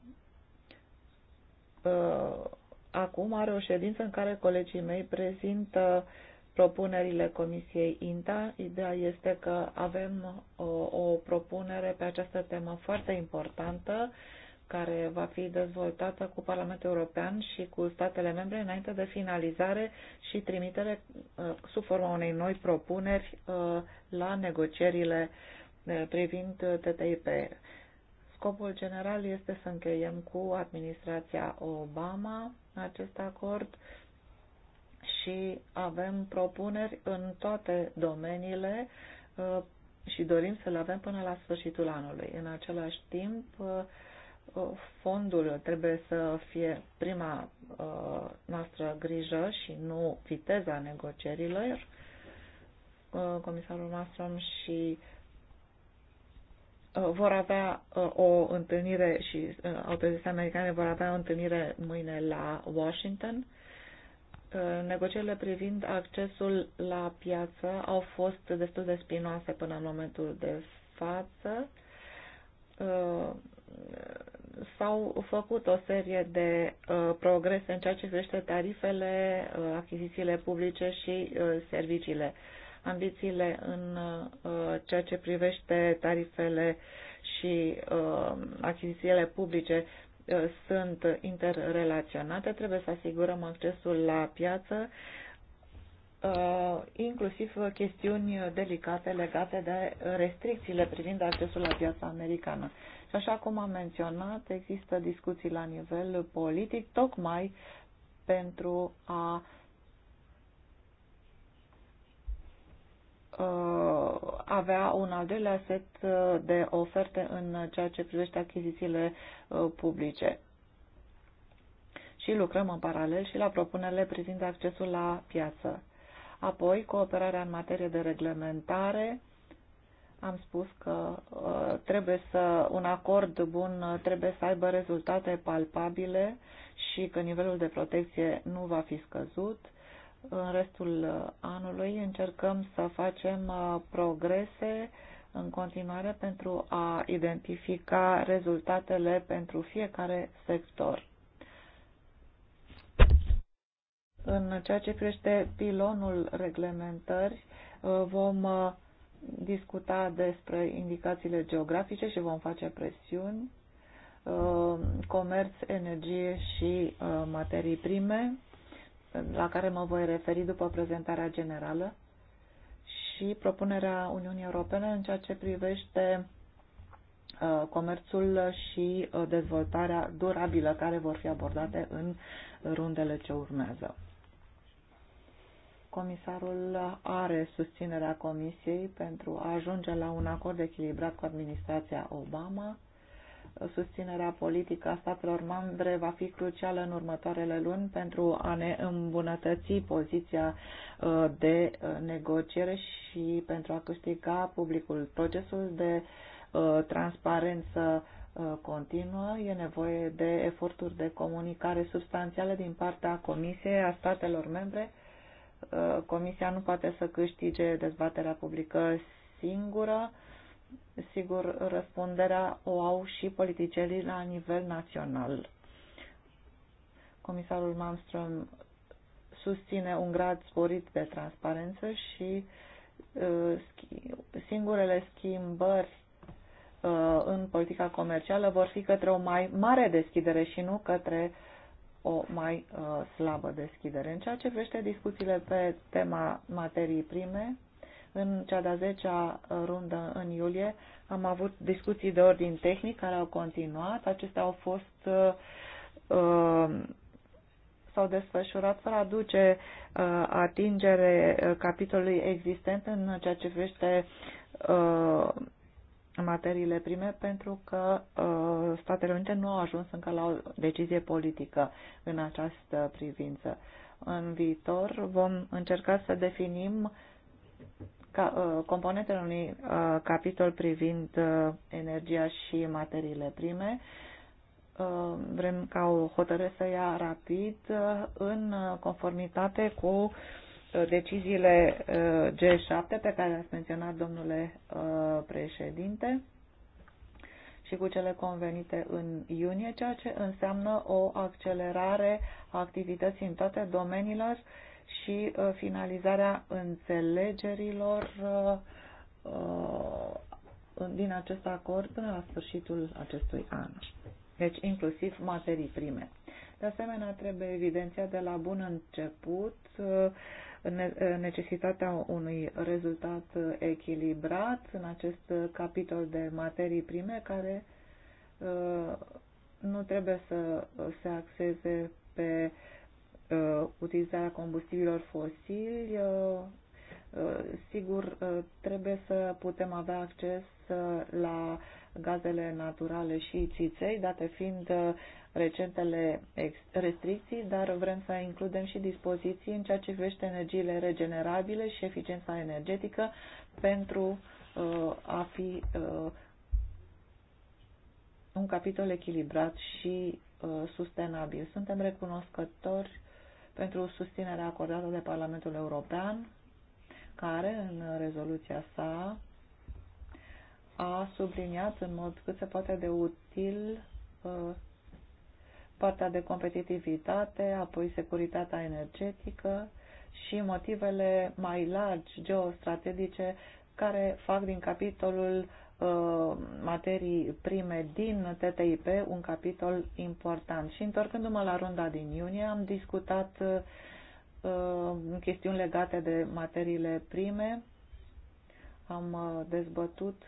acum are o ședință în care colegii mei prezintă propunerile Comisiei INTA. Ideea este că avem o, o propunere pe această temă foarte importantă care va fi dezvoltată cu Parlamentul European și cu statele membre înainte de finalizare și trimitere uh, sub forma unei noi propuneri uh, la negocierile uh, privind TTIP. Scopul general este să încheiem cu administrația Obama acest acord și avem propuneri în toate domeniile uh, și dorim să le avem până la sfârșitul anului. În același timp, uh, fondul trebuie să fie prima uh, noastră grijă și nu viteza negocierilor. Comisarul Mastrom și uh, Uh, vor avea uh, o întâlnire și uh, autoritățile americane vor avea o întâlnire mâine la Washington. Negocierile privind accesul la piață au fost destul de spinoase până în momentul de față. S-au făcut o serie de progrese în ceea ce privește tarifele, achizițiile publice și serviciile ambițiile în uh, ceea ce privește tarifele și uh, achizițiile publice uh, sunt interrelaționate, trebuie să asigurăm accesul la piață, inclusiv chestiuni delicate legate de restricțiile privind accesul la piața americană. Și așa cum am menționat, există discuții la nivel politic, tocmai pentru a Uh, avea un al doilea set uh, de oferte în ceea ce privește achizițiile uh, publice. Și lucrăm în paralel și la propunerile privind accesul la piață. Apoi, cooperarea în materie de reglementare. Am spus că uh, trebuie să un acord bun trebuie să aibă rezultate palpabile și că nivelul de protecție nu va fi scăzut. În restul uh, anului încercăm să facem uh, progrese în continuare pentru a identifica rezultatele pentru fiecare sector. În ceea ce crește pilonul reglementări, uh, vom discuta despre indicațiile geografice și vom face presiuni, comerț, energie și materii prime la care mă voi referi după prezentarea generală, și propunerea Uniunii Europene în ceea ce privește uh, comerțul și uh, dezvoltarea durabilă care vor fi abordate în rundele ce urmează. Comisarul are susținerea Comisiei pentru a ajunge la un acord echilibrat cu administrația Obama susținerea politică a statelor membre va fi crucială în următoarele luni pentru a ne îmbunătăți poziția uh, de uh, negociere și pentru a câștiga publicul. Procesul de uh, transparență continuă, e nevoie de eforturi de comunicare substanțiale din partea Comisiei, a statelor membre. Comisia nu poate să câștige dezbaterea publică singură sigur, răspunderea o au și politicienii la nivel național. Comisarul Malmström susține un grad sporit de transparență și uh, singurele schimbări uh, în politica comercială vor fi către o mai mare deschidere și nu către o mai uh, slabă deschidere. În ceea ce privește discuțiile pe tema materii prime, în cea de-a zecea rundă în iulie am avut discuții de ordin tehnic care au continuat. Acestea au fost uh, s-au desfășurat fără a duce uh, atingere uh, capitolului existent în ceea ce privește materiile prime pentru că uh, Statele Unite nu au ajuns încă la o decizie politică în această privință. În viitor vom încerca să definim Uh, componentele unui uh, capitol privind uh, energia și materiile prime. vrem ca o hotărâre să ia rapid în conformitate cu deciziile G7 pe care le-ați menționat, domnule președinte, și cu cele convenite în iunie, ceea ce înseamnă o accelerare a activității în toate domeniile și uh, finalizarea înțelegerilor uh, uh, din acest acord până la sfârșitul acestui an. Deci inclusiv materii prime. De asemenea, trebuie evidențiat de la bun început necesitatea unui rezultat echilibrat în acest capitol de materii prime care nu trebuie să se axeze pe uh, uh, utilizarea combustibilor fosili, uh, uh, sigur uh, trebuie să putem avea acces uh, la gazele naturale și țiței, date fiind uh, recentele restricții, dar vrem să includem și dispoziții în ceea ce privește energiile regenerabile și eficiența energetică pentru uh, a fi uh, un capitol echilibrat și uh, sustenabil. Suntem recunoscători pentru susținerea acordată de Parlamentul European, care în rezoluția sa a subliniat în mod cât se poate de util uh, partea de competitivitate, apoi securitatea energetică și motivele mai largi geostrategice care fac din capitolul Uh, materii prime din TTIP, un capitol important. Și întorcându-mă la runda din iunie, am discutat uh, chestiuni legate de materiile prime, am uh, dezbătut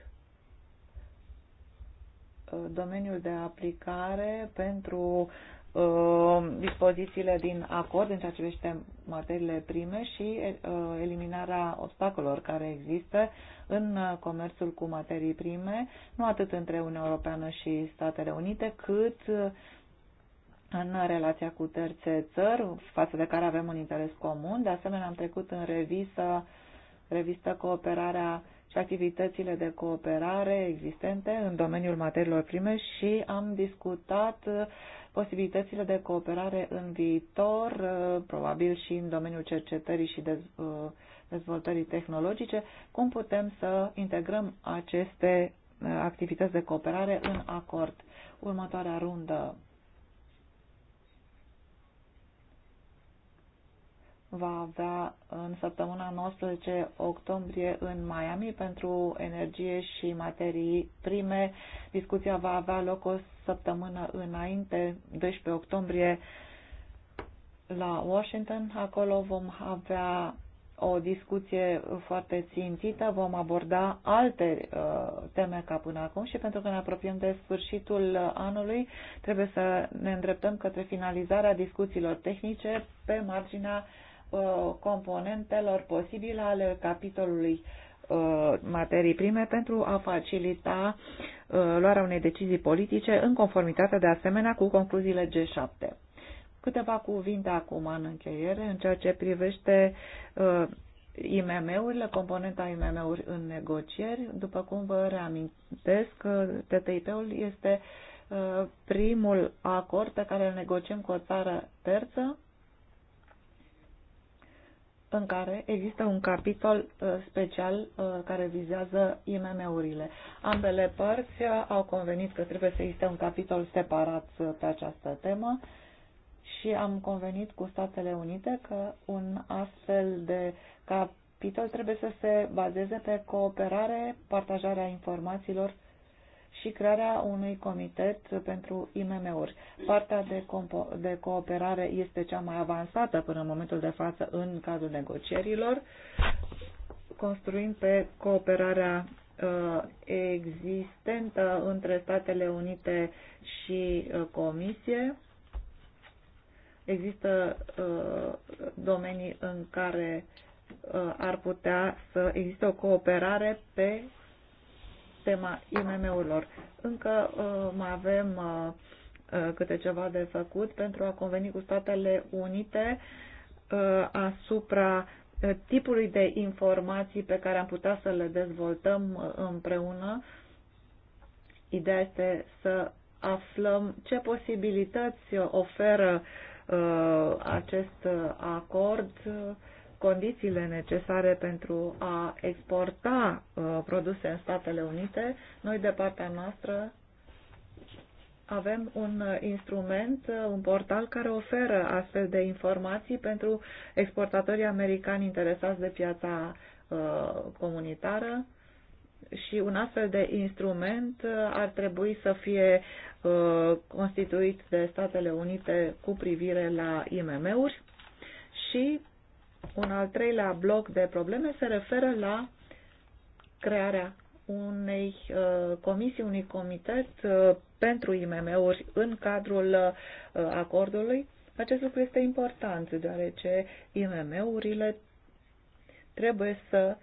domeniul de aplicare pentru Uh, dispozițiile din acord în ceea ce privește materiile prime și uh, eliminarea obstacolor care există în comerțul cu materii prime, nu atât între Uniunea Europeană și Statele Unite, cât uh, în relația cu terțe țări, față de care avem un interes comun. De asemenea, am trecut în revistă, revistă cooperarea și activitățile de cooperare existente în domeniul materiilor prime și am discutat uh, posibilitățile de cooperare în viitor, uh, probabil și în domeniul cercetării și uh, dezvoltării tehnologice, cum putem să integrăm aceste uh, activități de cooperare în acord. Următoarea rundă va avea în săptămâna 19 octombrie în Miami pentru energie și materii prime. Discuția va avea loc o săptămână înainte, 12 octombrie, la Washington. Acolo vom avea o discuție foarte țintită, vom aborda alte uh, teme ca până acum și pentru că ne apropiem de sfârșitul anului, trebuie să ne îndreptăm către finalizarea discuțiilor tehnice pe marginea uh, componentelor posibile ale capitolului Uh, materii prime pentru a facilita uh, luarea unei decizii politice în conformitate de asemenea cu concluziile G7. Câteva cuvinte acum în încheiere în ceea ce privește uh, IMM-urile, componenta IMM-uri în negocieri. După cum vă reamintesc, TTIP-ul este primul acord pe care îl negociem cu o țară terță în care există un capitol uh, special uh, care vizează IMM-urile. Ambele părți uh, au convenit că trebuie să existe un capitol separat pe această temă și am convenit cu Statele Unite că un astfel de capitol trebuie să se bazeze pe cooperare, partajarea informațiilor și crearea unui comitet pentru IMM-uri. Partea de, de cooperare este cea mai avansată până în momentul de față în cazul negocierilor, construind pe cooperarea uh, existentă între Statele Unite și uh, Comisie. Există uh, domenii în care uh, ar putea să existe o cooperare pe tema IMM-urilor. Încă uh, mai avem uh, uh, câte ceva de făcut pentru a conveni cu Statele Unite asupra tipului de informații pe care am putea să le dezvoltăm împreună. Ideea este să aflăm ce posibilități oferă acest acord condițiile necesare pentru a exporta uh, produse în Statele Unite, noi de partea noastră avem un uh, instrument, uh, un portal care oferă astfel de informații pentru exportatorii americani interesați de piața comunitară și un astfel de instrument ar trebui să fie constituit de Statele Unite cu privire la IMM-uri și un al treilea bloc de probleme se referă la crearea unei uh, comisii, unui comitet uh, pentru IMM-uri în cadrul uh, acordului. Acest lucru este important, deoarece IMM-urile trebuie să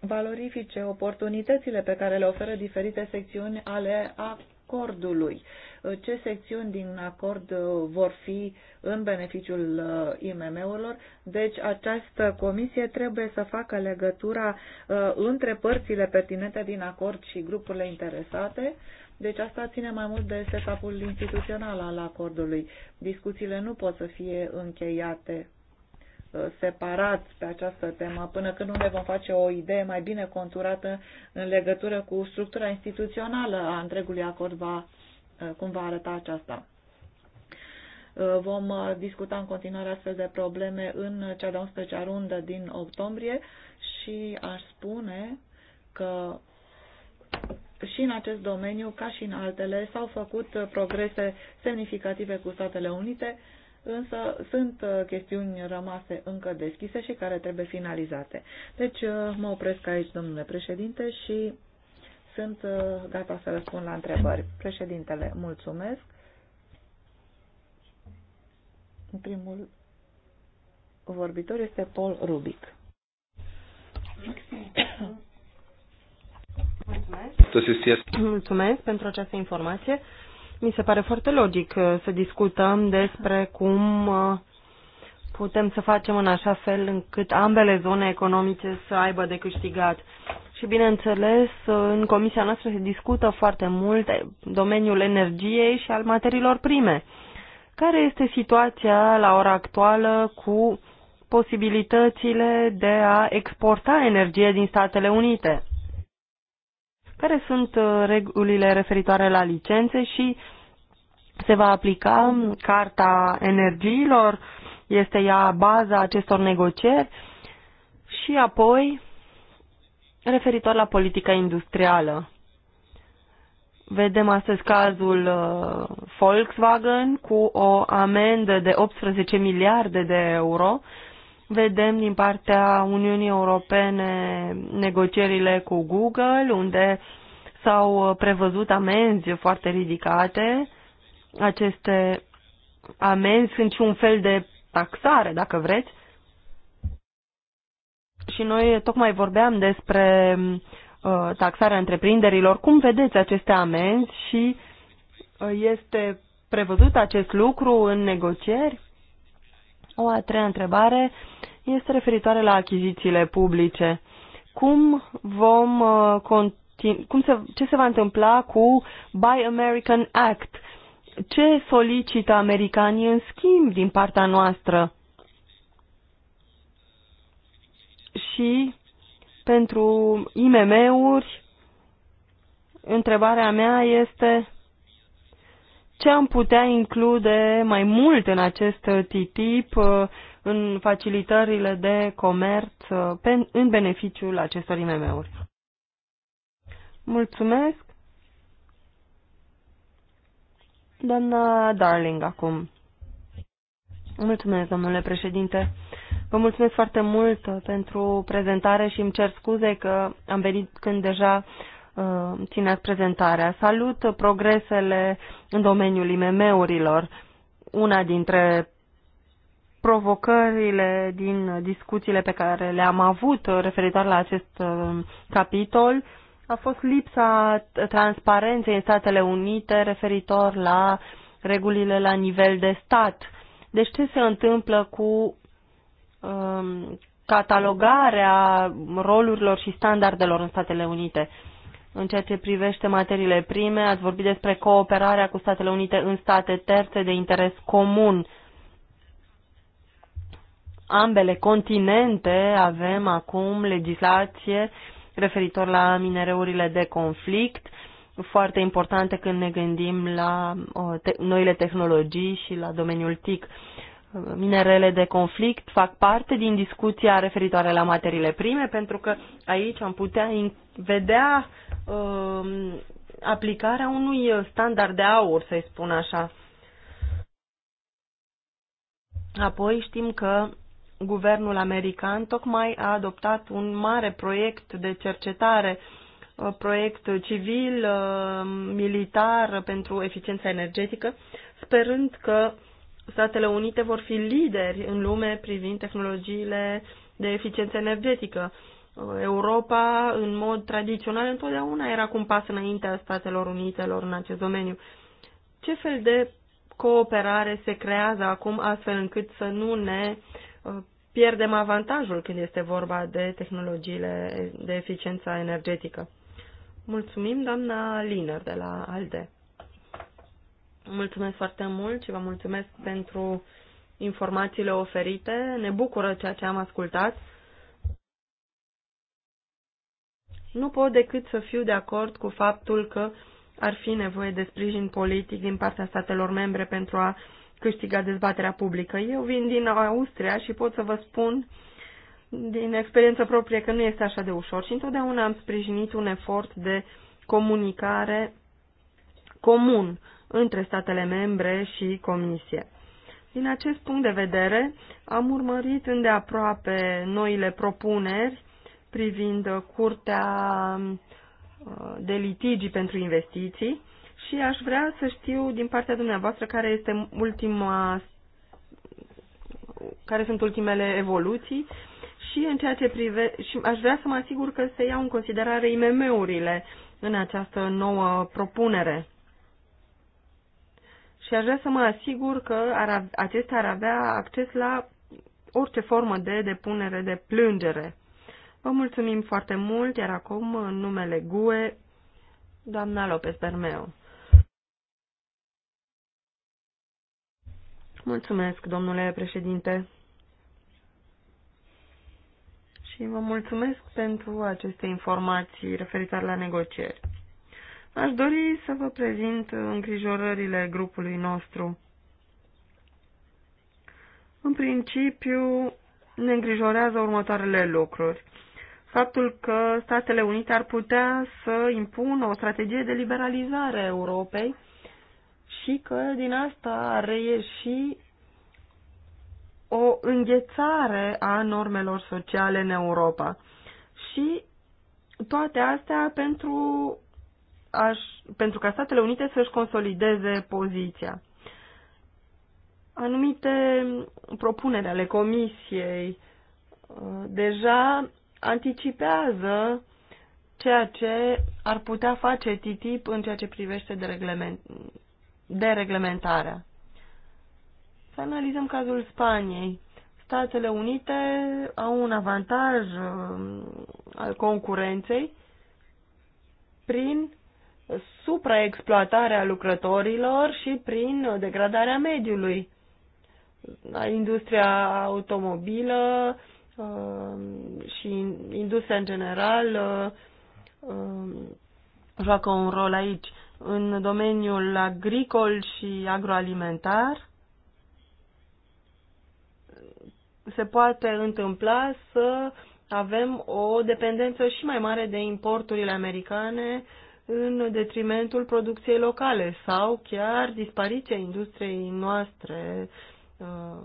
valorifice oportunitățile pe care le oferă diferite secțiuni ale acordului. Uh, ce secțiuni din acord uh, vor fi în beneficiul uh, IMM-urilor. Deci această comisie trebuie să facă legătura între părțile pertinente din acord și grupurile interesate. Deci asta ține mai mult de setup-ul instituțional al acordului. Discuțiile nu pot să fie încheiate separat pe această temă până când nu ne vom face o idee mai bine conturată în legătură cu structura instituțională a întregului acord va Uh, cum va arăta aceasta. Uh, vom uh, discuta în continuare astfel de probleme în cea de-a 11-a rundă din octombrie și aș spune că și în acest domeniu, ca și în altele, s-au făcut progrese semnificative cu Statele Unite, însă sunt chestiuni rămase încă deschise și care trebuie finalizate. Deci mă opresc aici, domnule președinte, și sunt uh, gata să răspund la întrebări. Președintele, mulțumesc. Primul vorbitor este Paul Rubic. Mulțumesc. Mulțumesc pentru această informație. Mi se pare foarte logic uh, să discutăm despre cum uh, putem să facem în așa fel încât ambele zone economice să aibă de câștigat. Și bineînțeles, în comisia noastră se discută foarte mult domeniul energiei și al materiilor prime. Care este situația la ora actuală cu posibilitățile de a exporta energie din Statele Unite? Care sunt uh, regulile referitoare la licențe și se va aplica Carta Energiilor? Este ea baza acestor negocieri? Și apoi, referitor la politica industrială, vedem astăzi cazul uh, Volkswagen cu o amendă de 18 miliarde de euro. Vedem din partea Uniunii Europene negocierile cu Google, unde s-au uh, prevăzut amenzi foarte ridicate. Aceste amenzi sunt și un fel de taxare, dacă vreți. Și noi tocmai vorbeam despre uh, taxarea întreprinderilor. Cum vedeți aceste amenzi și uh, este prevăzut acest lucru în negocieri? O a treia întrebare este referitoare la achizițiile publice. Cum vom uh, continua? cum se, ce se va întâmpla cu Buy American Act? Uh, ce solicită americanii în schimb din partea noastră. Și pentru IMM-uri, întrebarea mea este ce am putea include mai mult în acest TTIP, uh, în facilitările de comerț, uh, în beneficiul acestor IMM-uri. Mulțumesc! Doamna Darling, acum. Mulțumesc, domnule președinte. Vă mulțumesc foarte mult uh, pentru prezentare și îmi cer scuze că am venit când deja uh, țineați prezentarea. Salut uh, progresele în domeniul IMM-urilor. Una dintre provocările din discuțiile pe care le-am avut uh, referitor la acest uh, capitol a fost lipsa transparenței în Statele Unite referitor la regulile la nivel de stat. Deci ce se întâmplă cu um, catalogarea rolurilor și standardelor în Statele Unite? În ceea ce privește materiile prime, ați vorbit despre cooperarea cu Statele Unite în state terțe de interes comun. Ambele continente avem acum legislație uh, referitor la minereurile de conflict, foarte importante când ne gândim la uh, noile tehnologii și la domeniul TIC. Minerele de conflict fac parte din discuția referitoare la materiile prime, pentru că aici am putea vedea uh, aplicarea unui standard de aur, să-i spun așa. Apoi știm că guvernul american tocmai a adoptat un mare proiect de cercetare, uh, proiect civil, uh, militar pentru eficiența energetică, sperând că Statele Unite vor fi lideri în lume privind tehnologiile de eficiență energetică. Uh, Europa, în mod tradițional, întotdeauna era cu un pas înaintea Statelor Unitelor în acest domeniu. Ce fel de cooperare se creează acum astfel încât să nu ne uh, Uh, pierdem avantajul când este vorba de tehnologiile de eficiență energetică. Mulțumim, doamna Liner de la ALDE. Mulțumesc foarte mult și vă mulțumesc pentru informațiile oferite. Ne bucură ceea ce am ascultat. Nu pot decât să fiu de acord cu faptul că ar fi nevoie de sprijin politic din partea statelor membre pentru a uh, câștigat dezbaterea publică. Eu vin din Austria și pot să vă spun din experiență proprie că nu este așa de ușor și întotdeauna am sprijinit un efort de comunicare comun între statele membre și Comisie. Din acest punct de vedere, am urmărit îndeaproape noile propuneri privind curtea uh, de litigi pentru investiții și aș vrea să știu din partea dumneavoastră care este ultima care sunt ultimele evoluții și în ceea ce prive și aș vrea să mă asigur că se iau în considerare IMM-urile în această nouă propunere. Și aș vrea să mă asigur că ar, acestea ar avea acces la orice formă de depunere de plângere. Vă mulțumim foarte mult, iar acum, în numele GUE, doamna Lopez Bermeo. Mulțumesc, domnule președinte. Și vă mulțumesc pentru aceste informații referitoare la negocieri. Aș dori să vă prezint îngrijorările grupului nostru. În principiu, ne îngrijorează următoarele lucruri. Faptul că Statele Unite ar putea să impună o strategie de liberalizare a Europei, și că din asta ar reieși o înghețare a normelor sociale în Europa. Și toate astea pentru, aș, pentru ca Statele Unite să-și consolideze poziția. Anumite propuneri ale Comisiei uh, deja anticipează ceea ce ar putea face TTIP în ceea ce privește de reglement, reglementare. Să analizăm cazul Spaniei. Statele Unite au un avantaj um, al concurenței prin supraexploatarea lucrătorilor și prin degradarea mediului. Industria automobilă um, și industria în general uh, um, joacă un rol aici în domeniul agricol și agroalimentar, se poate întâmpla să avem o dependență și mai mare de importurile americane în detrimentul producției locale sau chiar dispariția industriei noastre uh,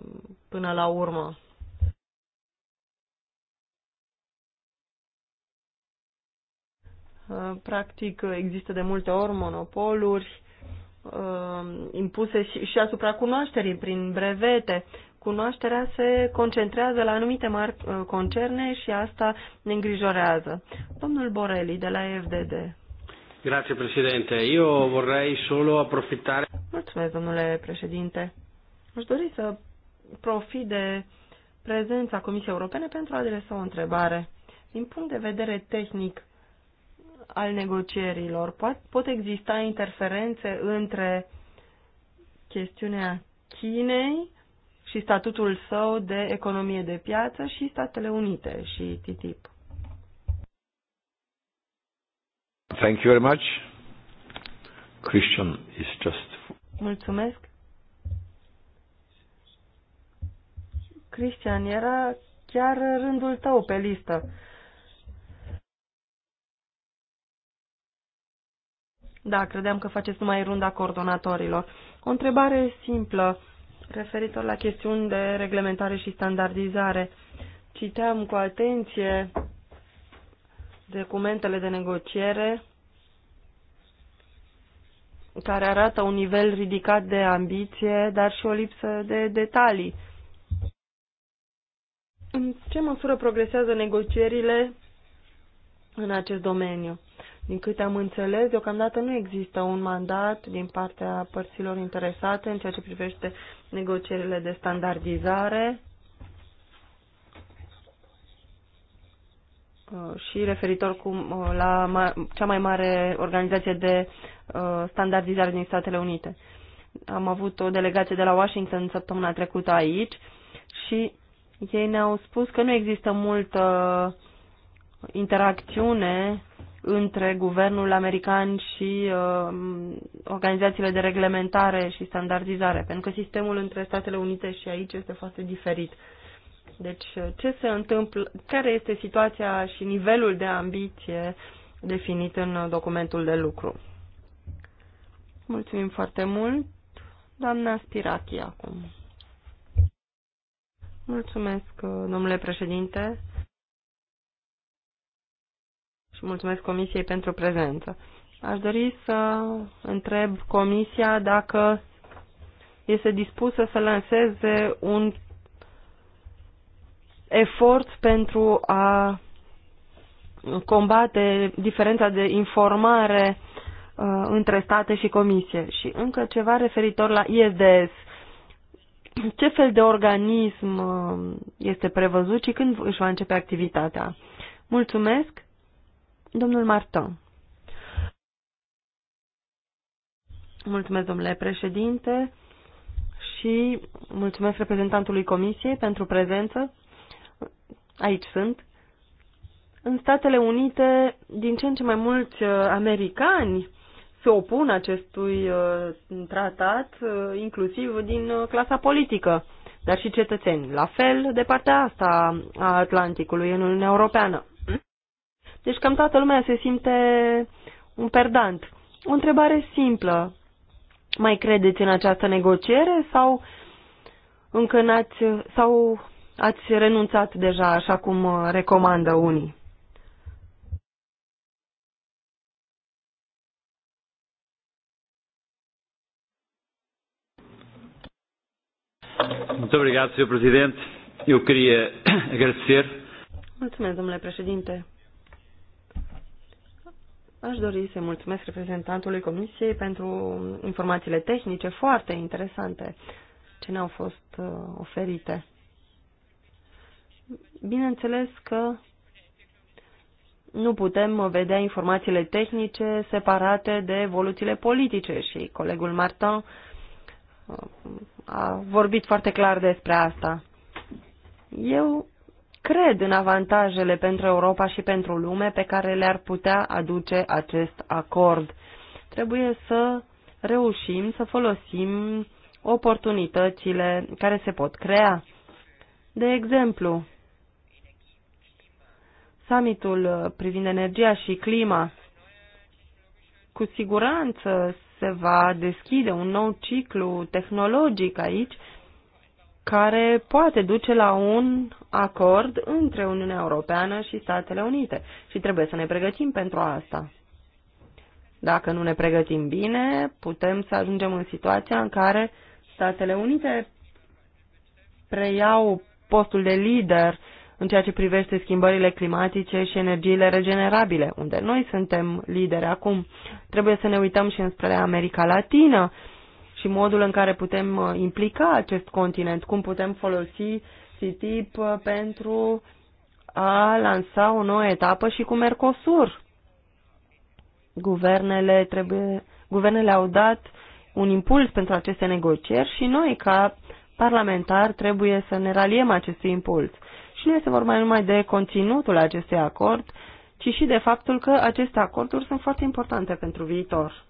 până la urmă. Uh, practic uh, există de multe ori monopoluri uh, impuse și, asupra cunoașterii prin brevete. Cunoașterea se concentrează la anumite mari concerne și asta ne îngrijorează. Domnul Borelli de la FDD. Grazie președinte. Eu vorrei solo aprofitare. Mulțumesc, domnule președinte. Aș dori să profit de prezența Comisiei Europene pentru a adresa o întrebare. Din punct de vedere tehnic, al negocierilor. Pot, pot exista interferențe între chestiunea Chinei și statutul său de economie de piață și Statele Unite și TTIP. Thank you very much. Christian is just. Mulțumesc. Cristian, era chiar rândul tău pe listă. Da, credeam că faceți numai runda coordonatorilor. O întrebare simplă referitor la chestiuni de reglementare și standardizare. Citeam cu atenție documentele de negociere care arată un nivel ridicat de ambiție, dar și o lipsă de detalii. În ce măsură progresează negocierile în acest domeniu? Din câte am înțeles, deocamdată nu există un mandat din partea părților interesate în ceea ce privește negocierile de standardizare uh, și referitor cu, uh, la cea mai mare organizație de uh, standardizare din Statele Unite. Am avut o delegație de la Washington săptămâna trecută aici și ei ne-au spus că nu există multă interacțiune între guvernul american și uh, organizațiile de reglementare și standardizare, pentru că sistemul între Statele Unite și aici este foarte diferit. Deci, uh, ce se întâmplă, care este situația și nivelul de ambiție definit în uh, documentul de lucru? Mulțumim foarte mult, doamna Spirachi, acum. Mulțumesc, uh, domnule președinte și mulțumesc Comisiei pentru prezență. Aș dori să întreb Comisia dacă este dispusă să lanseze un efort pentru a combate diferența de informare uh, între state și comisie. Și încă ceva referitor la ISDS. Ce fel de organism uh, este prevăzut și când își va începe activitatea? Mulțumesc. Domnul Marton, Mulțumesc, domnule președinte, și mulțumesc reprezentantului Comisiei pentru prezență. Aici sunt. În Statele Unite, din ce în ce mai mulți uh, americani se opun acestui uh, tratat, uh, inclusiv din clasa politică, dar și cetățeni. La fel, de partea asta a Atlanticului, în Uniunea Europeană. Deci cam toată lumea se simte un perdant. O întrebare simplă. Mai credeți în această negociere sau încă n-ați, sau ați renunțat deja așa cum uh, recomandă unii? Muito obrigado, Sr. Presidente. Eu queria agradecer. Mulțumesc, domnule președinte. Aș dori să mulțumesc reprezentantului Comisiei pentru informațiile tehnice foarte interesante ce ne-au fost uh, oferite. Bineînțeles că nu putem vedea informațiile tehnice separate de evoluțiile politice și colegul Martin uh, a vorbit foarte clar despre asta. Eu cred în avantajele pentru Europa și pentru lume pe care le-ar putea aduce acest acord. Trebuie să reușim să folosim oportunitățile care se pot crea. De exemplu, summitul privind energia și clima cu siguranță se va deschide un nou ciclu tehnologic aici care poate duce la un acord între Uniunea Europeană și Statele Unite și trebuie să ne pregătim pentru asta. Dacă nu ne pregătim bine, putem să ajungem în situația în care Statele Unite preiau postul de lider în ceea ce privește schimbările climatice și energiile regenerabile, unde noi suntem lideri acum. Trebuie să ne uităm și înspre America Latină, și modul în care putem uh, implica acest continent, cum putem folosi CTIP uh, pentru a lansa o nouă etapă și cu Mercosur. Guvernele, trebuie, guvernele au dat un impuls pentru aceste negocieri și noi, ca parlamentari, trebuie să ne raliem acestui impuls. Și nu este vorba numai de conținutul acestui acord, ci și de faptul că aceste acorduri sunt foarte importante pentru viitor.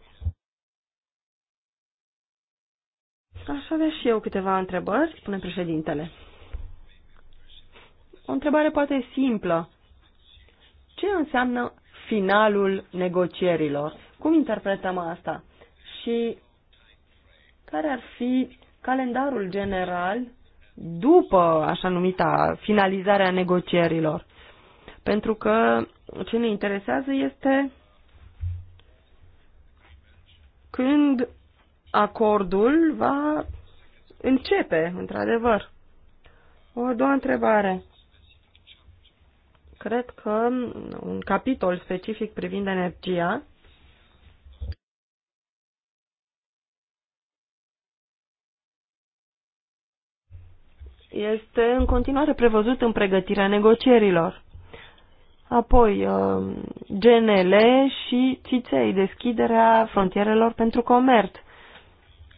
Aș avea și eu câteva întrebări, spune președintele. O întrebare poate simplă. Ce înseamnă finalul negocierilor? Cum interpretăm asta? Și care ar fi calendarul general după așa numita finalizarea negocierilor? Pentru că ce ne interesează este când acordul va începe, într-adevăr. O a doua întrebare. Cred că un capitol specific privind energia este în continuare prevăzut în pregătirea negocierilor. Apoi, uh, GNL și țiței, deschiderea frontierelor pentru comerț.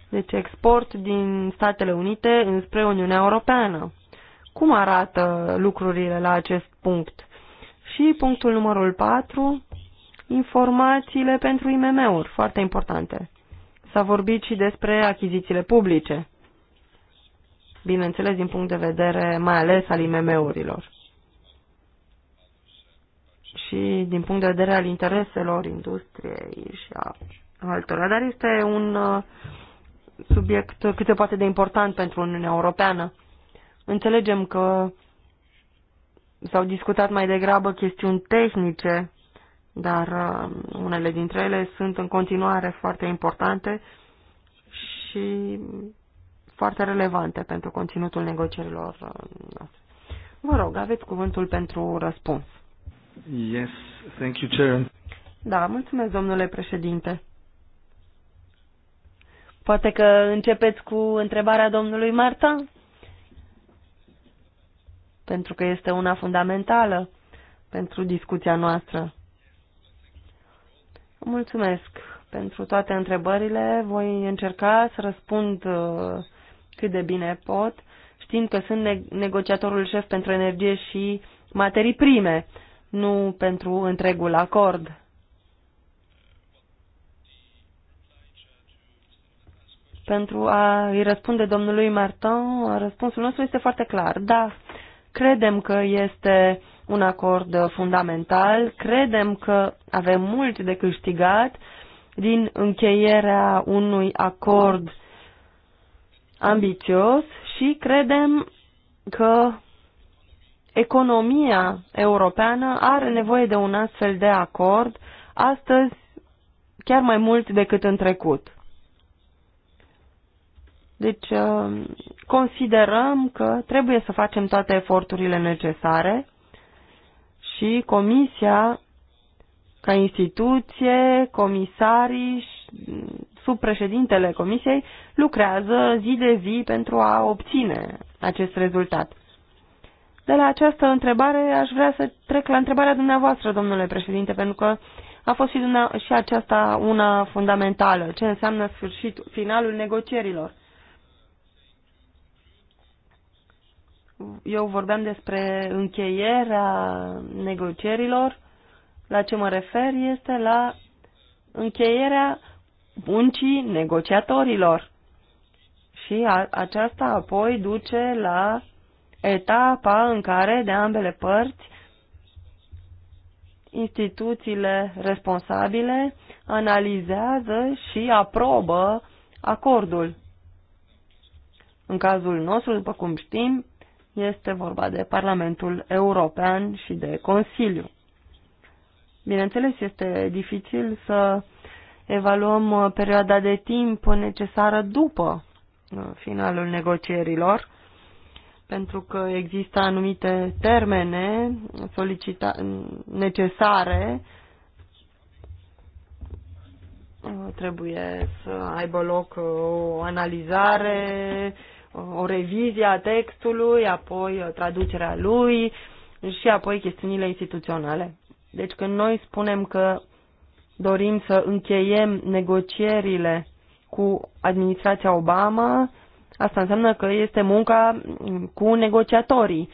Deci export din Statele Unite înspre Uniunea Europeană. Cum arată lucrurile la acest punct? Și punctul numărul 4, informațiile pentru IMM-uri, foarte importante. S-a vorbit și despre achizițiile publice. Bineînțeles, din punct de vedere mai ales al IMM-urilor. Și din punct de vedere al intereselor industriei și a altora. Dar este un uh, subiect cât se poate de important pentru Uniunea Europeană. Înțelegem că s-au discutat mai degrabă chestiuni tehnice, dar uh, unele dintre ele sunt în continuare foarte importante și foarte relevante pentru conținutul negocierilor uh, noastre. Vă rog, aveți cuvântul pentru răspuns. Yes, thank you, Chair. Da, mulțumesc, domnule președinte. Poate că începeți cu întrebarea domnului Marta? pentru că este una fundamentală pentru discuția noastră. Mulțumesc pentru toate întrebările. Voi încerca să răspund uh, cât de bine pot, știind că sunt negociatorul șef pentru energie și materii prime, nu pentru întregul acord. pentru a îi răspunde domnului Martin, răspunsul nostru este foarte clar. Da, credem că este un acord fundamental, credem că avem mult de câștigat din încheierea unui acord ambițios și credem că economia europeană are nevoie de un astfel de acord astăzi chiar mai mult decât în trecut. Deci uh, considerăm că trebuie să facem toate eforturile necesare și Comisia, ca instituție, comisarii, mm, sub președintele Comisiei, lucrează zi de zi pentru a obține acest rezultat. De la această întrebare aș vrea să trec la întrebarea dumneavoastră, domnule președinte, pentru că a fost și, și aceasta una fundamentală. Ce înseamnă sfârșitul, finalul negocierilor? eu vorbeam despre încheierea negocierilor. La ce mă refer este la încheierea muncii negociatorilor. Și a, aceasta apoi duce la etapa în care de ambele părți instituțiile responsabile analizează și aprobă acordul. În cazul nostru, după cum știm, este vorba de Parlamentul European și de Consiliu. Bineînțeles, este dificil să evaluăm uh, perioada de timp necesară după uh, finalul negocierilor, pentru că există anumite termene solicita necesare uh, trebuie să aibă loc o analizare, o revizie a textului, apoi traducerea lui și apoi chestiunile instituționale. Deci când noi spunem că dorim să încheiem negocierile cu administrația Obama, asta înseamnă că este munca cu negociatorii.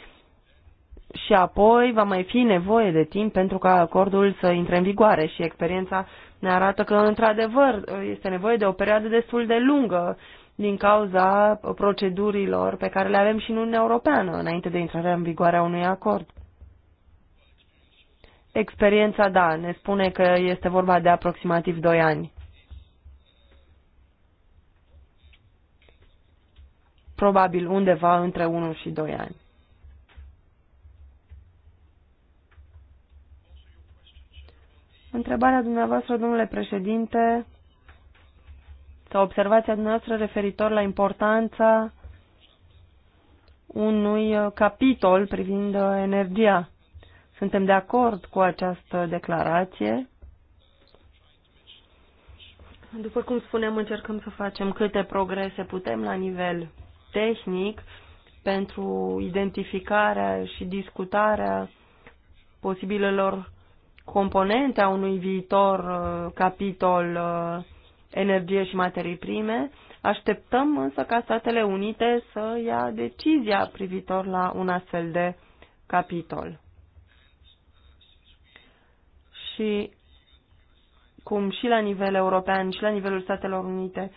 Și apoi va mai fi nevoie de timp pentru ca acordul să intre în vigoare și experiența ne arată că, într-adevăr, este nevoie de o perioadă destul de lungă din cauza procedurilor pe care le avem și în Uniunea Europeană înainte de intrarea în vigoare a unui acord. Experiența, da, ne spune că este vorba de aproximativ 2 ani. Probabil undeva între 1 și 2 ani. Întrebarea dumneavoastră, domnule președinte, sau observația noastră referitor la importanța unui uh, capitol privind uh, energia. Suntem de acord cu această declarație. După cum spuneam, încercăm să facem câte progrese putem la nivel tehnic pentru identificarea și discutarea posibilelor componente a unui viitor uh, capitol uh, energie și materii prime. Așteptăm însă ca Statele Unite să ia decizia privitor la un astfel de capitol. Și cum și la nivel european și la nivelul Statelor Unite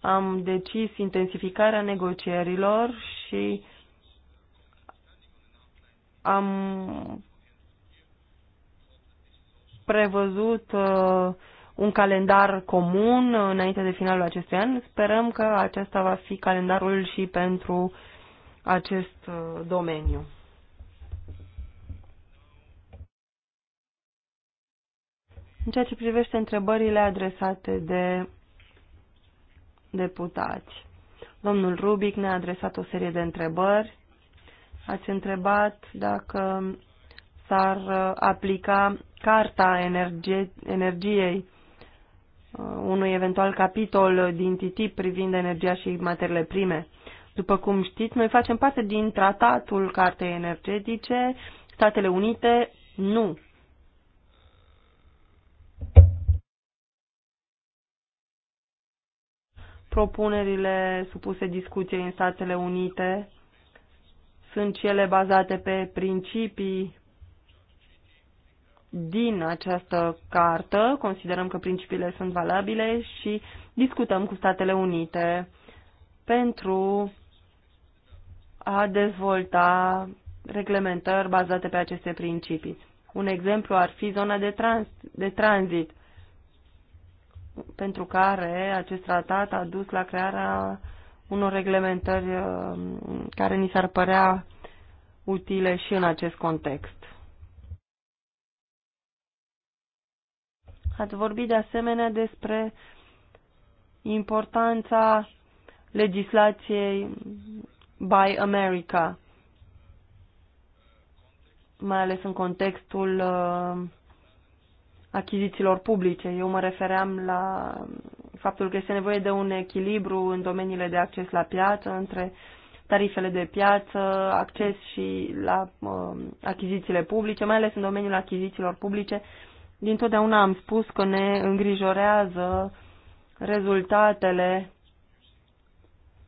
am decis intensificarea negocierilor și am prevăzut uh, un calendar comun înainte de finalul acestui an. Sperăm că acesta va fi calendarul și pentru acest uh, domeniu. În ceea ce privește întrebările adresate de deputați, domnul Rubic ne-a adresat o serie de întrebări. Ați întrebat dacă s-ar uh, aplica Carta energie, Energiei Uh, unui eventual capitol din TTIP privind energia și materiile prime. După cum știți, noi facem parte din tratatul Cartei Energetice, Statele Unite nu. Propunerile supuse discuției în Statele Unite sunt cele bazate pe principii din această cartă, considerăm că principiile sunt valabile și discutăm cu Statele Unite pentru a dezvolta reglementări bazate pe aceste principii. Un exemplu ar fi zona de, trans, de tranzit, pentru care acest tratat a dus la crearea unor reglementări um, care ni s-ar părea utile și în acest context. Ați vorbit de asemenea despre importanța legislației by America, mai ales în contextul uh, achizițiilor publice. Eu mă refeream la faptul că este nevoie de un echilibru în domeniile de acces la piață între tarifele de piață, acces și la uh, achizițiile publice, mai ales în domeniul achizițiilor publice, Dintotdeauna am spus că ne îngrijorează rezultatele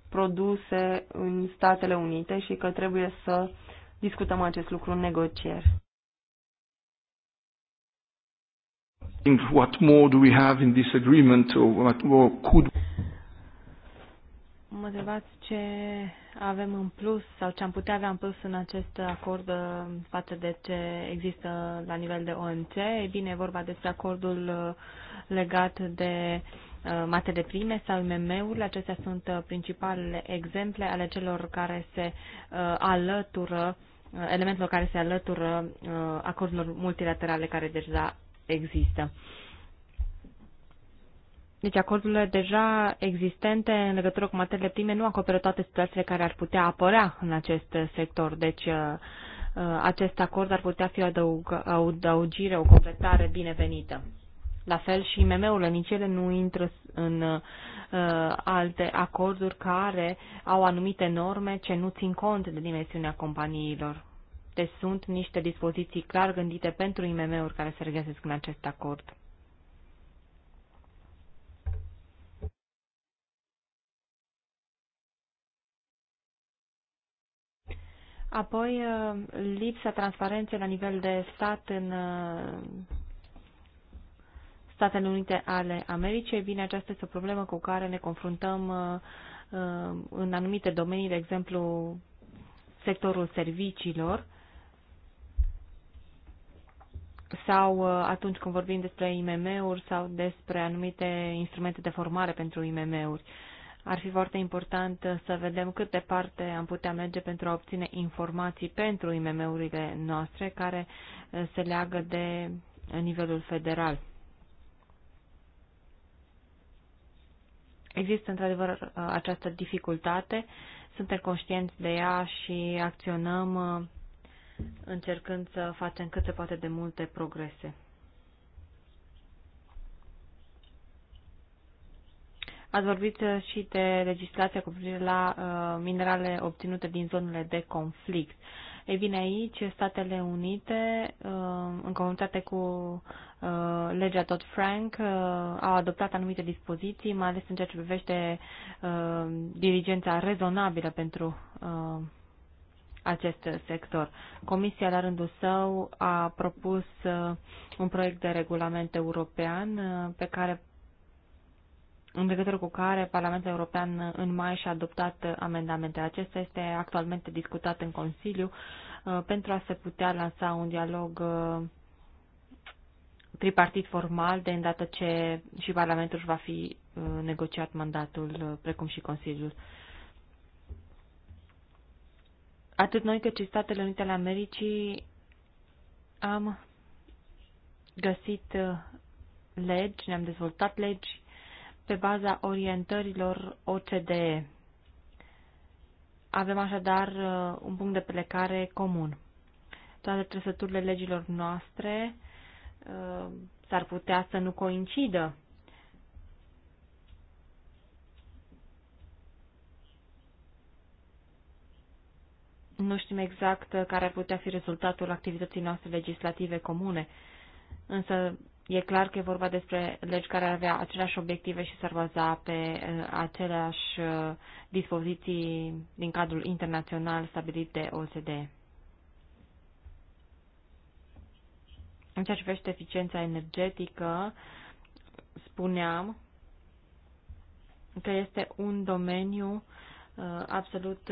produse în Statele Unite și că trebuie să discutăm acest lucru în negocieri. What more do we have in this agreement or what more could Mă întrebați ce avem în plus sau ce am putea avea în plus în acest acord uh, față de ce există la nivel de OMC? E bine, e vorba despre acordul uh, legat de uh, de prime sau MM-urile. Acestea sunt principalele exemple ale celor care se alătură, elementelor care se alătură acordurilor multilaterale care deja există. Deci acordurile deja existente în legătură cu materiile prime nu acoperă toate situațiile care ar putea apărea în acest sector. Deci uh, uh, acest acord ar putea fi o adăugire, o completare binevenită. La fel și IMM-urile, nici ele nu intră în uh, alte acorduri care au anumite norme ce nu țin cont de dimensiunea companiilor. Deci sunt niște dispoziții clar gândite pentru IMM-uri care se regăsesc în acest acord. Apoi, uh, lipsa transparenței la nivel de stat în uh, Statele Unite ale Americii, bine, aceasta este o problemă cu care ne confruntăm uh, în anumite domenii, de exemplu, sectorul serviciilor sau atunci când vorbim despre IMM-uri sau despre anumite instrumente de formare pentru IMM-uri. Uh, ar fi foarte important să vedem cât departe am putea merge pentru a obține informații pentru IMM-urile noastre care eh, se leagă de nivelul federal. Există într-adevăr eh, această dificultate, suntem conștienți de ea și acționăm eh, încercând să facem cât se poate de multe progrese. Ați vorbit uh, și de legislația cu privire la uh, minerale obținute din zonele de conflict. Ei bine, aici Statele Unite, uh, în comunitate cu uh, legea Dodd-Frank, uh, au adoptat anumite dispoziții, mai ales în ceea ce privește uh, dirigența rezonabilă pentru uh, acest sector. Comisia, la rândul său, a propus uh, un proiect de regulament european uh, pe care în legătură cu care Parlamentul European în mai și-a adoptat amendamente. Acesta este actualmente discutat în Consiliu uh, pentru a se putea lansa un dialog uh, tripartit formal de îndată ce și Parlamentul își va fi uh, negociat mandatul, precum și Consiliul. Atât noi cât și Statele Unite ale Americii am găsit legi, ne-am dezvoltat legi pe baza orientărilor OCDE. Avem așadar uh, un punct de plecare comun. Toate trăsăturile legilor noastre uh, s-ar putea să nu coincidă. Nu știm exact uh, care ar putea fi rezultatul activității noastre legislative comune, însă E clar că e vorba despre legi care ar avea aceleași obiective și s-ar baza pe uh, aceleași uh, dispoziții din cadrul internațional stabilit de OCDE. În ceea ce privește eficiența energetică, spuneam că este un domeniu uh, absolut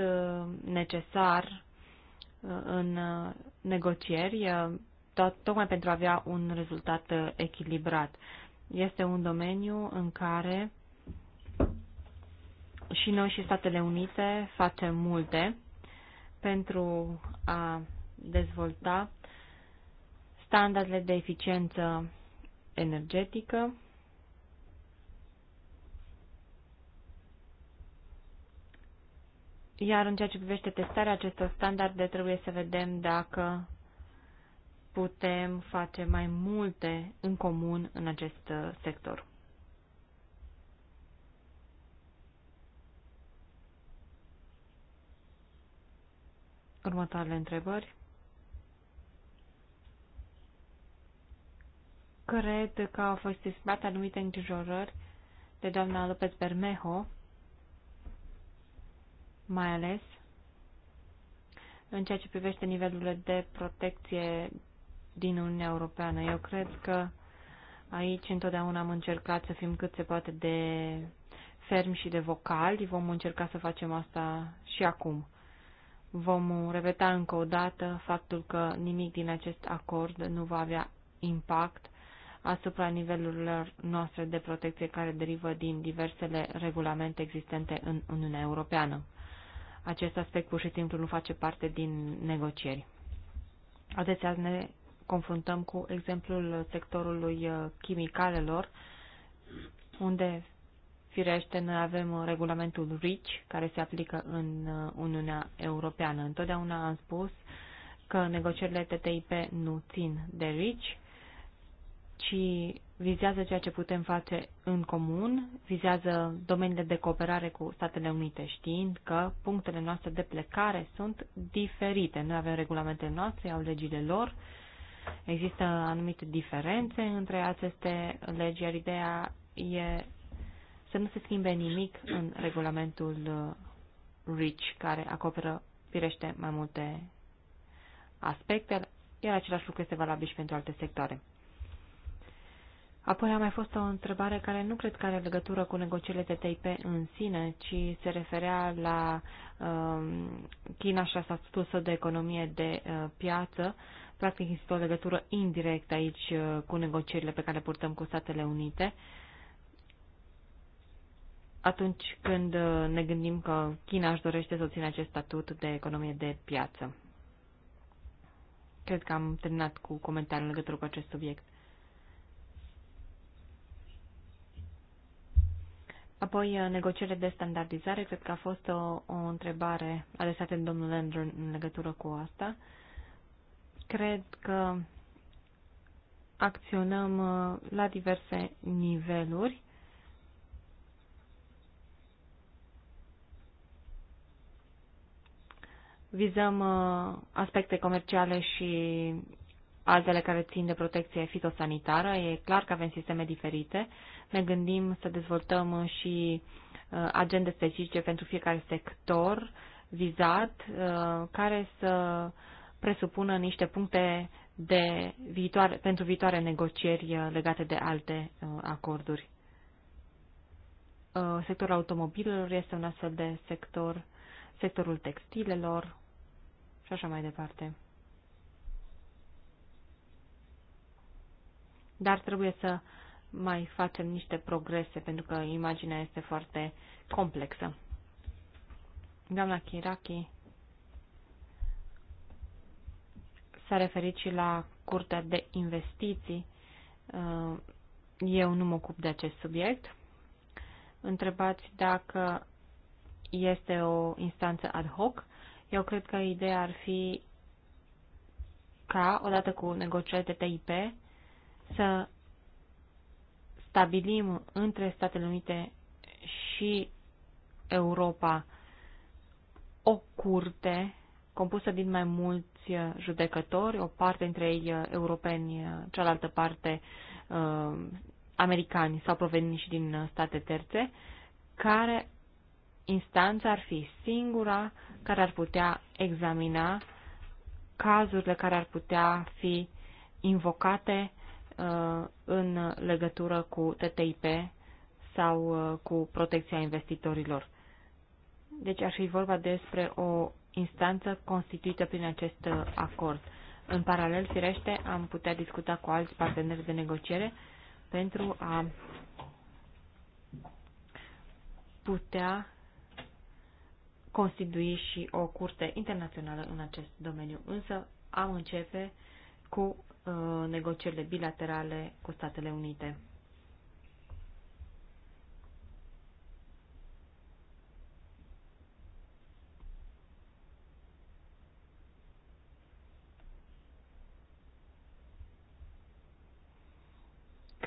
necesar în negocieri tot, tocmai pentru a avea un rezultat uh, echilibrat. Este un domeniu în care și noi și Statele Unite facem multe pentru a dezvolta standardele de eficiență energetică, iar în ceea ce privește testarea acestor standarde trebuie să vedem dacă putem face mai multe în comun în acest uh, sector. Următoarele întrebări. Cred că au fost exprimate anumite îngrijorări de doamna Lopez Bermejo, mai ales în ceea ce privește nivelurile de protecție din Uniunea Europeană. Eu cred că aici întotdeauna am încercat să fim cât se poate de fermi și de vocali. Vom încerca să facem asta și acum. Vom repeta încă o dată faptul că nimic din acest acord nu va avea impact asupra nivelurilor noastre de protecție care derivă din diversele regulamente existente în Uniunea Europeană. Acest aspect pur și simplu nu face parte din negocieri. Adesea ne confruntăm cu exemplul sectorului uh, chimicalelor, unde, firește, noi avem uh, regulamentul RICH, care se aplică în uh, Uniunea Europeană. Întotdeauna am spus că negocierile TTIP nu țin de RICH, ci vizează ceea ce putem face în comun, vizează domeniile de cooperare cu Statele Unite, știind că punctele noastre de plecare sunt diferite. Noi avem regulamentele noastre, au legile lor Există anumite diferențe între aceste legi, iar ideea e să nu se schimbe nimic în regulamentul uh, Reach, care acoperă, firește, mai multe aspecte, iar același lucru este valabil și pentru alte sectoare. Apoi a mai fost o întrebare care nu cred că are legătură cu negocierile TTIP în sine, ci se referea la um, China și a statutul său de economie de uh, piață Practic există o legătură indirectă aici uh, cu negocierile pe care le purtăm cu Statele Unite. Atunci când uh, ne gândim că China își dorește să obțină acest statut de economie de piață. Cred că am terminat cu comentarii în legătură cu acest subiect. Apoi, uh, negocierile de standardizare, cred că a fost o, o întrebare adresată de domnul Andrew în legătură cu asta. Uh, Cred că acționăm uh, la diverse niveluri. Vizăm uh, aspecte comerciale și altele care țin de protecție fitosanitară. E clar că avem sisteme diferite. Ne gândim să dezvoltăm uh, și agende specifice pentru fiecare sector vizat, care să presupună niște puncte de viitoare, pentru viitoare negocieri uh, legate de alte uh, acorduri. Uh, sectorul automobilelor este un astfel de sector, sectorul textilelor și așa mai departe. Dar trebuie să mai facem niște progrese, pentru că imaginea este foarte complexă. Doamna Chiraki s-a referit și la Curtea de Investiții. Uh, eu nu mă ocup de acest subiect. Întrebați dacă este o instanță ad hoc. Eu cred că ideea ar fi ca, odată cu negocierile TIP, să stabilim între Statele Unite și Europa o curte compusă din mai mult mulți uh, judecători, o parte dintre ei uh, europeni, uh, cealaltă parte americani sau proveniți și din state terțe, care instanța ar fi singura care ar putea examina cazurile care ar putea fi invocate în legătură cu TTIP sau cu protecția investitorilor. Deci ar fi vorba despre o instanță constituită prin acest uh, acord. În paralel, firește, am putea discuta cu alți parteneri de negociere pentru a putea constitui și o curte internațională în acest domeniu. Însă am începe cu uh, negocierile bilaterale cu Statele Unite.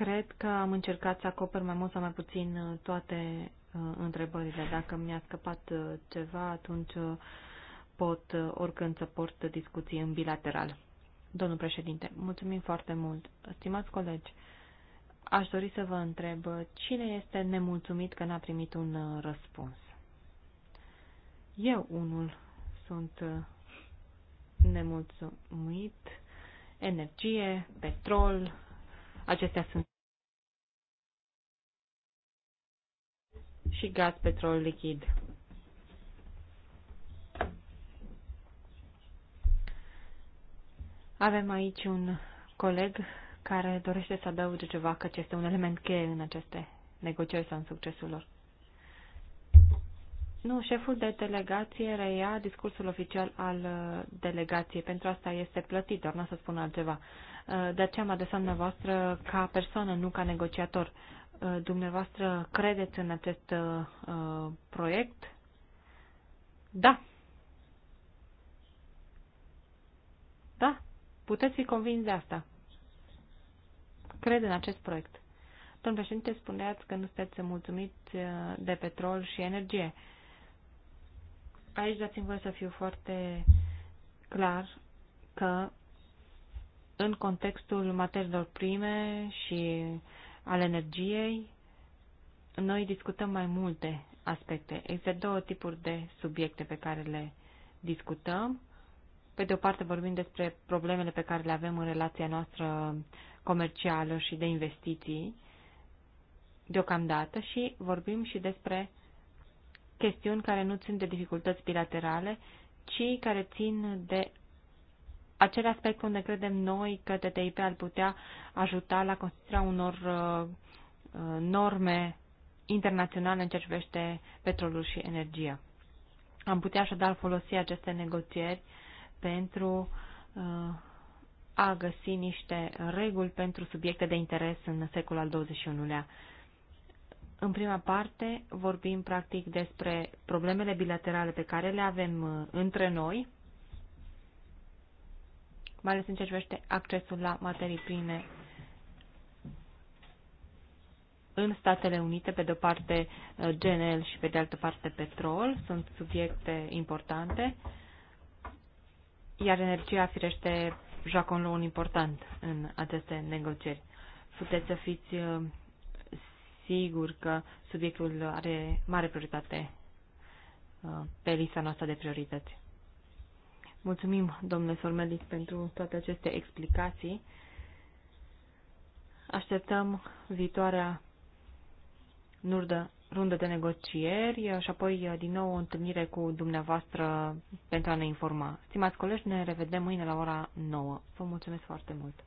Cred că am încercat să acoper mai mult sau mai puțin uh, toate uh, întrebările. Dacă mi-a scăpat uh, ceva, atunci pot oricând să port discuții în bilateral. Domnul președinte, mulțumim foarte mult. Stimați colegi, aș dori să vă întreb cine este nemulțumit că n-a primit un răspuns. Eu unul sunt nemulțumit, energie, petrol, acestea sunt și gaz petrol lichid. Avem aici un coleg care dorește să adăuge ceva, că este un element cheie în aceste negocieri sau în succesul lor. Nu, șeful de delegație reia discursul oficial al uh, delegației. Pentru asta este plătit, doar nu să spun altceva. Uh, de aceea mă adresam la voastră ca persoană, nu ca negociator. Uh, dumneavoastră credeți în acest uh, uh, proiect? Da. Da, puteți fi convins de asta. Cred în acest proiect. Domnul președinte, spuneați că nu sunteți mulțumiți de petrol și energie. Aici dați-mi voie să fiu foarte clar că în contextul materiilor prime și uh, al energiei, noi discutăm mai multe aspecte. Există două tipuri de subiecte pe care le discutăm. Pe de o parte vorbim despre problemele pe care le avem în relația noastră comercială și de investiții deocamdată și vorbim și despre chestiuni care nu țin de dificultăți bilaterale, ci care țin de acel aspect unde credem noi că TTIP ar putea ajuta la construirea unor uh, uh, norme internaționale în ceea ce privește petrolul și energia. Am putea așadar folosi aceste negocieri pentru uh, a găsi niște reguli pentru subiecte de interes în secolul al XXI-lea. În prima parte vorbim practic despre problemele bilaterale pe care le avem între noi, mai ales în ce privește accesul la materii prime în Statele Unite, pe de-o parte uh, GNL și pe de altă parte petrol, sunt subiecte importante, iar energia firește joacă un rol important în aceste negocieri. Puteți să fiți uh, sigur că subiectul are mare prioritate uh, pe lista noastră de priorități. Mulțumim, domnule Sormelic, pentru toate aceste explicații. Așteptăm viitoarea nurdă, rundă de negocieri și apoi din nou o întâlnire cu dumneavoastră pentru a ne informa. Stimați colegi, ne revedem mâine la ora 9. Vă mulțumesc foarte mult!